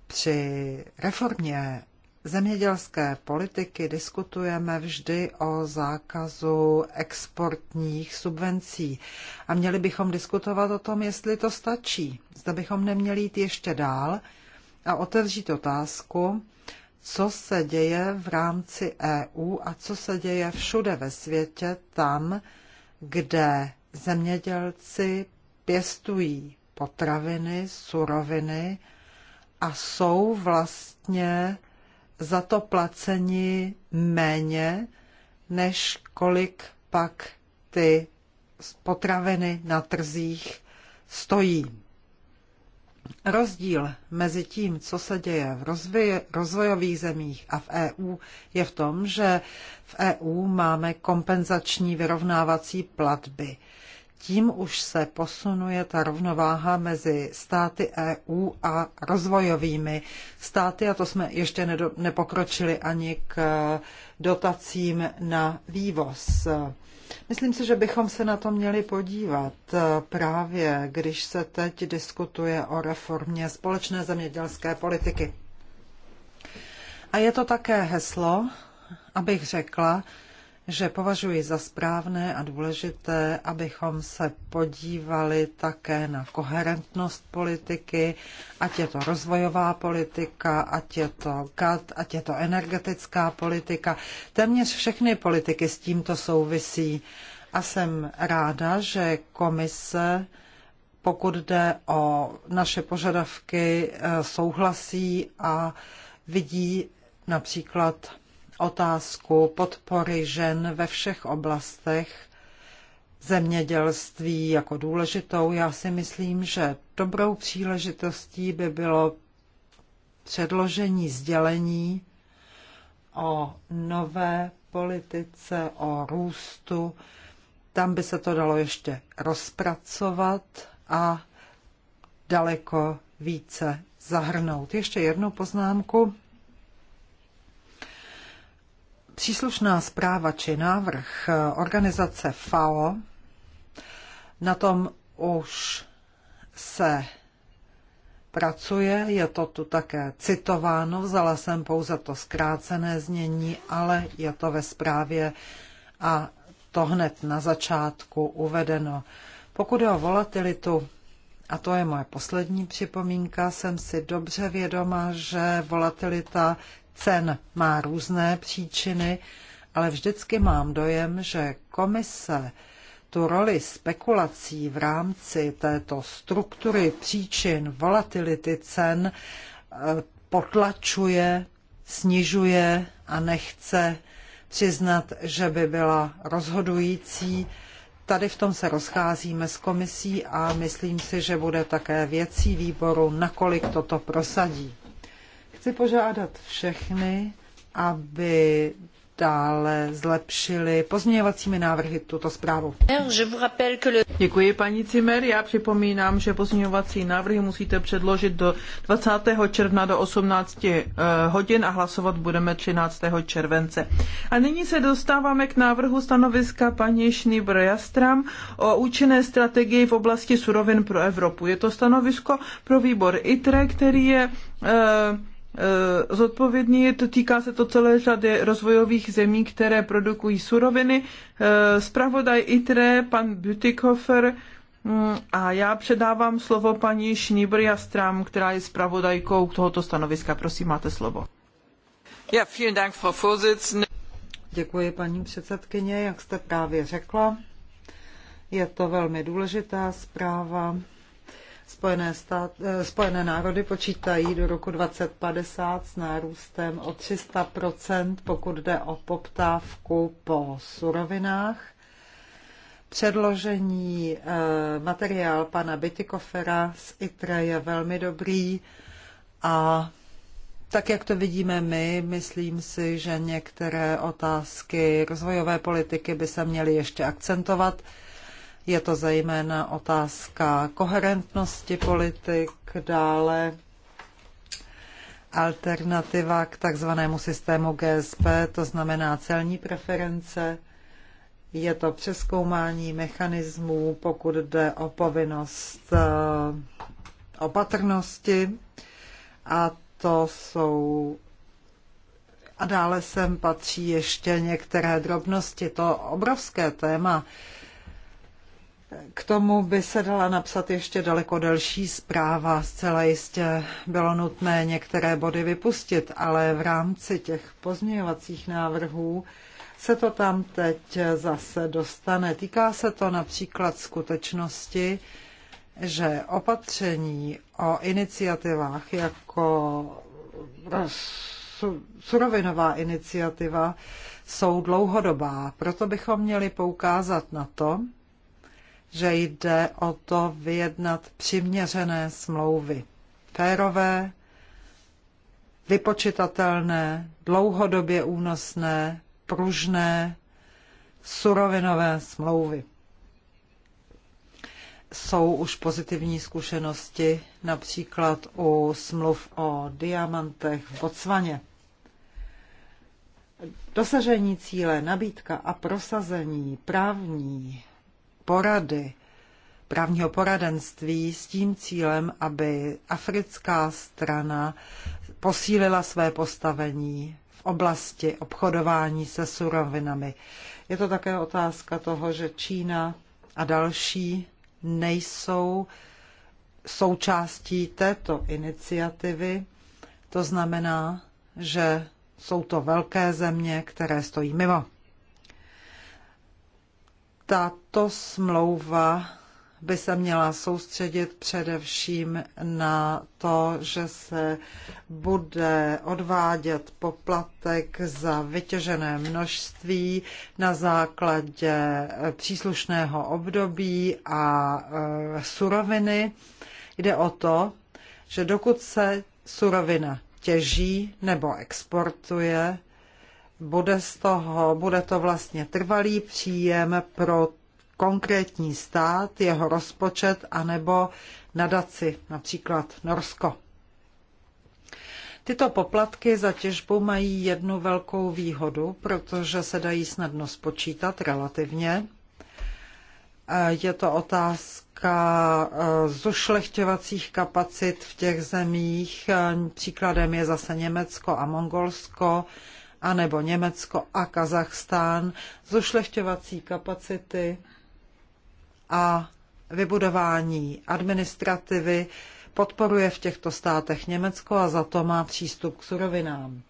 při reformě zemědělské politiky diskutujeme vždy o zákazu exportních subvencí. A měli bychom diskutovat o tom, jestli to stačí. Zda bychom neměli jít ještě dál a otevřít otázku, co se děje v rámci EU a co se děje všude ve světě tam, kde zemědělci pěstují potraviny, suroviny a jsou vlastně za to placeni méně, než kolik pak ty potraviny na trzích stojí. Rozdíl mezi tím, co se děje v rozvoji, rozvojových zemích a v EU, je v tom, že v EU máme kompenzační vyrovnávací platby tím už se posunuje ta rovnováha mezi státy EU a rozvojovými státy a to jsme ještě nepokročili ani k dotacím na vývoz. Myslím si, že bychom se na to měli podívat právě, když se teď diskutuje o reformě společné zemědělské politiky. A je to také heslo, abych řekla, že považuji za správné a důležité, abychom se podívali také na koherentnost politiky, ať je to rozvojová politika, ať je to kat, ať je to energetická politika. Téměř všechny politiky s tímto souvisí. A jsem ráda, že komise pokud jde o naše požadavky, eh, souhlasí a vidí například otázku podpory žen ve všech oblastech zemědělství jako důležitou. Já si myslím, že dobrou příležitostí by bylo předložení sdělení o nové politice, o růstu. Tam by se to dalo ještě rozpracovat a daleko více zahrnout. Ještě jednu poznámku Příslušná zpráva či návrh eh, organizace FAO na tom už se pracuje, je to tu také citováno, vzala jsem pouze to zkrácené znění, ale je to ve zprávě a to hned na začátku uvedeno. Pokud je o volatilitu, a to je moje poslední připomínka, jsem si dobře vědoma, že volatilita cen má různé příčiny, ale vždycky mám dojem, že komise tu roli spekulací v rámci této struktury příčin volatility cen e, potlačuje, snižuje a nechce přiznat, že by byla rozhodující. Tady v tom se rozcházíme s komisí a myslím si, že bude také věcí výboru, nakolik toto prosadí. Chci požádat všechny, aby dále zlepšili pozměňovacími návrhy tuto zprávu. Děkuji paní Cimer. Já připomínám, že pozměňovací návrhy musíte předložit do 20. června do 18 eh, hodin a hlasovat budeme 13. července. A nyní se dostáváme k návrhu stanoviska paní Šnýbr Jastram o účinné strategii v oblasti surovin pro Evropu. Je to stanovisko pro výbor ITRE, který je eh, Eh, zodpovědní. Týká se to celé řady rozvojových zemí, které produkují suroviny. Eh, zpravodaj ITRE, pan Butikofer mm, a já předávám slovo paní Šnibria Stram, která je spravodajkou tohoto stanoviska. Prosím, máte slovo. Ja, vielen Dank, Frau Vorsitzende. Děkuji, paní předsedkyně, jak jste právě řekla. Je to velmi důležitá zpráva. Spojené, stát, eh, Spojené národy počítají do roku 2050 s nárůstem o 300 pokud jde o poptávku po surovinách. Předložení eh, materiál pana Bytikofera z ITRE je velmi dobrý a tak, jak to vidíme my, myslím si, že některé otázky rozvojové politiky by se měly ještě akcentovat je to zejména otázka koherentnosti politik, dále alternativa k takzvanému systému GSP, to znamená celní preference. Je to přeskoumání mechanismů, pokud jde o povinnost eh, opatrnosti. A to jsou a dále sem patří ještě některé drobnosti. To obrovské téma k tomu by se dala napsat ještě daleko delší zpráva. Zcela jistě bylo nutné některé body vypustit, ale v rámci těch pozměňovacích návrhů se to tam teď zase dostane. Týká se to například skutečnosti, že opatření o iniciativách jako surovinová iniciativa jsou dlouhodobá. Proto bychom měli poukázat na to, že jde o to vyjednat přiměřené smlouvy. Férové, vypočitatelné, dlouhodobě únosné, pružné, surovinové smlouvy. Jsou už pozitivní zkušenosti například u smluv o diamantech v Botswaně. Dosažení cíle, nabídka a prosazení právní porady, právního poradenství s tím cílem, aby africká strana posílila své postavení v oblasti obchodování se surovinami. Je to také otázka toho, že Čína a další nejsou součástí této iniciativy. To znamená, že jsou to velké země, které stojí mimo tato smlouva by se měla soustředit především na to, že se bude odvádět poplatek za vytěžené množství na základě eh, příslušného období a eh, suroviny. Jde o to, že dokud se surovina těží nebo exportuje, bude z toho, bude to vlastně trvalý příjem pro konkrétní stát, jeho rozpočet anebo nadaci, například Norsko. Tyto poplatky za těžbu mají jednu velkou výhodu, protože se dají snadno spočítat relativně. Je to otázka e, zušlechťovacích kapacit v těch zemích. E, příkladem je zase Německo a Mongolsko, anebo Německo a Kazachstán, zošlechťovací kapacity a vybudování administrativy podporuje v těchto státech Německo a za to má přístup k surovinám.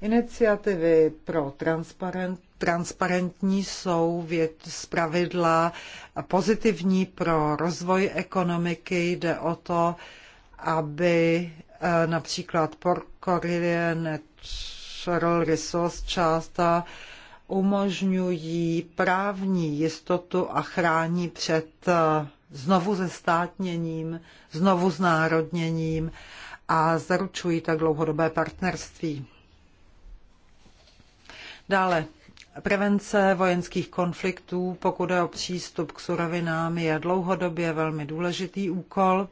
Iniciativy pro transparent, transparentní jsou věd, z pravidla pozitivní pro rozvoj ekonomiky. Jde o to, aby eh, například Port Sharal Resource charter umožňují právní jistotu a chrání před eh, znovu zestátněním, znovu znárodněním a zaručují tak dlouhodobé partnerství. Dále, prevence vojenských konfliktů, pokud je o přístup k surovinám, je dlouhodobě velmi důležitý úkol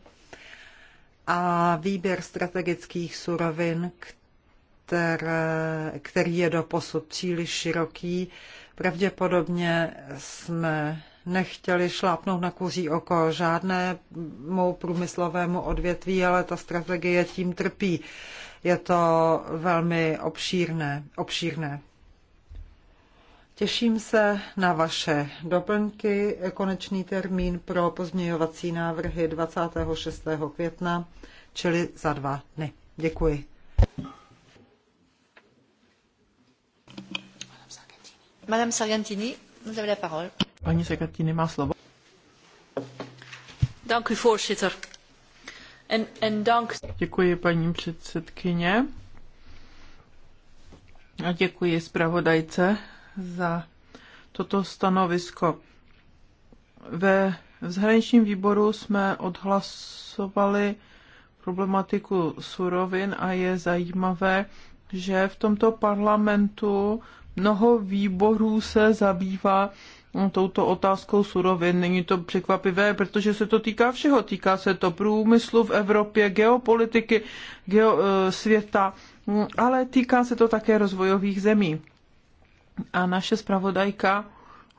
a výběr strategických surovin, které které, který je doposud příliš široký. Pravděpodobně jsme nechtěli šlápnout na kuří oko žádnému průmyslovému odvětví, ale ta strategie tím trpí. Je to velmi obšírné. obšírné. Těším se na vaše doplňky. Konečný termín pro pozměňovací návrhy 26. května, čili za dva dny. Děkuji. Madame Sargentini, vous avez la parole. Paní Sargentini má slovo. Dank u, voorzitter. En, en dank... Děkuji, paní předsedkyně. A děkuji zpravodajce za toto stanovisko. Ve v zahraničním výboru jsme odhlasovali problematiku surovin a je zajímavé, že v tomto parlamentu Mnoho výborů se zabývá mm, touto otázkou surovin. Není to překvapivé, protože se to týká všeho. Týká se to průmyslu v Evropě, geopolitiky geo, e, světa, mm, ale týká se to také rozvojových zemí. A naše zpravodajka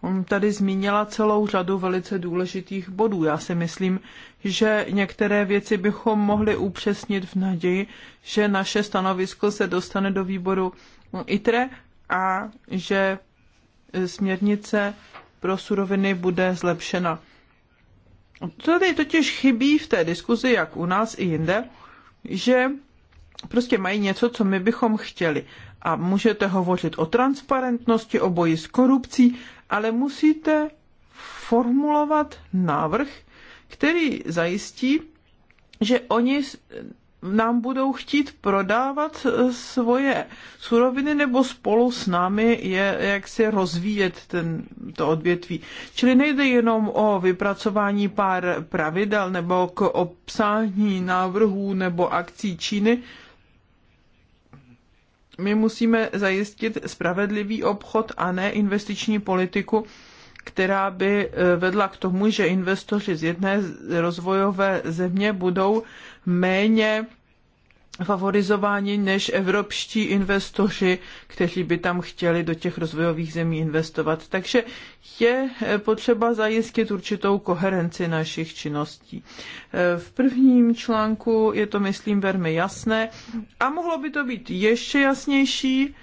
mm, tady zmínila celou řadu velice důležitých bodů. Já si myslím, že některé věci bychom mohli upřesnit v naději, že naše stanovisko se dostane do výboru ITRE a že e, směrnice pro suroviny bude zlepšena. To tady totiž chybí v té diskuzi, jak u nás i jinde, že prostě mají něco, co my bychom chtěli. A můžete hovořit o transparentnosti, o boji s korupcí, ale musíte formulovat návrh, který zajistí, že oni nám budou chtít prodávat eh, svoje suroviny nebo spolu s námi je, jak se rozvíjet ten, to odvětví. Čili nejde jenom o vypracování pár pravidel nebo k obsání návrhů nebo akcí Číny. My musíme zajistit spravedlivý obchod a ne investiční politiku, která by e, vedla k tomu, že investoři z jedné rozvojové země budou méně favorizováni než evropští investoři, kteří by tam chtěli do těch rozvojových zemí investovat. Takže je e, potřeba zajistit určitou koherenci našich činností. E, v prvním článku je to, myslím, velmi jasné a mohlo by to být ještě jasnější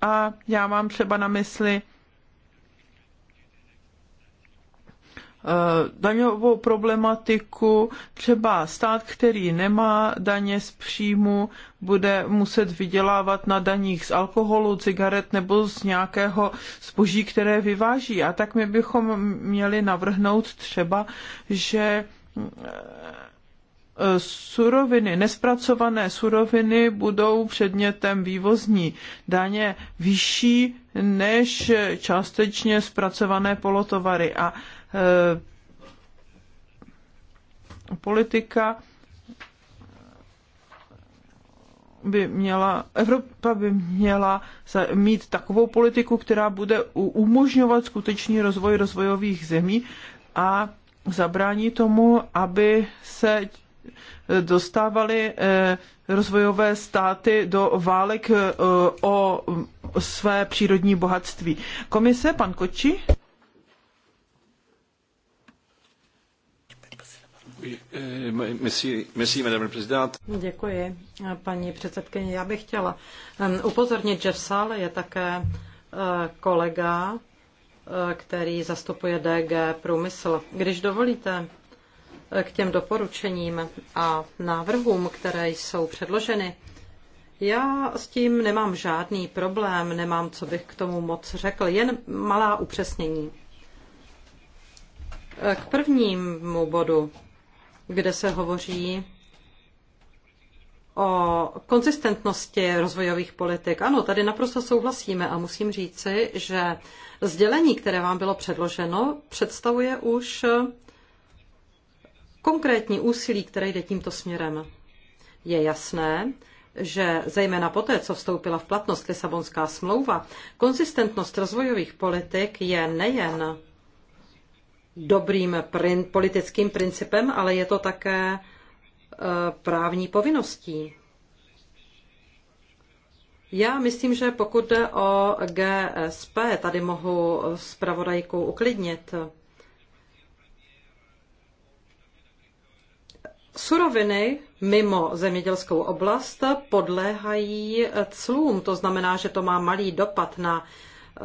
a já mám třeba na mysli Eh, daňovou problematiku. Třeba stát, který nemá daně z příjmu, bude muset vydělávat na daních z alkoholu, cigaret nebo z nějakého zboží, které vyváží. A tak my bychom měli navrhnout třeba, že eh, suroviny, nespracované suroviny budou předmětem vývozní daně vyšší než částečně zpracované polotovary. A Eh, politika by měla, Evropa by měla mít takovou politiku, která bude umožňovat skutečný rozvoj rozvojových zemí a zabrání tomu, aby se eh, dostávaly eh, rozvojové státy do válek o své přírodní bohatství. Komise, pan Koči? Děkuji, paní předsedkyně. Já bych chtěla upozornit, že v sále je také eh, kolega, eh, který zastupuje DG Průmysl. Když dovolíte eh, k těm doporučením a návrhům, které jsou předloženy, já s tím nemám žádný problém, nemám, co bych k tomu moc řekl, jen malá upřesnění. K prvnímu bodu kde se hovoří o konzistentnosti rozvojových politik. Ano, tady naprosto souhlasíme a musím říci, že sdělení, které vám bylo předloženo, představuje už konkrétní úsilí, které jde tímto směrem. Je jasné, že zejména poté, co vstoupila v platnost Lisabonská smlouva, konzistentnost rozvojových politik je nejen dobrým prin, politickým principem, ale je to také eh, právní povinností. Já myslím, že pokud jde o GSP, tady mohu zpravodajku uklidnit. Suroviny mimo zemědělskou oblast podléhají clům, to znamená, že to má malý dopad na eh,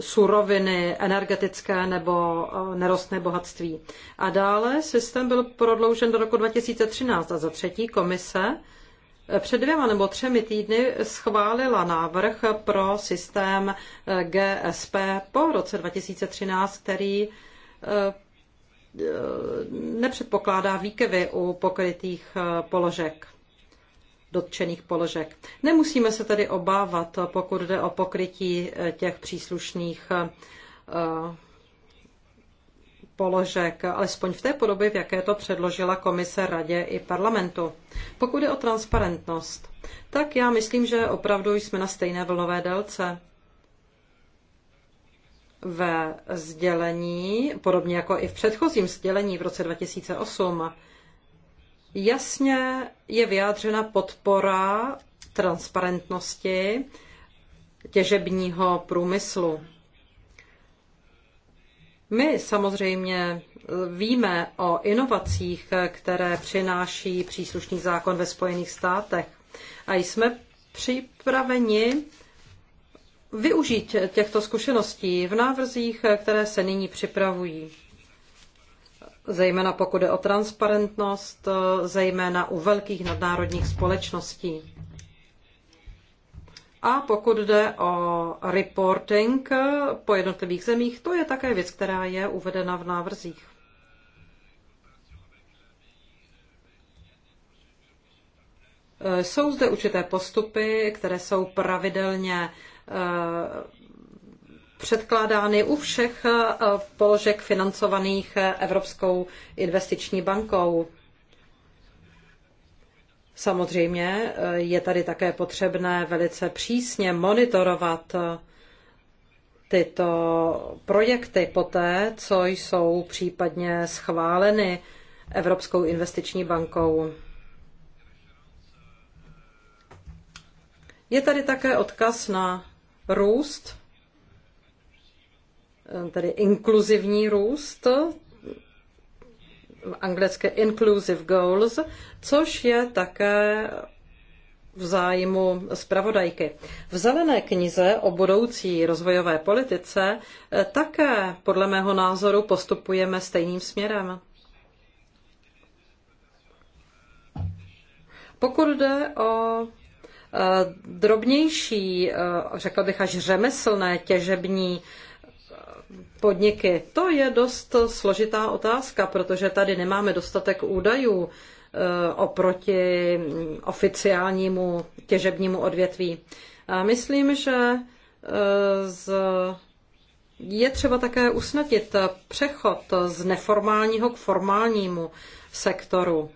suroviny, energetické nebo eh, nerostné bohatství. A dále systém byl prodloužen do roku 2013 a za třetí komise eh, před dvěma nebo třemi týdny schválila návrh pro systém eh, GSP po roce 2013, který nepředpokládá výkyvy u pokrytých položek dotčených položek. Nemusíme se tedy obávat, pokud jde o pokrytí eh, těch příslušných eh, položek, alespoň v té podobě, v jaké to předložila komise radě i parlamentu. Pokud je o transparentnost, tak já myslím, že opravdu jsme na stejné vlnové délce. Ve sdělení, podobně jako i v předchozím sdělení v roce 2008, Jasně je vyjádřena podpora transparentnosti těžebního průmyslu. My samozřejmě víme o inovacích, které přináší příslušný zákon ve Spojených státech a jsme připraveni využít těchto zkušeností v návrzích, které se nyní připravují zejména pokud je o transparentnost, zejména u velkých nadnárodních společností. A pokud jde o reporting po jednotlivých zemích, to je také věc, která je uvedena v návrzích. Jsou zde určité postupy, které jsou pravidelně eh, předkládány u všech eh, položek financovaných eh, Evropskou investiční bankou. Samozřejmě eh, je tady také potřebné velice přísně monitorovat tyto projekty poté, co jsou případně schváleny Evropskou investiční bankou. Je tady také odkaz na růst Eh, tedy inkluzivní růst, v anglické inclusive goals, což je také v zájmu zpravodajky. V zelené knize o budoucí rozvojové politice eh, také podle mého názoru postupujeme stejným směrem. Pokud jde o eh, drobnější, řekl bych až řemeslné těžební podniky? To je dost složitá otázka, protože tady nemáme dostatek údajů eh, oproti oficiálnímu těžebnímu odvětví. A myslím, že eh, z je třeba také usnadnit přechod z neformálního k formálnímu sektoru.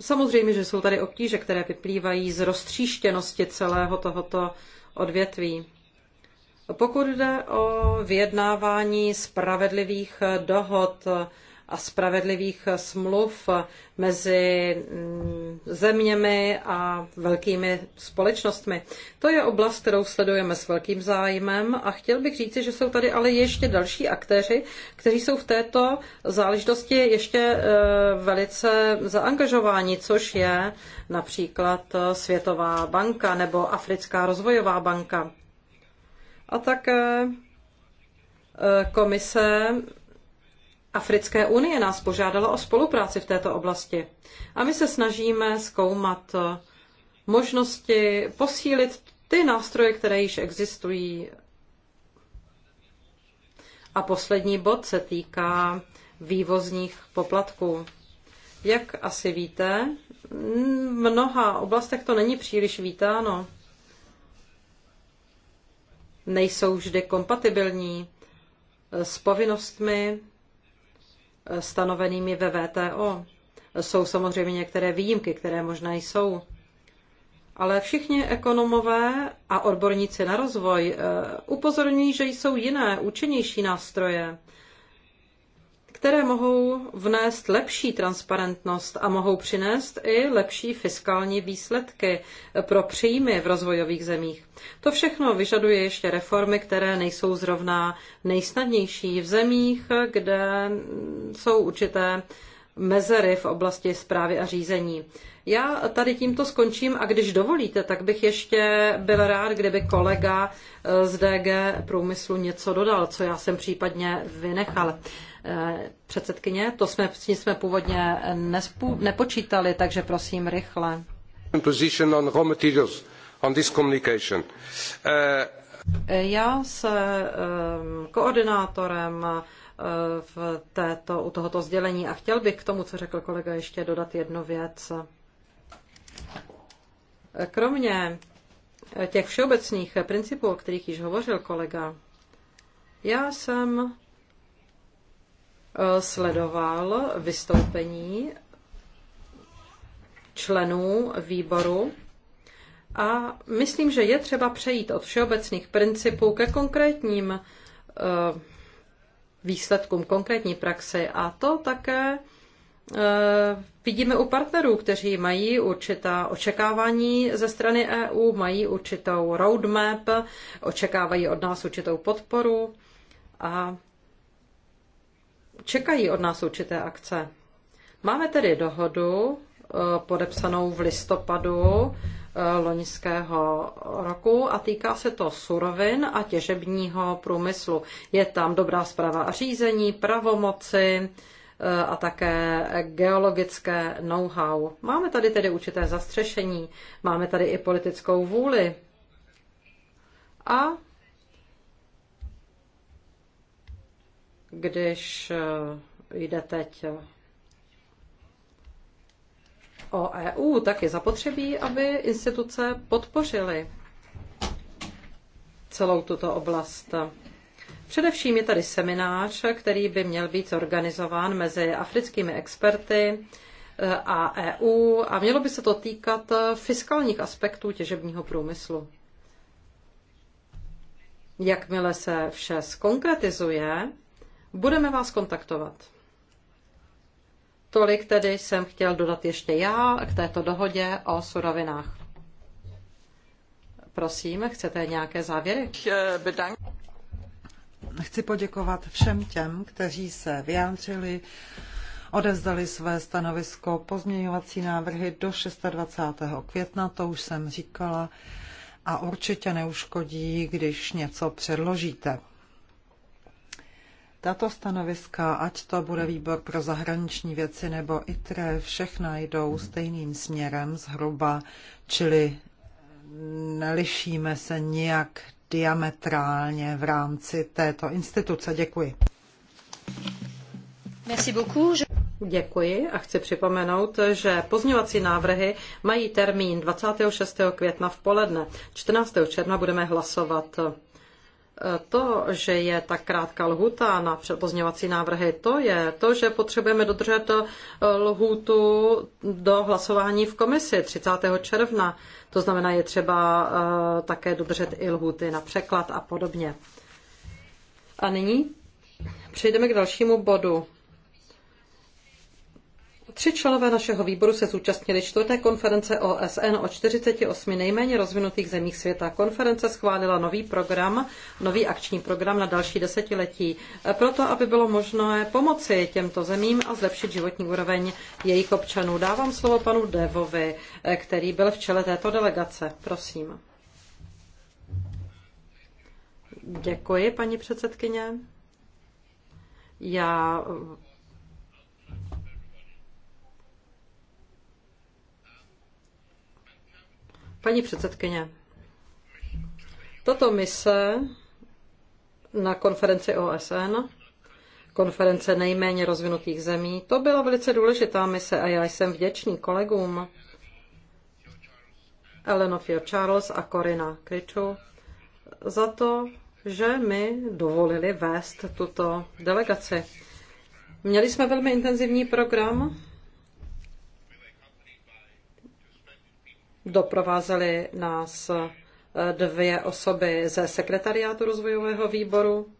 Samozřejmě, že jsou tady obtíže, které vyplývají z roztříštěnosti celého tohoto odvětví. Pokud jde o vyjednávání spravedlivých dohod a spravedlivých smluv mezi mm, zeměmi a velkými společnostmi, to je oblast, kterou sledujeme s velkým zájmem a chtěl bych říci, že jsou tady ale ještě další aktéři, kteří jsou v této záležitosti ještě e, velice zaangažováni, což je například Světová banka nebo Africká rozvojová banka. A také eh, komise Africké unie nás požádala o spolupráci v této oblasti. A my se snažíme zkoumat eh, možnosti posílit ty nástroje, které již existují. A poslední bod se týká vývozních poplatků. Jak asi víte, v mnoha oblastech to není příliš vítáno nejsou vždy kompatibilní eh, s povinnostmi eh, stanovenými ve VTO. Jsou samozřejmě některé výjimky, které možná jsou. Ale všichni ekonomové a odborníci na rozvoj eh, upozorňují, že jsou jiné, účinnější nástroje, které mohou vnést lepší transparentnost a mohou přinést i lepší fiskální výsledky pro příjmy v rozvojových zemích. To všechno vyžaduje ještě reformy, které nejsou zrovna nejsnadnější v zemích, kde jsou určité mezery v oblasti zprávy a řízení. Já tady tímto skončím a když dovolíte, tak bych ještě byl rád, kdyby kolega eh, z DG průmyslu něco dodal, co já jsem případně vynechal. Eh, předsedkyně. To jsme, s ní jsme původně nespů, nepočítali, takže prosím rychle. Position on on materials this communication. Eh, eh, já se ehm, koordinátorem v této, u tohoto sdělení a chtěl bych k tomu, co řekl kolega, ještě dodat jednu věc. Kromě těch všeobecných principů, o kterých již hovořil kolega, já jsem Eh, sledoval vystoupení členů výboru a myslím, že je třeba přejít od všeobecných principů ke konkrétním eh, výsledkům, konkrétní praxi a to také eh, vidíme u partnerů, kteří mají určitá očekávání ze strany EU, mají určitou roadmap, očekávají od nás určitou podporu a čekají od nás určité akce. Máme tedy dohodu eh, podepsanou v listopadu eh, loňského roku a týká se to surovin a těžebního průmyslu. Je tam dobrá zpráva a řízení, pravomoci eh, a také geologické know-how. Máme tady tedy určité zastřešení, máme tady i politickou vůli a když eh, jde teď eh, o EU, tak je zapotřebí, aby instituce podpořily celou tuto oblast. Především je tady seminář, který by měl být organizován mezi africkými experty eh, a EU a mělo by se to týkat fiskálních aspektů těžebního průmyslu. Jakmile se vše skonkretizuje, Budeme vás kontaktovat. Tolik tedy jsem chtěl dodat ještě já k této dohodě o surovinách. Prosím, chcete nějaké závěry? Chci poděkovat všem těm, kteří se vyjádřili, odezdali své stanovisko, pozměňovací návrhy do 26. května, to už jsem říkala, a určitě neuškodí, když něco předložíte. Tato stanoviska, ať to bude výbor pro zahraniční věci nebo ITRE, všechna jdou stejným směrem zhruba, čili nelišíme se nijak diametrálně v rámci této instituce. Děkuji. Merci beaucoup. Děkuji a chci připomenout, že pozměňovací návrhy mají termín 26. května v poledne. 14. června budeme hlasovat. To, že je tak krátká lhuta na pozměňovací návrhy, to je to, že potřebujeme dodržet eh, lhůtu do hlasování v komisi 30. června. To znamená, je třeba eh, také dodržet i lhůty na překlad a podobně. A nyní přejdeme k dalšímu bodu. Tři členové našeho výboru se zúčastnili čtvrté konference OSN o 48 nejméně rozvinutých zemích světa. Konference schválila nový program, nový akční program na další desetiletí, proto aby bylo možné pomoci těmto zemím a zlepšit životní úroveň jejich občanů. Dávám slovo panu Devovi, který byl v čele této delegace. Prosím. Děkuji, paní předsedkyně. Já Paní předsedkyně, tato mise na konferenci OSN, konference nejméně rozvinutých zemí, to byla velice důležitá mise a já jsem vděčný kolegům Elenofio Charles a Corina Kriču za to, že mi dovolili vést tuto delegaci. Měli jsme velmi intenzivní program Doprovázely nás eh, dvě osoby ze sekretariátu rozvojového výboru.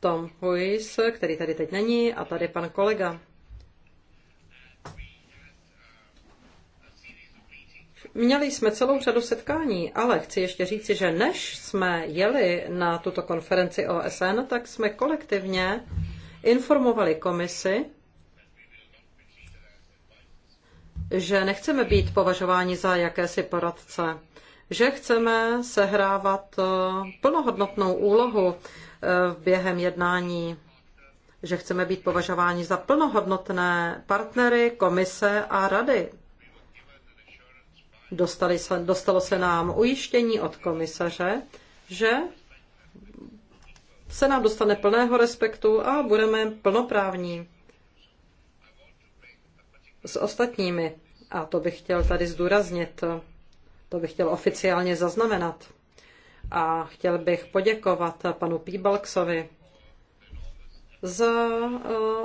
Tom Huis, který tady teď není, a tady pan kolega. Měli jsme celou řadu setkání, ale chci ještě říci, že než jsme jeli na tuto konferenci OSN, tak jsme kolektivně informovali komisi že nechceme být považováni za jakési poradce, že chceme sehrávat eh, plnohodnotnou úlohu eh, během jednání, že chceme být považováni za plnohodnotné partnery komise a rady. Dostali se, dostalo se nám ujištění od komisaře, že se nám dostane plného respektu a budeme plnoprávní s ostatními. A to bych chtěl tady zdůraznit, to bych chtěl oficiálně zaznamenat. A chtěl bych poděkovat panu Píbalksovi za e,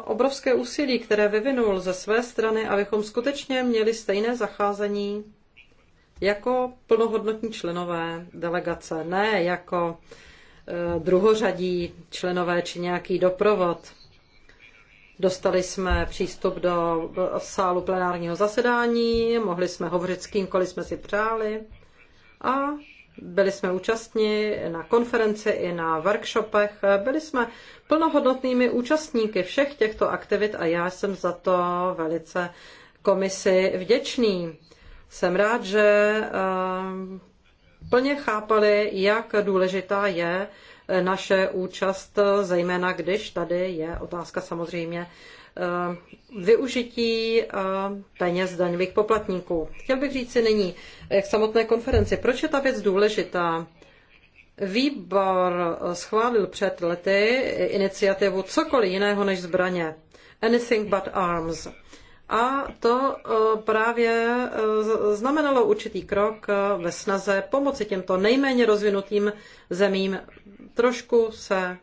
obrovské úsilí, které vyvinul ze své strany, abychom skutečně měli stejné zacházení jako plnohodnotní členové delegace, ne jako e, druhořadí členové či nějaký doprovod. Dostali jsme přístup do sálu plenárního zasedání, mohli jsme hovořit s kýmkoliv jsme si přáli a byli jsme účastní na konferenci i na workshopech, byli jsme plnohodnotnými účastníky všech těchto aktivit a já jsem za to velice komisi vděčný. Jsem rád, že eh, plně chápali, jak důležitá je naše účast, zejména když tady je otázka samozřejmě eh, využití eh, peněz daňových poplatníků. Chtěl bych říct si nyní, jak eh, samotné konferenci, proč je ta věc důležitá? Výbor schválil před lety iniciativu cokoliv jiného než zbraně. Anything but arms. A to e, právě e, znamenalo určitý krok e, ve snaze pomoci těmto nejméně rozvinutým zemím trošku se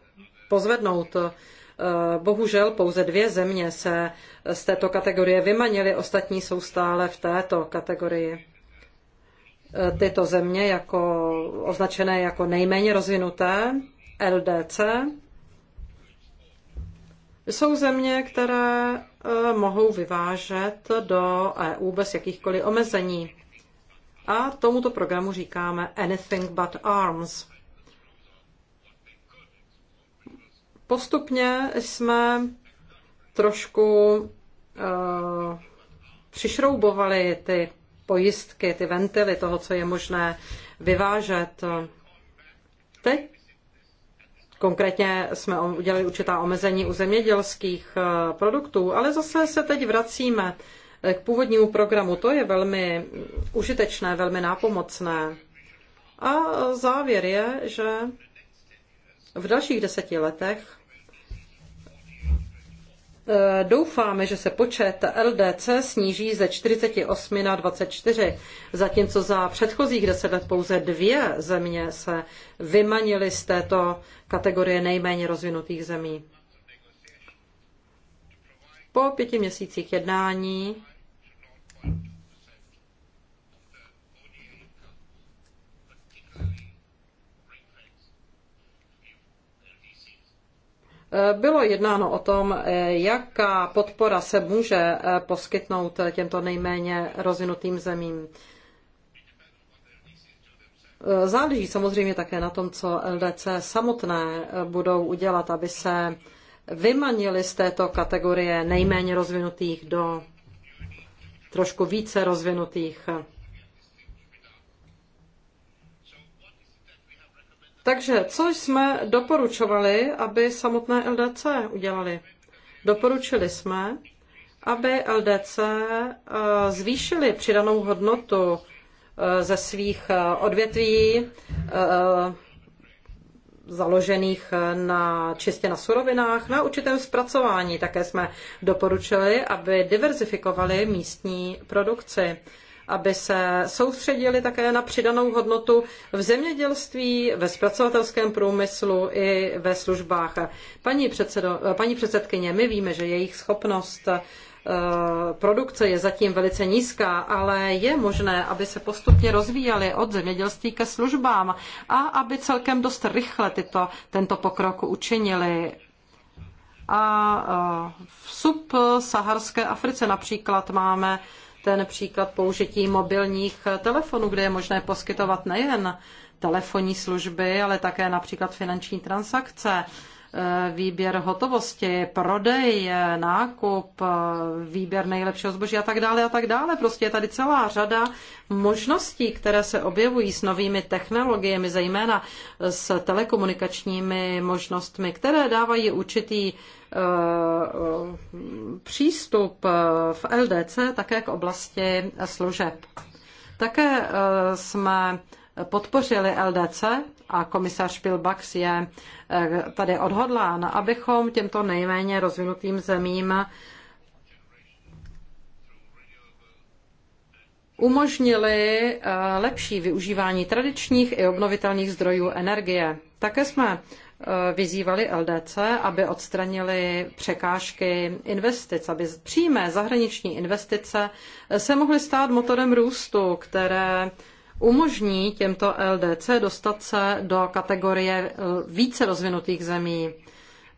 pozvednout. Bohužel pouze dvě země se z této kategorie vymanily, ostatní jsou stále v této kategorii. Tyto země jako, označené jako nejméně rozvinuté, LDC, jsou země, které eh, mohou vyvážet do EU bez jakýchkoliv omezení. A tomuto programu říkáme Anything but Arms. Postupně jsme trošku uh, přišroubovali ty pojistky, ty ventily toho, co je možné vyvážet. Teď Konkrétně jsme udělali určitá omezení u zemědělských eh, produktů, ale zase se teď vracíme eh, k původnímu programu. To je velmi užitečné, velmi nápomocné. A eh, závěr je, že v dalších deseti letech Eh, doufáme, že se počet LDC sníží ze 48 na 24, zatímco za předchozích deset let pouze dvě země se vymanily z této kategorie nejméně rozvinutých zemí. Po pěti měsících jednání Eh, bylo jednáno o tom, eh, jaká podpora se může eh, poskytnout těmto nejméně rozvinutým zemím. Záleží samozřejmě také na tom, co LDC samotné budou udělat, aby se vymanili z této kategorie nejméně rozvinutých do trošku více rozvinutých. Takže co jsme doporučovali, aby samotné LDC udělali? Doporučili jsme, aby LDC eh, zvýšili přidanou hodnotu eh, ze svých eh, odvětví založených na, čistě na surovinách, na určitém zpracování. Také jsme doporučili, aby diverzifikovali místní produkci aby se soustředili také na přidanou hodnotu v zemědělství, ve zpracovatelském průmyslu i ve službách. Paní, předsedo, paní předsedkyně, my víme, že jejich schopnost eh, produkce je zatím velice nízká, ale je možné, aby se postupně rozvíjely od zemědělství ke službám a aby celkem dost rychle tyto, tento pokrok učinili. A eh, v subsaharské Africe například máme ten příklad použití mobilních telefonů, kde je možné poskytovat nejen telefonní služby, ale také například finanční transakce, e, výběr hotovosti, prodej, e, nákup, e, výběr nejlepšího zboží a tak dále a tak dále. Prostě je tady celá řada možností, které se objevují s novými technologiemi, zejména s telekomunikačními možnostmi, které dávají určitý přístup eh, v LDC také k oblasti služeb. Také eh, jsme podpořili LDC a komisař Pilbax je eh, tady odhodlán, abychom těmto nejméně rozvinutým zemím umožnili lepší využívání tradičních i obnovitelných zdrojů energie. Také jsme Eh, vyzývali LDC, aby odstranili překážky investic, aby přímé zahraniční investice eh, se mohly stát motorem růstu, které umožní těmto LDC dostat se do kategorie eh, více rozvinutých zemí.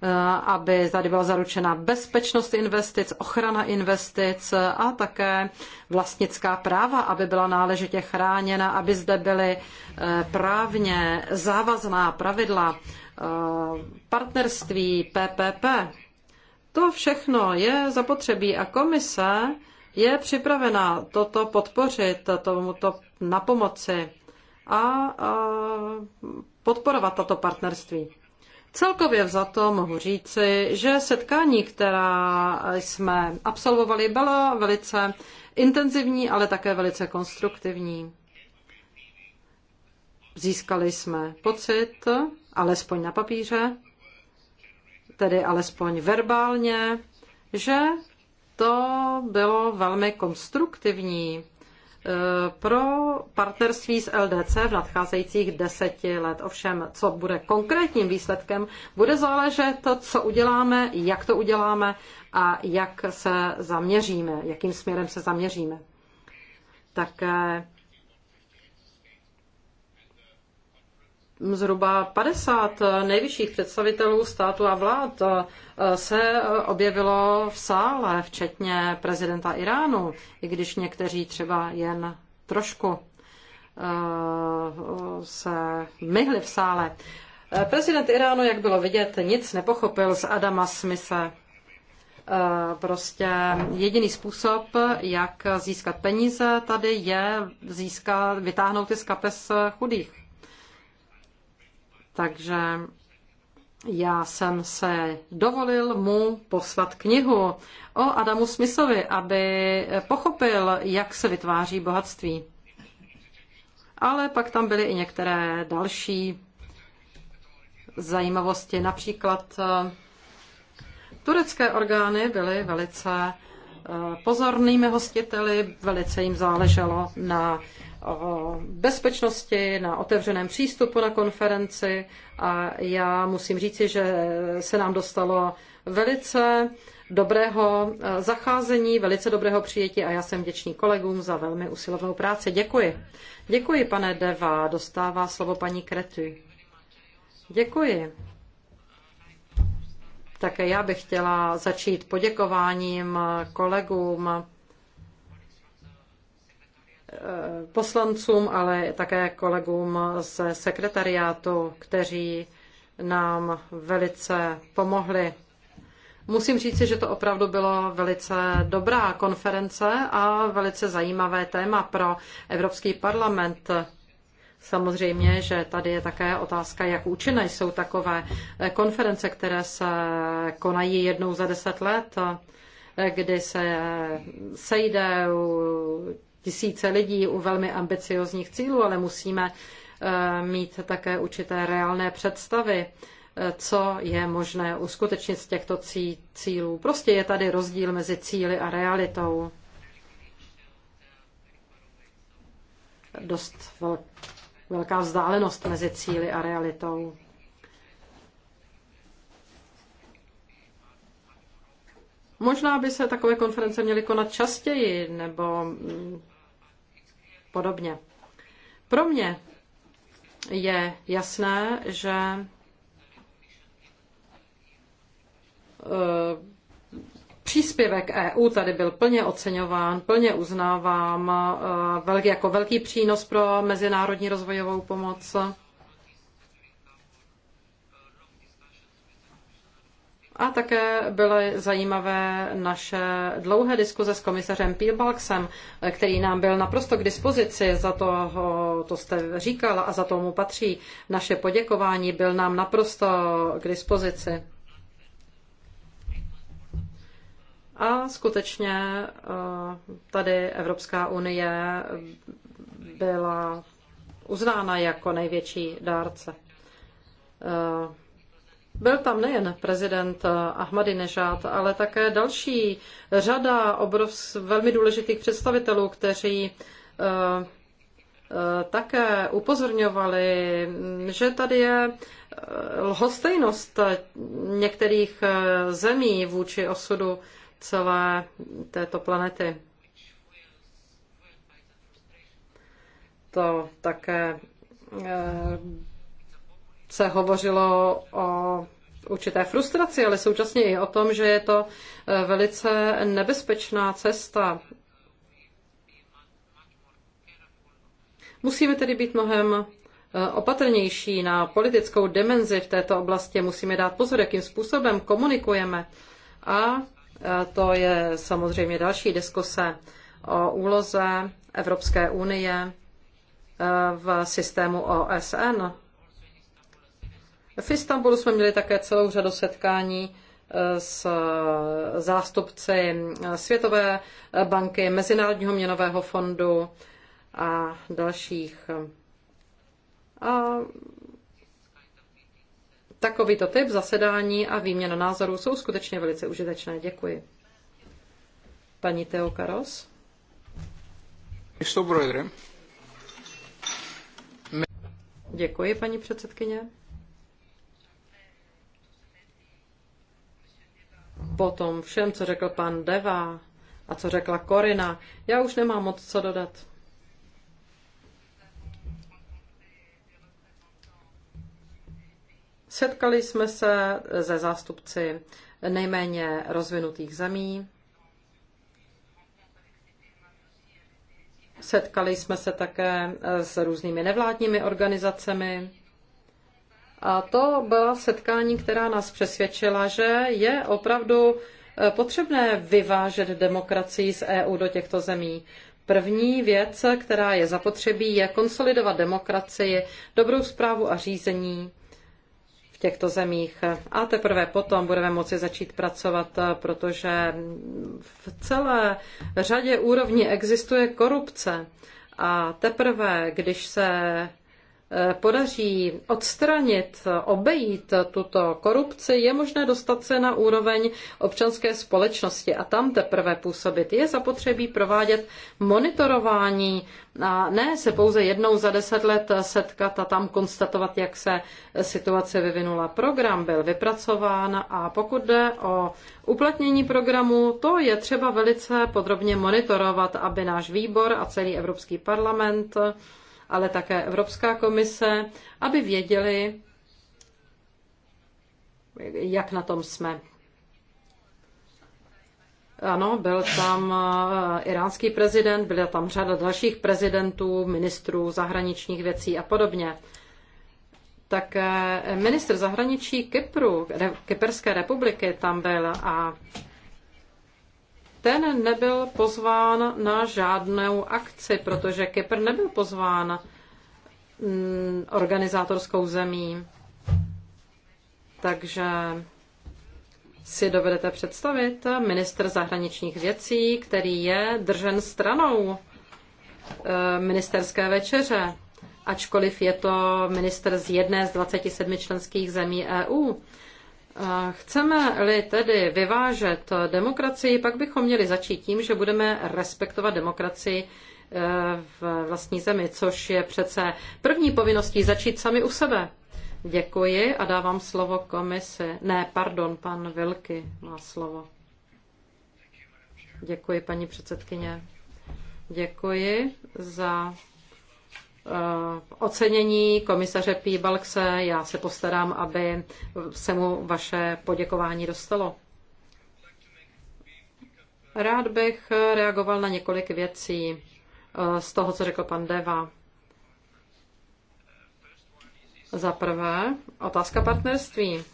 Eh, aby tady byla zaručena bezpečnost investic, ochrana investic a také vlastnická práva, aby byla náležitě chráněna, aby zde byly eh, právně závazná pravidla eh, partnerství PPP. To všechno je zapotřebí a komise je připravena toto podpořit, tomuto napomoci a podporovat tato partnerství. Celkově vzato mohu říci, že setkání, která jsme absolvovali, byla velice intenzivní, ale také velice konstruktivní. Získali jsme pocit, alespoň na papíře, tedy alespoň verbálně, že to bylo velmi konstruktivní Eh, pro partnerství s LDC v nadcházejících deseti let. Ovšem, co bude konkrétním výsledkem, bude záležet to, co uděláme, jak to uděláme a jak se zaměříme, jakým směrem se zaměříme. Také eh, zhruba 50 eh, nejvyšších představitelů státu a vlád eh, se eh, objevilo v sále, včetně prezidenta Iránu, i když někteří třeba jen trošku se myhli v sále. Prezident Iránu, jak bylo vidět, nic nepochopil z Adama Smise. Prostě jediný způsob, jak získat peníze tady, je získat, vytáhnout ty z kapes chudých. Takže já jsem se dovolil mu poslat knihu o Adamu Smithovi, aby pochopil, jak se vytváří bohatství. Ale pak tam byly i některé další zajímavosti. Například eh, turecké orgány byly velice eh, pozornými hostiteli, velice jim záleželo na bezpečnosti, na otevřeném přístupu na konferenci a já musím říci, že se nám dostalo velice dobrého eh, zacházení, velice dobrého přijetí a já jsem vděčný kolegům za velmi usilovnou práci. Děkuji. Děkuji, pane Deva. Dostává slovo paní Kretu. Děkuji. Také já bych chtěla začít poděkováním kolegům Eh, poslancům, ale také kolegům ze sekretariátu, kteří nám velice pomohli. Musím říci, že to opravdu bylo velice dobrá konference a velice zajímavé téma pro Evropský parlament. Samozřejmě, že tady je také otázka, jak účinné jsou takové konference, které se konají jednou za deset let, kdy se sejde tisíce lidí u velmi ambiciozních cílů, ale musíme eh, mít také určité reálné představy, eh, co je možné uskutečnit z těchto cílů. Prostě je tady rozdíl mezi cíly a realitou. Dost velká vzdálenost mezi cíly a realitou. Možná by se takové konference měly konat častěji, nebo mm, podobně. Pro mě je jasné, že eh, příspěvek EU tady byl plně oceňován, plně uznávám eh, jako velký přínos pro mezinárodní rozvojovou pomoc. A také byly zajímavé naše dlouhé diskuze s komisařem Pilbalksem, který nám byl naprosto k dispozici za to, to jste říkala a za tomu patří naše poděkování, byl nám naprosto k dispozici. A skutečně eh, tady Evropská unie byla uznána jako největší dárce eh, byl tam nejen prezident eh, Ahmadinejad, ale také další řada obrov, velmi důležitých představitelů, kteří eh, eh, také upozorňovali, že tady je lhostejnost některých zemí vůči osudu celé této planety. To také se hovořilo o určité frustraci, ale současně i o tom, že je to eh, velice nebezpečná cesta. Musíme tedy být mnohem eh, opatrnější na politickou dimenzi v této oblasti. Musíme dát pozor, jakým způsobem komunikujeme. A eh, to je samozřejmě další diskuse o úloze Evropské unie v systému OSN v Istanbulu jsme měli také celou řadu setkání eh, s eh, zástupci eh, Světové banky, Mezinárodního měnového fondu a dalších. A takovýto typ zasedání a výměna názorů jsou skutečně velice užitečné. Děkuji. Paní Teo Karos. Děkuji, paní předsedkyně. po tom všem, co řekl pan Deva a co řekla Korina, já už nemám moc co dodat. Setkali jsme se ze zástupci nejméně rozvinutých zemí. Setkali jsme se také s různými nevládními organizacemi. A to byla setkání, která nás přesvědčila, že je opravdu eh, potřebné vyvážet demokracii z EU do těchto zemí. První věc, která je zapotřebí, je konsolidovat demokracii, dobrou zprávu a řízení v těchto zemích. A teprve potom budeme moci začít pracovat, eh, protože v celé řadě úrovní existuje korupce. A teprve, když se Eh, podaří odstranit, obejít tuto korupci, je možné dostat se na úroveň občanské společnosti a tam teprve působit. Je zapotřebí provádět monitorování a ne se pouze jednou za deset let setkat a tam konstatovat, jak se situace vyvinula. Program byl vypracován a pokud jde o uplatnění programu, to je třeba velice podrobně monitorovat, aby náš výbor a celý Evropský parlament ale také Evropská komise, aby věděli, jak na tom jsme. Ano, byl tam eh, iránský prezident, byla tam řada dalších prezidentů, ministrů zahraničních věcí a podobně. Tak eh, ministr zahraničí Kypru, Kyperské republiky tam byl a ten nebyl pozván na žádnou akci, protože Kypr nebyl pozván mm, organizátorskou zemí. Takže si dovedete představit minister zahraničních věcí, který je držen stranou eh, ministerské večeře, ačkoliv je to minister z jedné z 27 členských zemí EU. Chceme-li tedy vyvážet demokracii, pak bychom měli začít tím, že budeme respektovat demokracii eh, v vlastní zemi, což je přece první povinností začít sami u sebe. Děkuji a dávám slovo komisi. Ne, pardon, pan Vilky má slovo. Děkuji, paní předsedkyně. Děkuji za Eh, ocenění komisaře Píbalkse. Já se postarám, aby se mu vaše poděkování dostalo. Rád bych reagoval na několik věcí eh, z toho, co řekl pan Deva. Za prvé, otázka partnerství.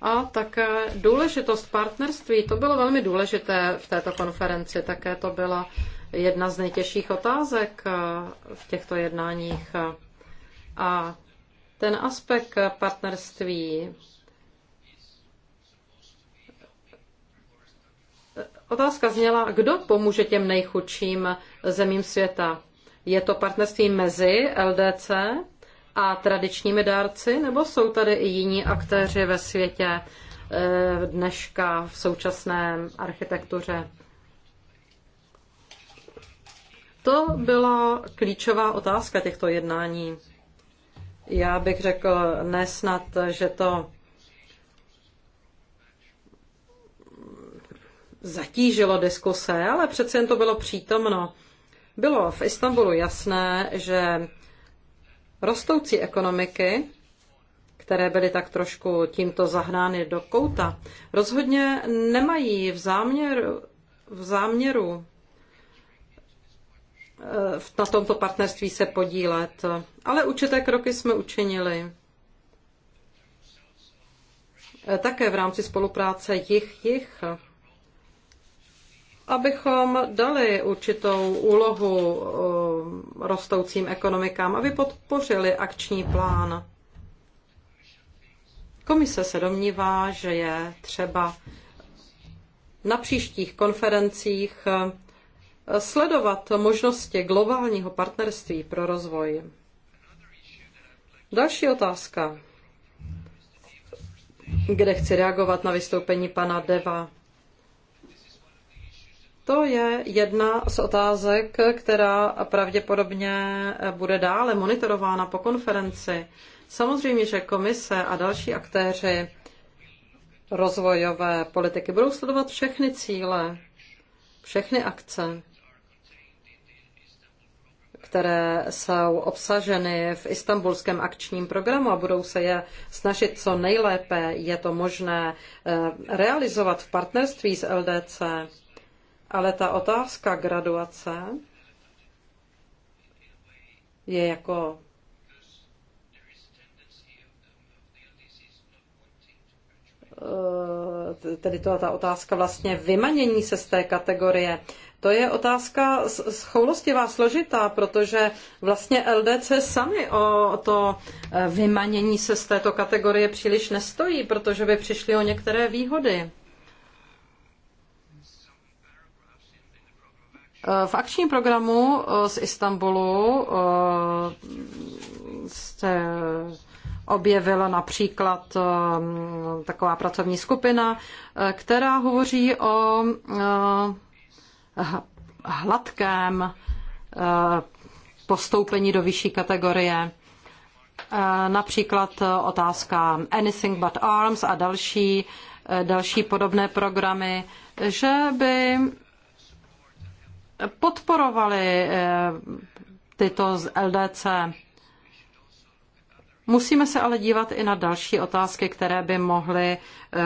A také důležitost partnerství, to bylo velmi důležité v této konferenci, také to byla jedna z nejtěžších otázek eh, v těchto jednáních. A ten aspekt partnerství Otázka zněla, kdo pomůže těm nejchudším zemím světa? Je to partnerství mezi LDC a tradičními dárci, nebo jsou tady i jiní aktéři ve světě eh, dneška v současné architektuře? To byla klíčová otázka těchto jednání. Já bych řekl nesnad, že to zatížilo diskuse, ale přece jen to bylo přítomno. Bylo v Istanbulu jasné, že rostoucí ekonomiky, které byly tak trošku tímto zahnány do kouta, rozhodně nemají v, záměr, v záměru na tomto partnerství se podílet. Ale určité kroky jsme učinili. Také v rámci spolupráce jich-jich abychom dali určitou úlohu eh, rostoucím ekonomikám, aby podpořili akční plán. Komise se domnívá, že je třeba na příštích konferencích sledovat možnosti globálního partnerství pro rozvoj. Další otázka, kde chci reagovat na vystoupení pana Deva. To je jedna z otázek, která pravděpodobně bude dále monitorována po konferenci. Samozřejmě, že komise a další aktéři rozvojové politiky budou sledovat všechny cíle, všechny akce které jsou obsaženy v istambulském akčním programu a budou se je snažit co nejlépe je to možné eh, realizovat v partnerství s LDC. Ale ta otázka graduace je jako eh, tedy to, ta otázka vlastně vymanění se z té kategorie to je otázka schoulostivá, složitá, protože vlastně LDC sami o to eh, vymanění se z této kategorie příliš nestojí, protože by přišli o některé výhody. Eh, v akčním programu eh, z Istanbulu jste objevila například taková pracovní skupina, která hovoří o hladkém eh, postoupení do vyšší kategorie. Eh, například otázka Anything but Arms a další, eh, další podobné programy, že by podporovali tyto z LDC. Musíme se ale dívat i na další otázky, které by mohly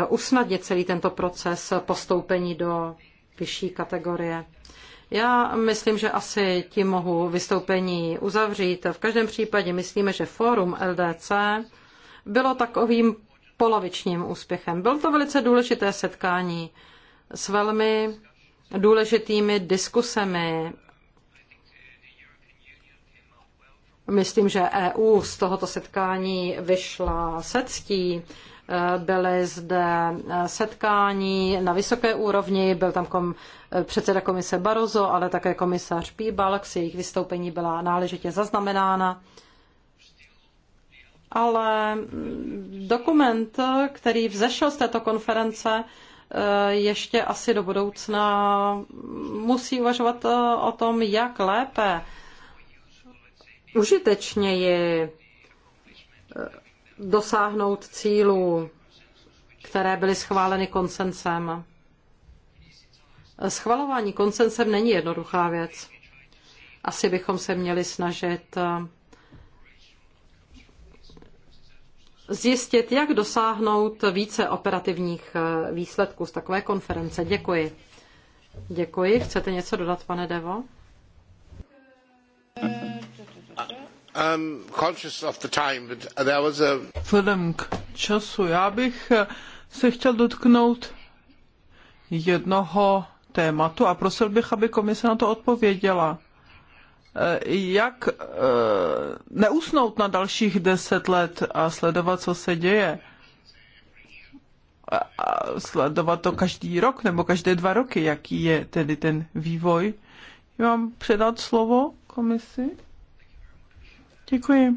usnadnit celý tento proces postoupení do vyšší kategorie. Já myslím, že asi tím mohu vystoupení uzavřít. V každém případě myslíme, že fórum LDC bylo takovým polovičním úspěchem. Bylo to velice důležité setkání s velmi důležitými diskusemi. Myslím, že EU z tohoto setkání vyšla se ctí Eh, byly zde eh, setkání na vysoké úrovni, byl tam kom, eh, předseda komise Barroso, ale také komisař Píbalx, jejich vystoupení byla náležitě zaznamenána. Ale mm, dokument, který vzešel z této konference, ještě asi do budoucna mm, musí uvažovat o tom, jak lépe, užitečněji dosáhnout cílů, které byly schváleny konsensem. Schvalování konsensem není jednoduchá věc. Asi bychom se měli snažit eh, zjistit, jak dosáhnout více operativních eh, výsledků z takové konference. Děkuji. Děkuji. Chcete něco dodat, pane Devo? Um, conscious of the time, but there was a... Vzhledem k času, já bych se chtěl dotknout jednoho tématu a prosil bych, aby komise na to odpověděla. Eh, jak eh, neusnout na dalších deset let a sledovat, co se děje? A sledovat to každý rok nebo každé dva roky, jaký je tedy ten vývoj? mám předat slovo komisi? Děkuji.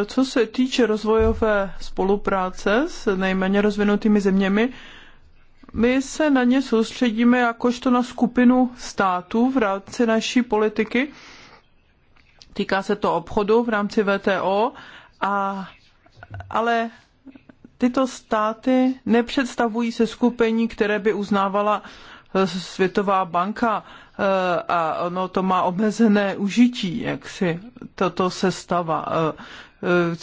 E, co se týče rozvojové spolupráce s nejméně rozvinutými zeměmi, my se na ně soustředíme jakožto na skupinu států v rámci naší politiky. Týká se to obchodu v rámci VTO, a, ale tyto státy nepředstavují se skupení, které by uznávala Světová banka eh, a ono to má omezené užití, jak si tato sestava.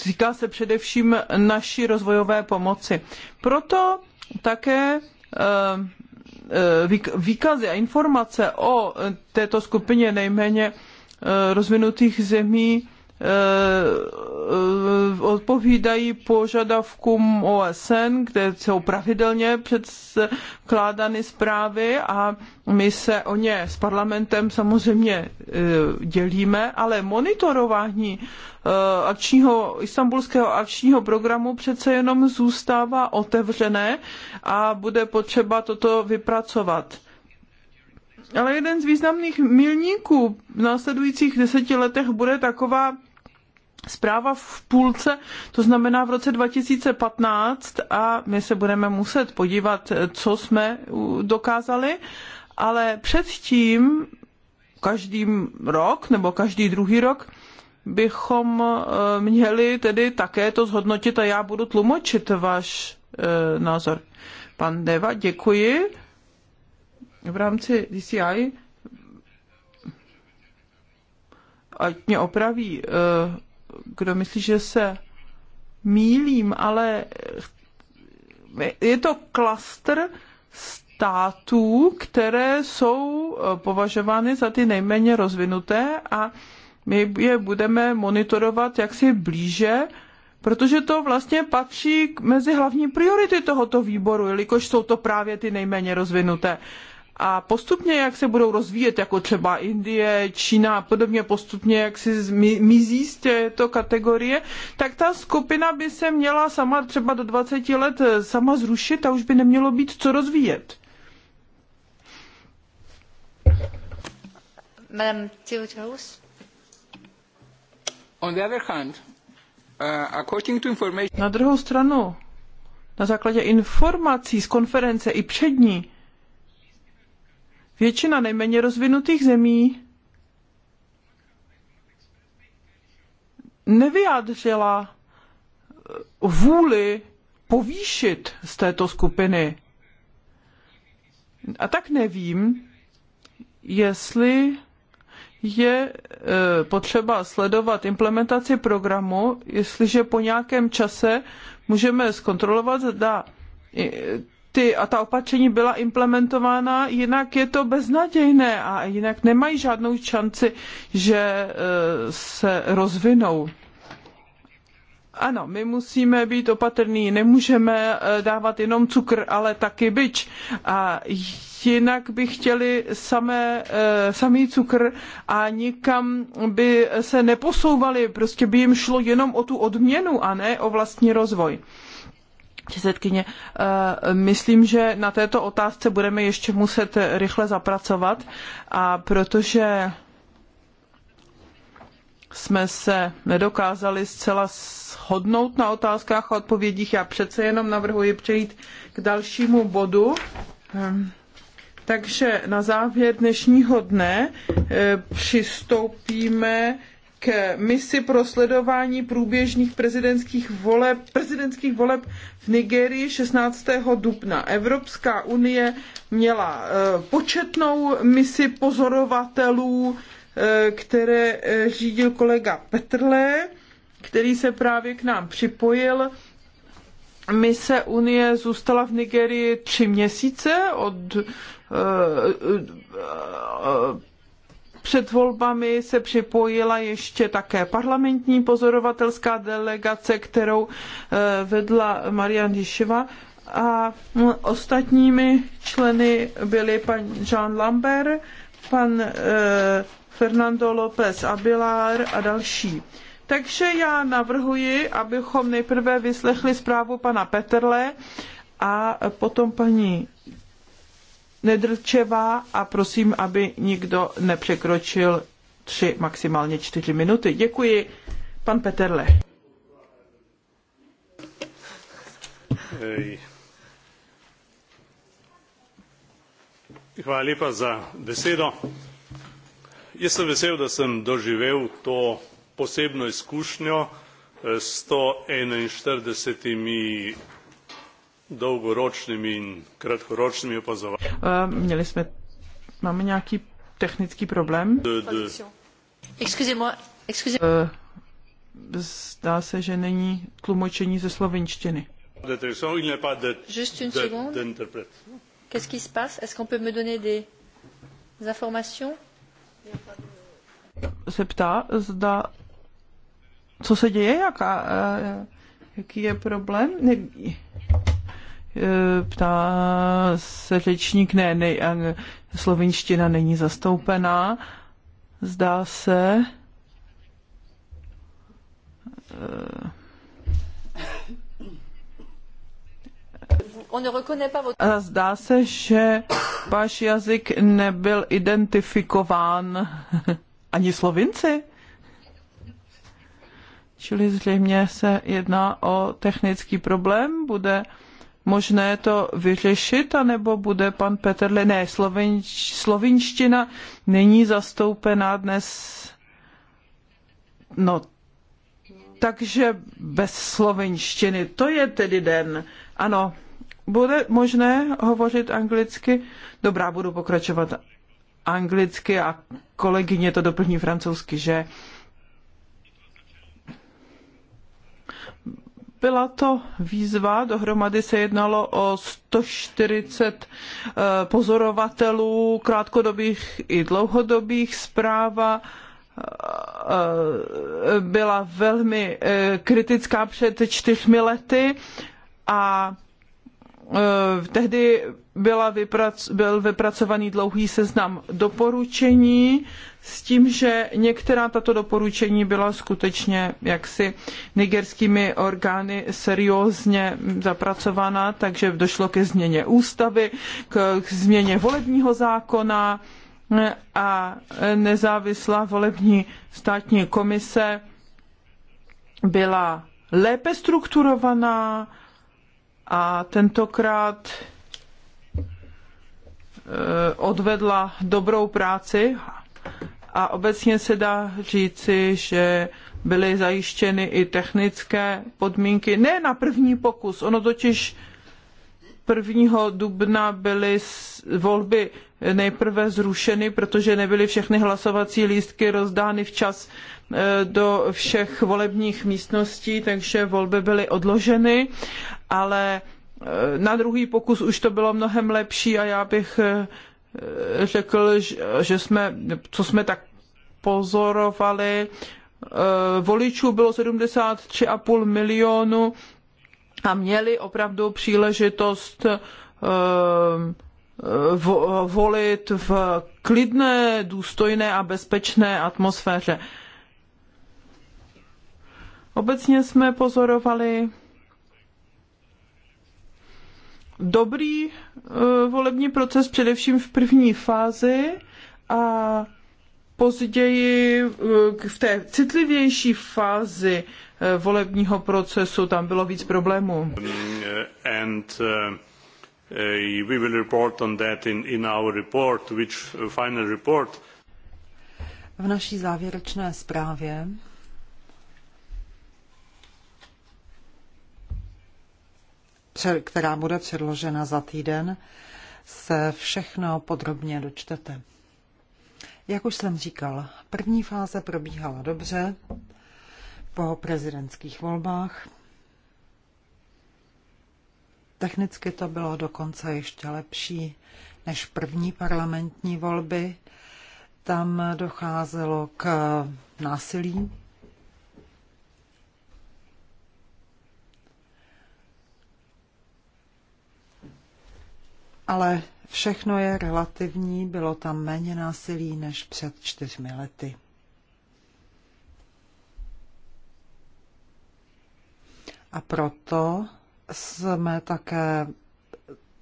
Týká eh, se především naší rozvojové pomoci. Proto také eh, výkazy a informace o této skupině nejméně rozvinutých zemí Eh, eh, odpovídají požadavkům OSN, kde jsou pravidelně předkládány zprávy a my se o ně s parlamentem samozřejmě eh, dělíme, ale monitorování akčního, istambulského akčního programu přece jenom zůstává otevřené a bude potřeba toto vypracovat. Ale jeden z významných milníků v následujících deseti letech bude taková zpráva v půlce, to znamená v roce 2015 a my se budeme muset podívat, co jsme dokázali, ale předtím každý rok nebo každý druhý rok bychom eh, měli tedy také to zhodnotit a já budu tlumočit váš eh, názor. Pan Deva, děkuji. V rámci DCI ať mě opraví eh, kdo myslí, že se mílím, ale je to klaster států, které jsou eh, považovány za ty nejméně rozvinuté a my je budeme monitorovat jaksi blíže, protože to vlastně patří mezi hlavní priority tohoto výboru, jelikož jsou to právě ty nejméně rozvinuté a postupně, jak se budou rozvíjet, jako třeba Indie, Čína a podobně, postupně, jak si mizí z této kategorie, tak ta skupina by se měla sama třeba do 20 let eh, sama zrušit a už by nemělo být co rozvíjet. On the other hand, uh, according to information... Na druhou stranu, na základě informací z konference i přední, Většina nejméně rozvinutých zemí nevyjádřila eh, vůli povýšit z této skupiny. A tak nevím, jestli je eh, potřeba sledovat implementaci programu, jestliže po nějakém čase můžeme zkontrolovat, zda ty, a ta opatření byla implementována, jinak je to beznadějné a jinak nemají žádnou šanci, že eh, se rozvinou. Ano, my musíme být opatrní, nemůžeme eh, dávat jenom cukr, ale taky byč. A jinak by chtěli samé, eh, samý cukr a nikam by se neposouvali, prostě by jim šlo jenom o tu odměnu a ne o vlastní rozvoj předsedkyně. Eh, myslím, že na této otázce budeme ještě muset rychle zapracovat a protože jsme se nedokázali zcela shodnout na otázkách a odpovědích, já přece jenom navrhuji přejít k dalšímu bodu. Ehm, takže na závěr dnešního dne eh, přistoupíme k misi pro sledování průběžných prezidentských voleb, prezidentských voleb v Nigerii 16. dubna. Evropská unie měla eh, početnou misi pozorovatelů, eh, které eh, řídil kolega Petrle, který se právě k nám připojil. Mise Unie zůstala v Nigerii tři měsíce od před volbami se připojila ještě také parlamentní pozorovatelská delegace, kterou eh, vedla Marian Dišiva a hm, ostatními členy byli pan Jean Lambert, pan eh, Fernando López Abilar a další. Takže já navrhuji, abychom nejprve vyslechli zprávu pana Peterle a potom paní nedrčevá a prosím, aby nikdo nepřekročil tři, maximálně čtyři minuty. Děkuji. Pan Peterle. Hvala lepa za besedo. Jaz sem vesel, da sem doživel to posebno izkušnjo eh, s 141 dolgoročnými in kratkoročnými opazováními. Uh, měli jsme, máme nějaký technický problém? De, de. Excusez-moi, excusez-moi. Uh, e, zdá se, že není tlumočení ze slovinštiny. Juste une seconde. Qu'est-ce qui se passe? Est-ce qu'on peut me donner des, des informations? Se ptá, zda, co se děje, jaká, e, jaký je problém? Ne, Eh, ptá se řečník, ne, ne, eh, slovinština není zastoupená, zdá se. Eh, zdá se, že váš jazyk nebyl identifikován ani slovinci. Čili zřejmě se jedná o technický problém, bude možné to vyřešit, anebo bude pan Petrle, ne, slovenč, slovinština není zastoupená dnes, no, takže bez slovinštiny, to je tedy den, ano, bude možné hovořit anglicky? Dobrá, budu pokračovat anglicky a kolegyně to doplní francouzsky, že? byla to výzva, dohromady se jednalo o 140 eh, pozorovatelů krátkodobých i dlouhodobých zpráva eh, eh, byla velmi kritická před čtyřmi lety a tehdy byla vyprac, byl vypracovaný dlouhý seznam doporučení s tím, že některá tato doporučení byla skutečně jaksi nigerskými orgány seriózně zapracována, takže došlo ke změně ústavy, k, k změně volebního zákona a nezávislá volební státní komise byla lépe strukturovaná a tentokrát Eh, odvedla dobrou práci a obecně se dá říci, že byly zajištěny i technické podmínky. Ne na první pokus, ono totiž 1. dubna byly volby nejprve zrušeny, protože nebyly všechny hlasovací lístky rozdány včas eh, do všech volebních místností, takže volby byly odloženy, ale Eh, na druhý pokus už to bylo mnohem lepší a já bych eh, řekl, že jsme, co jsme tak pozorovali, eh, voličů bylo 73,5 milionu a měli opravdu příležitost volit v klidné, důstojné a bezpečné atmosféře. Obecně jsme pozorovali dobrý eh, volební proces, především v první fázi a později eh, v té citlivější fázi eh, volebního procesu tam bylo víc problémů. Mm, and, uh... Uh, we will report on that in, in our report, which uh, final report. V naší závěrečné zprávě která bude předložena za týden, se všechno podrobně dočtete. Jak už jsem říkal, první fáze probíhala dobře po prezidentských volbách. Technicky to bylo dokonce ještě lepší než první parlamentní volby. Tam docházelo k násilí ale všechno je relativní, bylo tam méně násilí než před čtyřmi lety. A proto jsme také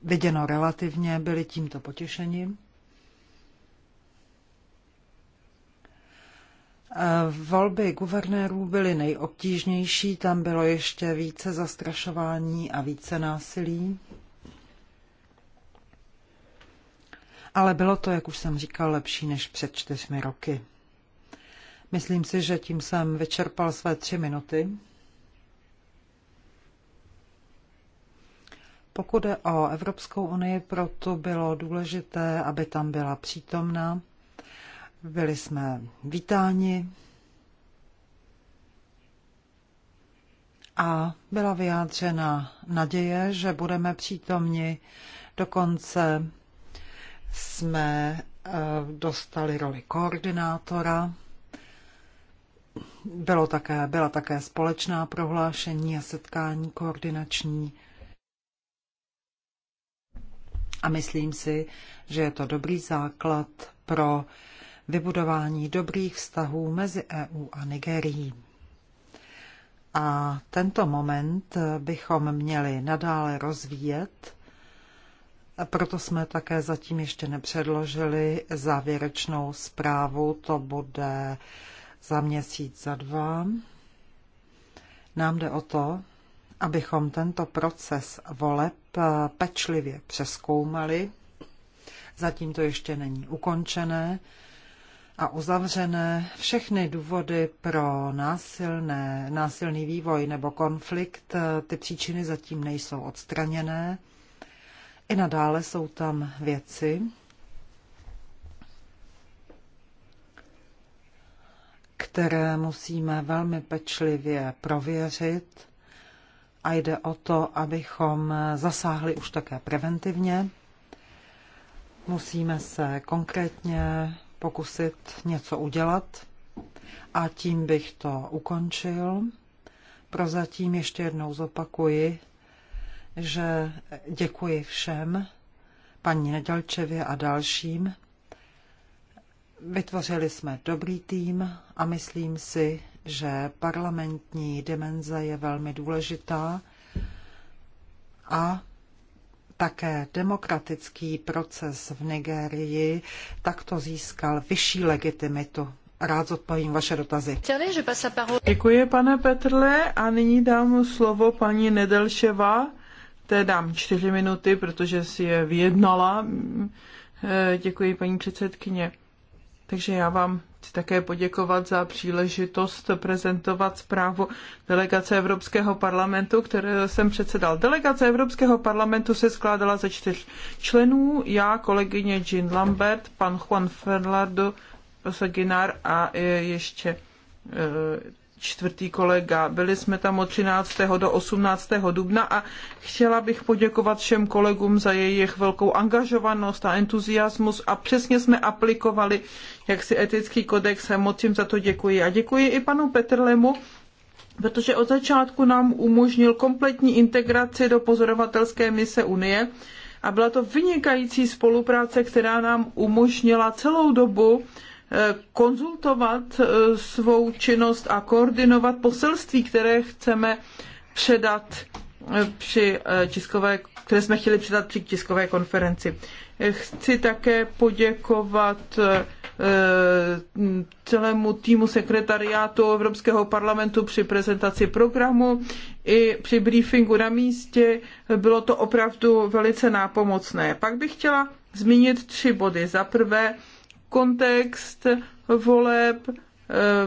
viděno relativně byli tímto potěšením. Volby guvernérů byly nejobtížnější, tam bylo ještě více zastrašování a více násilí. ale bylo to, jak už jsem říkal, lepší než před čtyřmi roky. Myslím si, že tím jsem vyčerpal své tři minuty. Pokud je o Evropskou unii, proto bylo důležité, aby tam byla přítomna. Byli jsme vítáni a byla vyjádřena naděje, že budeme přítomni do konce jsme eh, dostali roli koordinátora. Bylo také, byla také společná prohlášení a setkání koordinační. A myslím si, že je to dobrý základ pro vybudování dobrých vztahů mezi EU a Nigerií. A tento moment bychom měli nadále rozvíjet proto jsme také zatím ještě nepředložili závěrečnou zprávu. To bude za měsíc, za dva. Nám jde o to, abychom tento proces voleb pečlivě přeskoumali. Zatím to ještě není ukončené a uzavřené. Všechny důvody pro násilné, násilný vývoj nebo konflikt, ty příčiny zatím nejsou odstraněné. I nadále jsou tam věci, které musíme velmi pečlivě prověřit a jde o to, abychom zasáhli už také preventivně. Musíme se konkrétně pokusit něco udělat a tím bych to ukončil. Prozatím ještě jednou zopakuji, že děkuji všem, paní Nedělčevě a dalším. Vytvořili jsme dobrý tým a myslím si, že parlamentní dimenze je velmi důležitá a také demokratický proces v Nigérii takto získal vyšší legitimitu. Rád zodpovím vaše dotazy. Děkuji, pane Petrle, a nyní dám slovo paní Nedelševa té dám čtyři minuty, protože si je vyjednala. Eh, děkuji, paní předsedkyně. Takže já vám chci také poděkovat za příležitost prezentovat zprávu delegace Evropského parlamentu, které jsem předsedal. Delegace Evropského parlamentu se skládala ze čtyř členů, já, kolegyně Jean Lambert, pan Juan Fernando Saginar a eh, ještě eh, čtvrtý kolega. Byli jsme tam od 13. do 18. dubna a chtěla bych poděkovat všem kolegům za jejich velkou angažovanost a entuziasmus a přesně jsme aplikovali jaksi etický kodex a moc jim za to děkuji. A děkuji i panu Petrlemu, protože od začátku nám umožnil kompletní integraci do pozorovatelské mise Unie a byla to vynikající spolupráce, která nám umožnila celou dobu konzultovat eh, svou činnost a koordinovat poselství, které chceme předat eh, při eh, tiskové, které jsme chtěli předat při tiskové konferenci. Chci také poděkovat celému týmu sekretariátu Evropského parlamentu při prezentaci programu i při briefingu na místě. Bylo to opravdu velice nápomocné. Pak bych chtěla zmínit tři body. Za prvé, kontext voleb eh,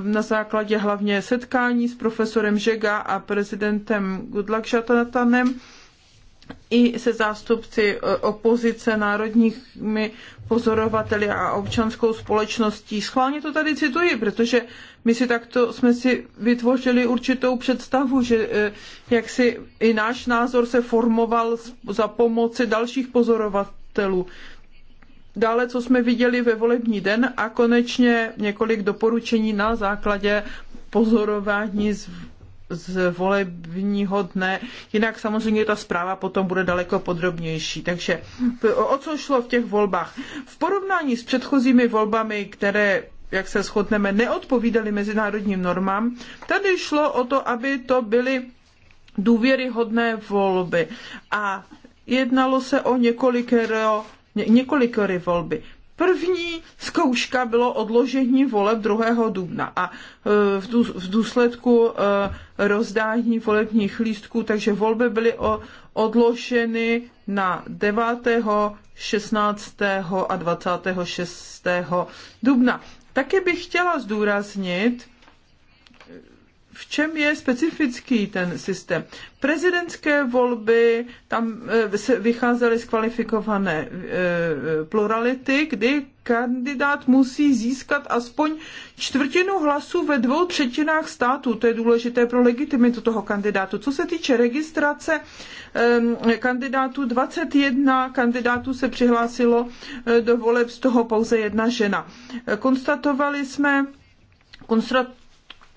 na základě hlavně setkání s profesorem Žega a prezidentem Gudlakšatatanem i se zástupci eh, opozice, národními pozorovateli a občanskou společností. Schválně to tady cituji, protože my si takto jsme si vytvořili určitou představu, že eh, jak si i náš názor se formoval za pomoci dalších pozorovatelů dále, co jsme viděli ve volební den a konečně několik doporučení na základě pozorování z z volebního dne. Jinak samozřejmě ta zpráva potom bude daleko podrobnější. Takže o co šlo v těch volbách? V porovnání s předchozími volbami, které jak se shodneme, neodpovídaly mezinárodním normám. Tady šlo o to, aby to byly důvěryhodné volby. A jednalo se o několik několik volby. První zkouška bylo odložení voleb 2. dubna a e, v důsledku e, rozdání volebních lístků, takže volby byly odloženy na 9., 16. a 26. dubna. Také bych chtěla zdůraznit, v čem je specifický ten systém? Prezidentské volby tam eh, se vycházely z kvalifikované eh, plurality, kdy kandidát musí získat aspoň čtvrtinu hlasů ve dvou třetinách států. To je důležité pro legitimitu toho kandidátu. Co se týče registrace ehm, kandidátů, 21 kandidátů se přihlásilo eh, do voleb, z toho pouze jedna žena. Konstatovali jsme,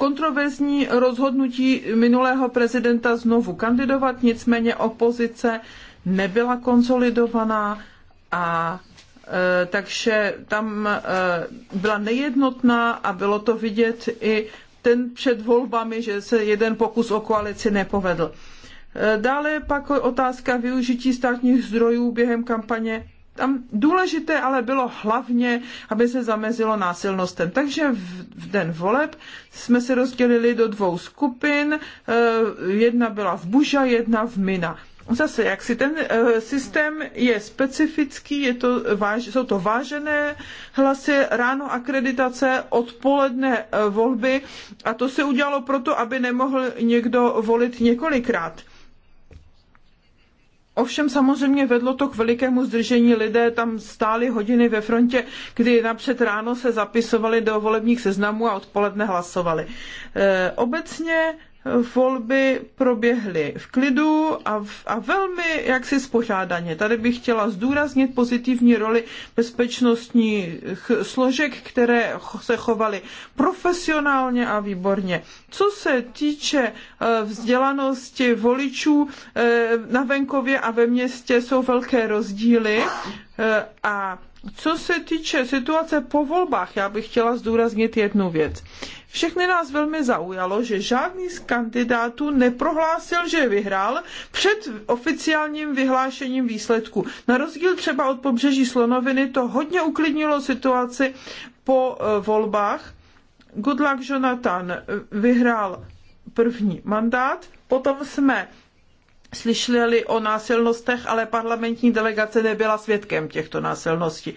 kontroverzní rozhodnutí minulého prezidenta znovu kandidovat, nicméně opozice nebyla konsolidovaná a e, takže tam e, byla nejednotná a bylo to vidět i ten před volbami, že se jeden pokus o koalici nepovedl. E, dále pak otázka využití státních zdrojů během kampaně tam důležité ale bylo hlavně, aby se zamezilo násilnostem. Takže v, v den voleb jsme se rozdělili do dvou skupin. E, jedna byla v Buža, jedna v Mina. Zase, jak si ten e, systém je specifický, je to, jsou to vážené hlasy, ráno akreditace, odpoledne e, volby a to se udělalo proto, aby nemohl někdo volit několikrát Ovšem samozřejmě vedlo to k velikému zdržení. Lidé tam stáli hodiny ve frontě, kdy napřed ráno se zapisovali do volebních seznamů a odpoledne hlasovali. E, obecně volby proběhly v klidu a, v, a velmi jaksi spořádaně. Tady bych chtěla zdůraznit pozitivní roli bezpečnostních složek, které se chovaly profesionálně a výborně. Co se týče eh, vzdělanosti voličů eh, na venkově a ve městě, jsou velké rozdíly eh, a co se týče situace po volbách, já bych chtěla zdůraznit jednu věc. Všechny nás velmi zaujalo, že žádný z kandidátů neprohlásil, že vyhrál před oficiálním vyhlášením výsledku. Na rozdíl třeba od pobřeží Slonoviny to hodně uklidnilo situaci po e, volbách. Goodluck Jonathan e, vyhrál první mandát, potom jsme slyšeli o násilnostech, ale parlamentní delegace nebyla svědkem těchto násilností.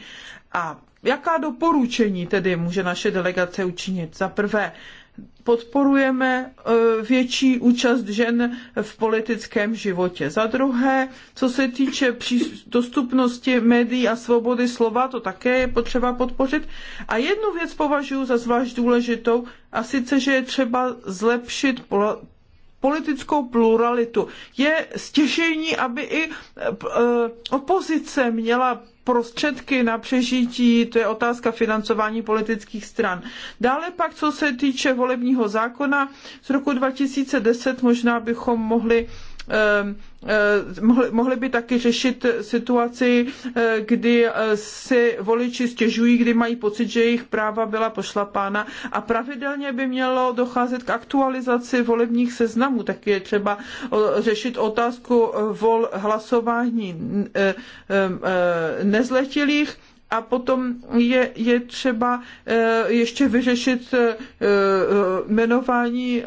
A jaká doporučení tedy může naše delegace učinit? Za prvé, podporujeme e, větší účast žen v politickém životě. Za druhé, co se týče dostupnosti médií a svobody slova, to také je potřeba podpořit. A jednu věc považuji za zvlášť důležitou, a sice, že je třeba zlepšit politickou pluralitu. Je stěžení, aby i eh, eh, opozice měla prostředky na přežití, to je otázka financování politických stran. Dále pak, co se týče volebního zákona z roku 2010, možná bychom mohli Ehm, ehm, mohli, mohli by taky řešit situaci, eh, kdy eh, si voliči stěžují, kdy mají pocit, že jejich práva byla pošlapána a pravidelně by mělo docházet k aktualizaci volebních seznamů, tak je třeba řešit otázku eh, vol hlasování ehm, nezletilých a potom je, je třeba eh, ještě vyřešit eh, eh, jmenování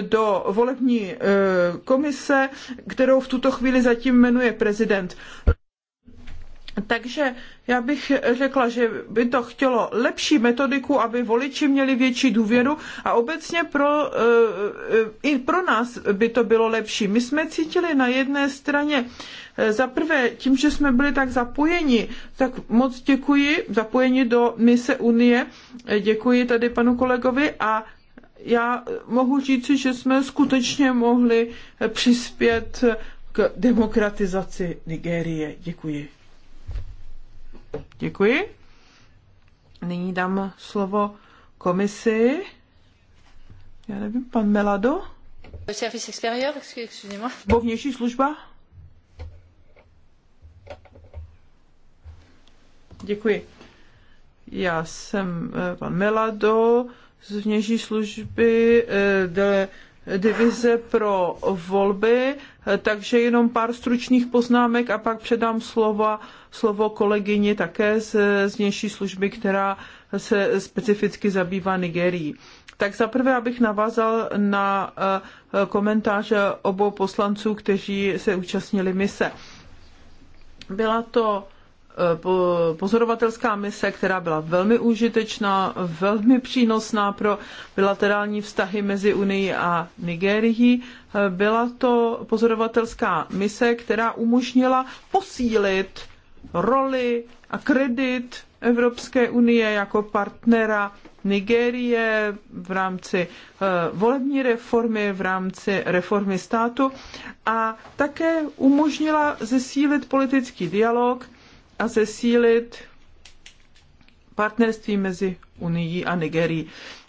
do volební komise, kterou v tuto chvíli zatím jmenuje prezident. Takže já bych řekla, že by to chtělo lepší metodiku, aby voliči měli větší důvěru a obecně pro, i pro nás by to bylo lepší. My jsme cítili na jedné straně za prvé, tím, že jsme byli tak zapojeni, tak moc děkuji, zapojeni do mise Unie, děkuji tady panu kolegovi a já mohu říci, že jsme skutečně mohli přispět k demokratizaci Nigérie. Děkuji. Děkuji. Nyní dám slovo komisi. Já nevím, pan Melado? Service extérieur, excusez-moi. Bo vnější služba? Děkuji. Já jsem eh, pan Melado z vnější služby eh, de divize pro volby, eh, takže jenom pár stručných poznámek a pak předám slova, slovo kolegyni také z, z vnější služby, která se specificky zabývá Nigerií. Tak zaprvé, abych navázal na komentáře obou poslanců, kteří se účastnili mise. Byla to pozorovatelská mise, která byla velmi užitečná, velmi přínosná pro bilaterální vztahy mezi Unii a Nigérií. Byla to pozorovatelská mise, která umožnila posílit roli a kredit Evropské unie jako partnera Nigérie v rámci eh, volební reformy, v rámci reformy státu a také umožnila zesílit politický dialog a zesílit partnerství mezi Unií a Nigerií.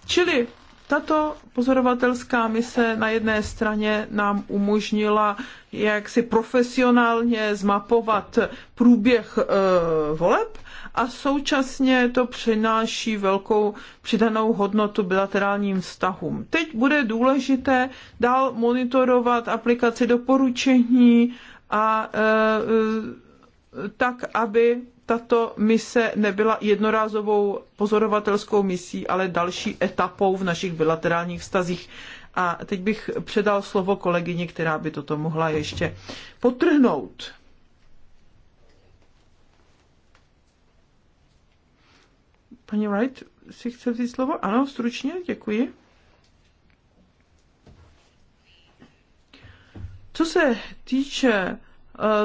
Čili tato pozorovatelská mise na jedné straně nám umožnila jak si profesionálně zmapovat průběh e, voleb a současně to přináší velkou přidanou hodnotu bilaterálním vztahům. Teď bude důležité dál monitorovat aplikaci doporučení a e, tak aby tato mise nebyla jednorázovou pozorovatelskou misí, ale další etapou v našich bilaterálních vztazích. A teď bych předal slovo kolegyni, která by toto mohla ještě potrhnout. Paní Wright si chce vzít slovo? Ano, stručně, děkuji. Co se týče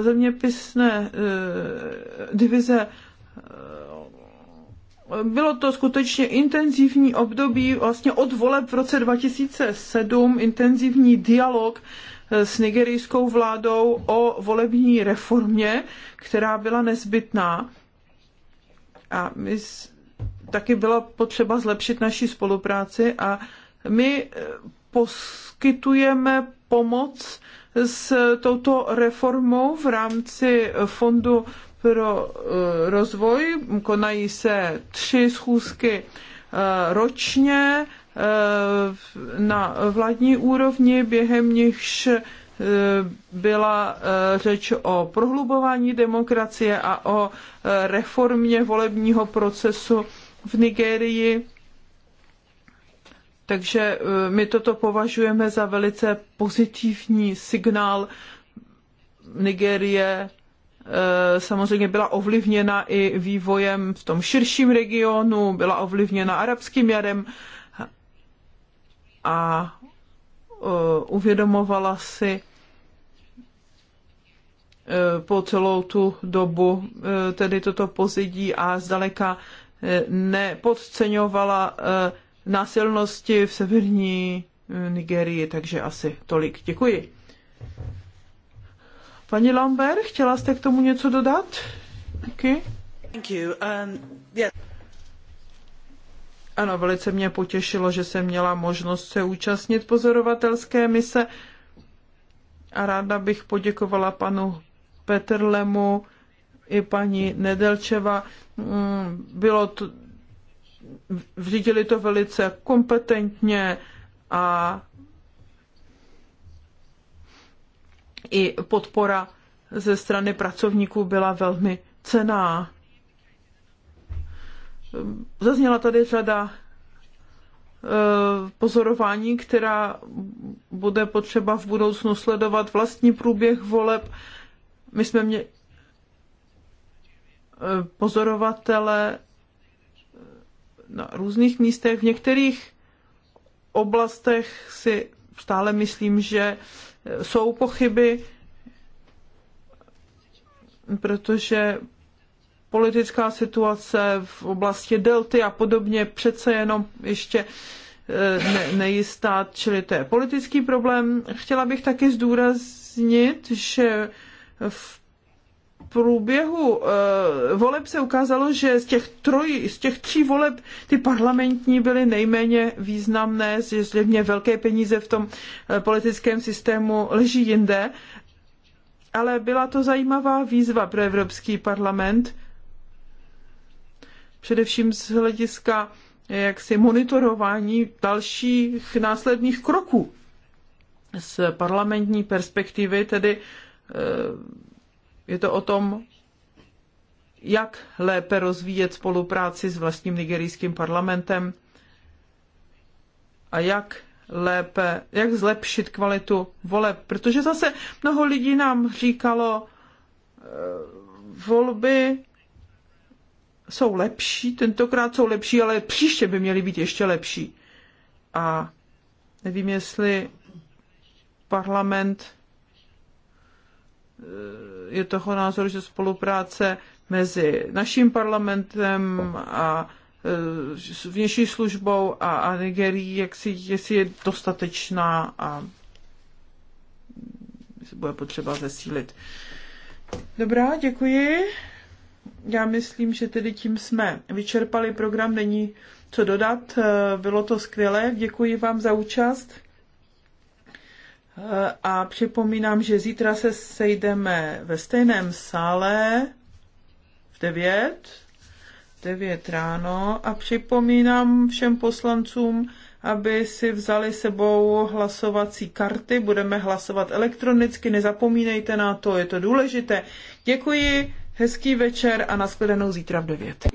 zeměpisné e, divize e, bylo to skutečně intenzivní období vlastně od voleb v roce 2007, intenzivní dialog e, s nigerijskou vládou o volební reformě, která byla nezbytná. A my taky bylo potřeba zlepšit naši spolupráci a my poskytujeme pomoc s touto reformou v rámci Fondu pro eh, rozvoj. Konají se tři schůzky eh, ročně eh, na vládní úrovni, během nichž byla řeč o prohlubování demokracie a o reformě volebního procesu v Nigérii takže e, my toto považujeme za velice pozitivní signál Nigérie e, samozřejmě byla ovlivněna i vývojem v tom širším regionu, byla ovlivněna arabským jarem a e, uvědomovala si po celou tu dobu tedy toto pozidí a zdaleka nepodceňovala násilnosti v severní eh, Nigerii, takže asi tolik. Děkuji. Paní Lambert, chtěla jste k tomu něco dodat? Díky. Thank you. Um, yeah. Ano, velice mě potěšilo, že jsem měla možnost se účastnit pozorovatelské mise a ráda bych poděkovala panu Petrlemu i paní Nedelčeva. Mm, bylo to řídili to velice kompetentně a i podpora ze strany pracovníků byla velmi cená. Zazněla tady řada e, pozorování, která bude potřeba v budoucnu sledovat vlastní průběh voleb. My jsme měli e, pozorovatele na různých místech. V některých oblastech si stále myslím, že e, jsou pochyby, protože politická situace v oblasti delty a podobně přece jenom ještě e, ne, nejistá, čili to je politický problém. Chtěla bych taky zdůraznit, že v průběhu eh, voleb se ukázalo, že z těch, troj, z těch tří voleb ty parlamentní byly nejméně významné, že zřejmě velké peníze v tom eh, politickém systému leží jinde, ale byla to zajímavá výzva pro Evropský parlament, především z hlediska eh, jaksi monitorování dalších následných kroků z parlamentní perspektivy, tedy je to o tom, jak lépe rozvíjet spolupráci s vlastním nigerijským parlamentem a jak lépe, jak zlepšit kvalitu voleb. Protože zase mnoho lidí nám říkalo, eh, volby jsou lepší, tentokrát jsou lepší, ale příště by měly být ještě lepší. A nevím, jestli parlament Eh, je toho názoru, že spolupráce mezi naším parlamentem a eh, vnější službou a, a Nigerií, jak si, jestli je dostatečná a se bude potřeba zesílit. Dobrá, děkuji. Já myslím, že tedy tím jsme vyčerpali program, není co dodat. Eh, bylo to skvělé. Děkuji vám za účast. Eh, a připomínám, že zítra se sejdeme ve stejném sále v 9, 9 ráno a připomínám všem poslancům, aby si vzali sebou hlasovací karty. Budeme hlasovat elektronicky, nezapomínejte na to, je to důležité. Děkuji, hezký večer a nashledanou zítra v 9.